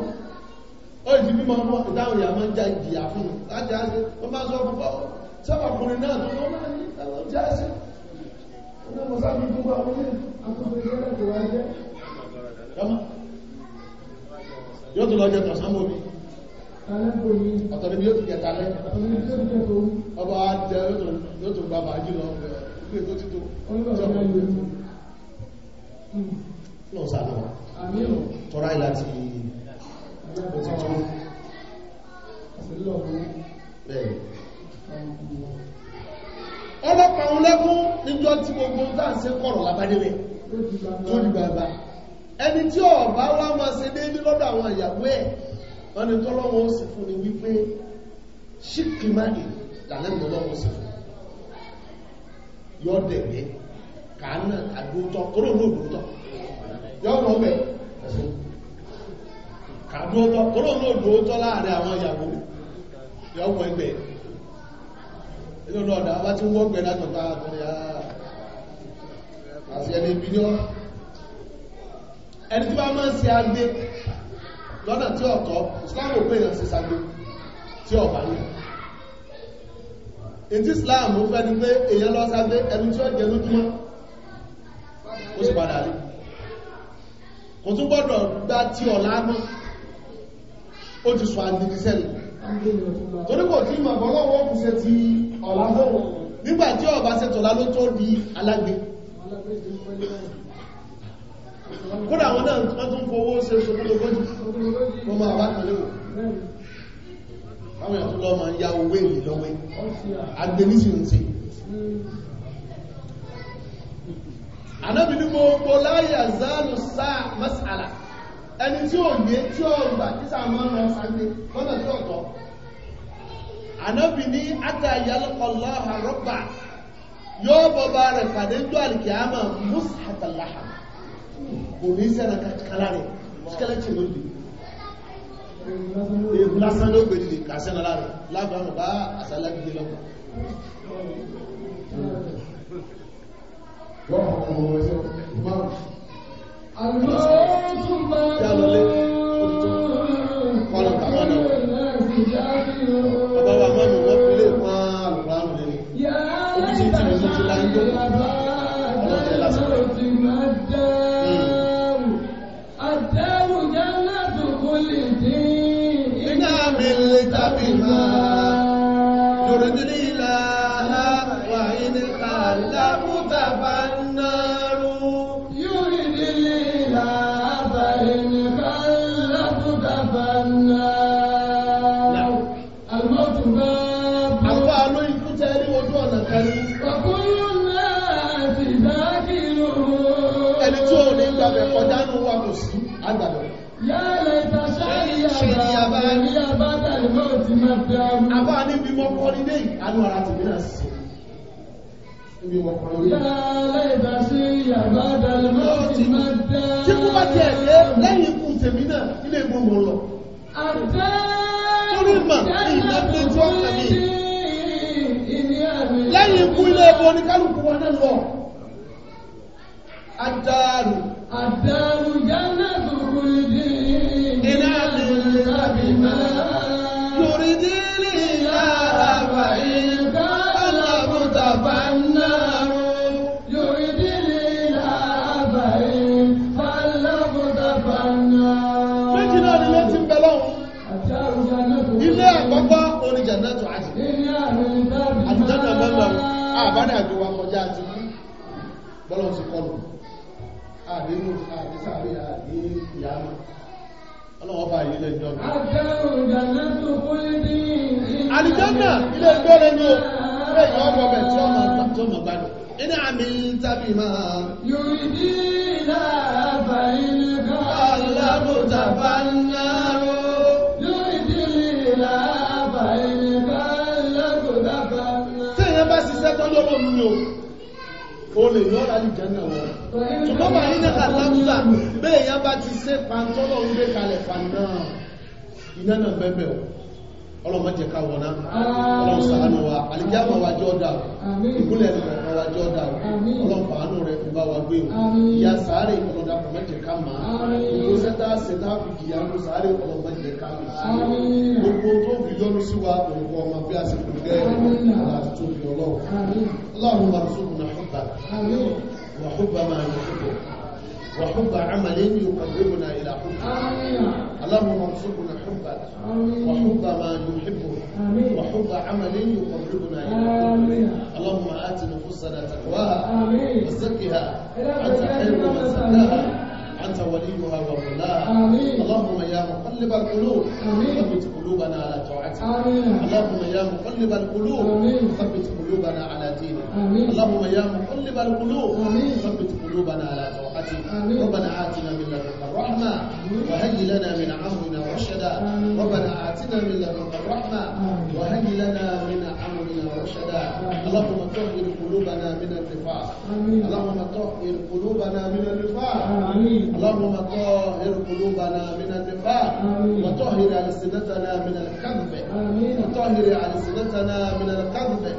ó ìdí sábàkùnrin náà tó lọ́wọ́ náà ní ẹ̀rọ jáàsì ọ̀nà mọ̀sáàbí gbogbo àwọn ilé akọ̀ọ̀kọ̀ ìṣẹ́lẹ̀ tó wáyé jẹ́ yóò tó lọ jẹ́ tọ̀sánmómi ọ̀tọ̀lẹ́bí yóò ti jẹta lẹ́ ọba jẹ́ yóò tó gba bàájì lọ ilé tó títò lọ sàdọ̀ tọ́ra ìlàtí ó ti tó hmm. bẹ́ẹ̀ ọlọ́pàá òun lẹ́kún níjọ́ tí gbogbo tá ń ṣe kọ̀rọ̀ lábádẹ́rẹ̀ tó di bàbá ẹni tí ọ̀bá wá máa ṣe déédé lọ́dọ̀ àwọn ìyàwó ẹ̀ wọ́n ni tọ́lọ́wọ́ ó sì fún ni wípé ṣíkìmáì làlẹ́mọ̀ lọ́wọ́ sì fún yọ́ dẹ̀gbẹ́ kàánà àdótọ́ kúrò lóòdótọ́ yọ́ mọ́ bẹ̀ kàdótọ́ kúrò lóòdótọ́ láàrin àwọn ìyàwó yọ́ mọ́ ẹgbẹ̀ẹ́ ilé ọ̀nà ọ̀dà bá tí wọ́n gbẹ̀rẹ̀ àjọ̀gbà àtọ̀rẹ̀ àti ẹni ibi ní ọ́n ẹni tí bá máa ń ṣe agbé lọ́nà tí ọ̀tọ̀ Islam ò pè yàn sí sagbé tí ọ̀bá yìí ètí Islam ó fẹ́ ni pé èyàn lọ sagbé ẹni tí ó jẹ lójúmọ́ ó sì padà rí kò tún gbọ́dọ̀ gbá tí ọ̀lá mọ́ ó ti sọ àgbègbè sẹ́lẹ̀ torí kò tí ìmọ̀ ọlọ́wọ́ kù ṣe ti ọ̀làmọ́wọ̀ nígbà tí ọba sẹ́tọ̀lá ló tó di alágbé kódà wọn náà wọ́n tún fowó ṣe ṣokúnlógójì wọ́n máa bá kan léwò àwọn èèyàn tó lọ́ máa ń yá owó èlé lọ́wọ́ agbẹ́nísì ń ṣe ànábì ní gbogbo láyà záàlù sáà mas'ala ẹni tí ò yé tí ó gbà tí sàmọ́ lọ sàgbé lọ́nà tí ọ̀tọ̀ ànábì ní àtàyàlọ́kọ̀lọ́ àrọ́bà yóò bọ́bá rẹ̀ pàdé tó àlìkìyàmà mùsàtàláhà kò ní sẹ́nà kàkàlá rẹ̀ skeleton ló dì èèmù lásán ló gbé dìde kà sẹ́nà lára lágbàmù bá àsálà gbé lọ́pàá Allahumma love. àbá níbi mọ́kọ́rí dé ìkánú ara ti mìíràn sí níbi mọ́kọ́rí dé. láàlẹ́ ìdásí yàrá ti máa dá. tí kú bá tiẹ̀ lé lẹ́yìn ikú tèmi náà ilé ìgbóhùn lọ. àtẹ́ ìgbà ìgbàgbẹ́jọ́ kàmí. lẹ́yìn ikú ilé ìbò oníkálukú wọn náà lọ. àdàrú àdàrú yánà tó kúrò dé. àdàjò wa kọjá ti yí bọ́lọ̀ sí kọlù àdínú àdísàrí àdí ìyáná ọlọ́wọ́ bá ilé ẹjọ́ àlìjọ́nà ilé ẹjọ́ rẹ̀ ní ọ̀rẹ́ ìyọ́gbọ̀ bẹ̀ tí ọmọ gbádùn iná àmì tàbí máa yorùbí láàbà ilé kọ́ alábòtàbá náà ní o olè yọ́ láti jẹ́nà wọn ṣùgbọ́n bá ní náà lápútà bẹ́ẹ̀ yá bá ti sé pàntọ́lọ̀ ń gbé kalẹ̀ pàndán ìnáná bẹ́bẹ̀ ọ̀ ọlọ́mọ jẹ ká wọná ọlọ́run ṣàánú wa àlìjáàmà wa jọ dà ìkúnlẹ̀ ẹ̀kọ́ wa jọ dà ọlọ́run fàánú rẹ̀ fi bá wa gbé o ìyá sàárè ìkọlọ́dà kọ̀mọ́ jẹ ká máa gbogbo sẹ́tà sẹ́tà fi jìyà ń sàárè ọlọ́mọ jẹ ká gbogbo tó fi yọnu sí wa òǹkọ ọmọ bí a sì fi gẹ́ ọlọ́run wa sókùnà ọ̀bà wà ó máa yọ وحب عمل يقربنا إلى حبك اللهم ارزقنا حبك وحب ما يحبه وحب عمل يقربنا إلى حبك اللهم آت نفوسنا تقواها وزكها حتى خير من أنت وليها ومولاها اللهم يا مقلب القلوب ثبت قلوبنا على طاعتك اللهم يا مقلب القلوب ثبت قلوبنا على دينك اللهم يا مقلب القلوب ثبت قلوبنا على طاعتك ربنا آتنا من لدنك الرحمة وهيئ لنا من أمرنا رشدا ربنا آتنا من لدنك الرحمة وهيئ لنا من أمرنا مرشدا اللهم طهر قلوبنا من النفاق اللهم طهر قلوبنا من النفاق اللهم طهر قلوبنا من النفاق وطهر ألسنتنا من الكذب وطهر ألسنتنا من الكذب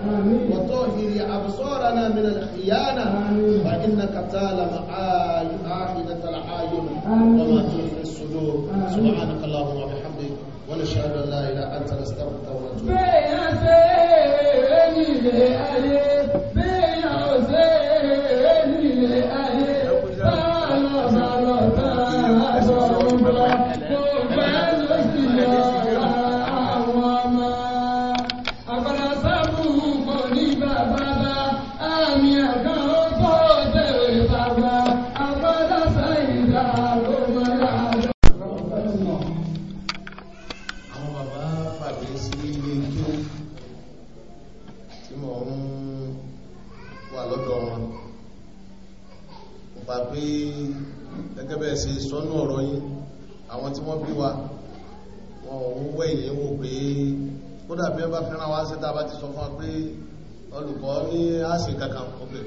وطهر أبصارنا من الخيانة فإنك تعلم آخذة العاين وما تخفي الصدور سبحانك اللهم وبحمدك ونشهد أن لا إله أنت نستغفرك ونتوب إليك الطريق ألف ṣe sọ́nà ọ̀rọ̀ yìí àwọn tí wọ́n bí wa wọn ò ń wẹ̀ wò pé kódà bí wọ́n bá fẹ́ràn wá sí tàbá ti sọ fún wa pé olùkọ́ ní àṣì kankan ọ̀pẹ̀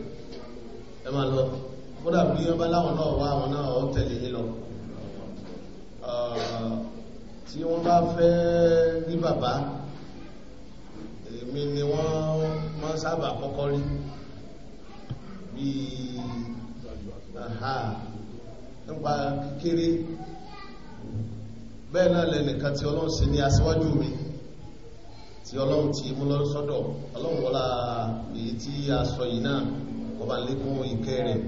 ẹ máa lọ kódà bí wọ́n bá láwọn náà wá àwọn náà ó tẹ̀lé yín lọ tí wọ́n bá fẹ́ rí bàbá èmi ni wọ́n máa sábà kọ́kọ́ rí bíi nípa kékeré bẹ́ẹ̀ náà lẹ́nìkan tí ọlọ́run ṣe ní aṣíwájú mi tí ọlọ́run ti mú lọ́rún sọ́dọ̀ ọlọ́run wọ́la èyí tí a sọ yìí náà ọba lékún ìkẹ́ rẹ̀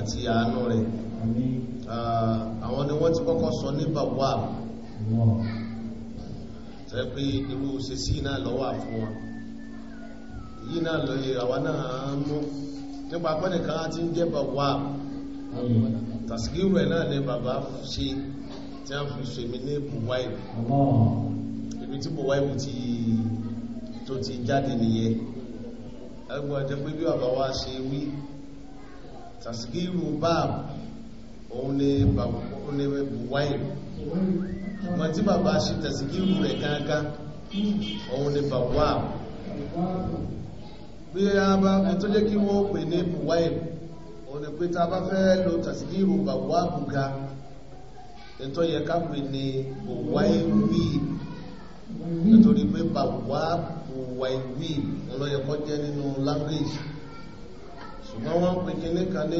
àti àánú rẹ̀ àwọn ni wọ́n ti kọ́kọ́ sọ ní bàbá tẹ́ pé irú ṣe sí lọ́wọ́ àfún wọn yìí náà lọ́yẹ̀ àwa náà mú nípa pẹ́nìkan ti ń jẹ́ bàbá tàṣíkírù ẹ̀ náà ní bàbá ṣe tí a fi ṣe mi ní buwaibu ibi tí buwaibu ti tó ti jáde nìyẹn ẹgbẹ́ ọjọ́ pé bí bàbá wa ṣe wí tàṣíkírù báàbù òun ni buwaibu ṣùgbọ́n tí bàbá ṣe tàṣíkírù rẹ̀ gángan òun ni bàbá bí a bá tó jẹ́ kí wọ́n pè ní buwaibu òní pé ta bá fẹ́ lo tàṣídìrù bàwá bùga ètò yẹ káwé ni bùwá ìwí nítorí pé bàwá bùwá ìwí ọlọ́yẹ̀kọ́ jẹ́ nínú language ṣùgbọ́n wọ́n pè kíní kan ní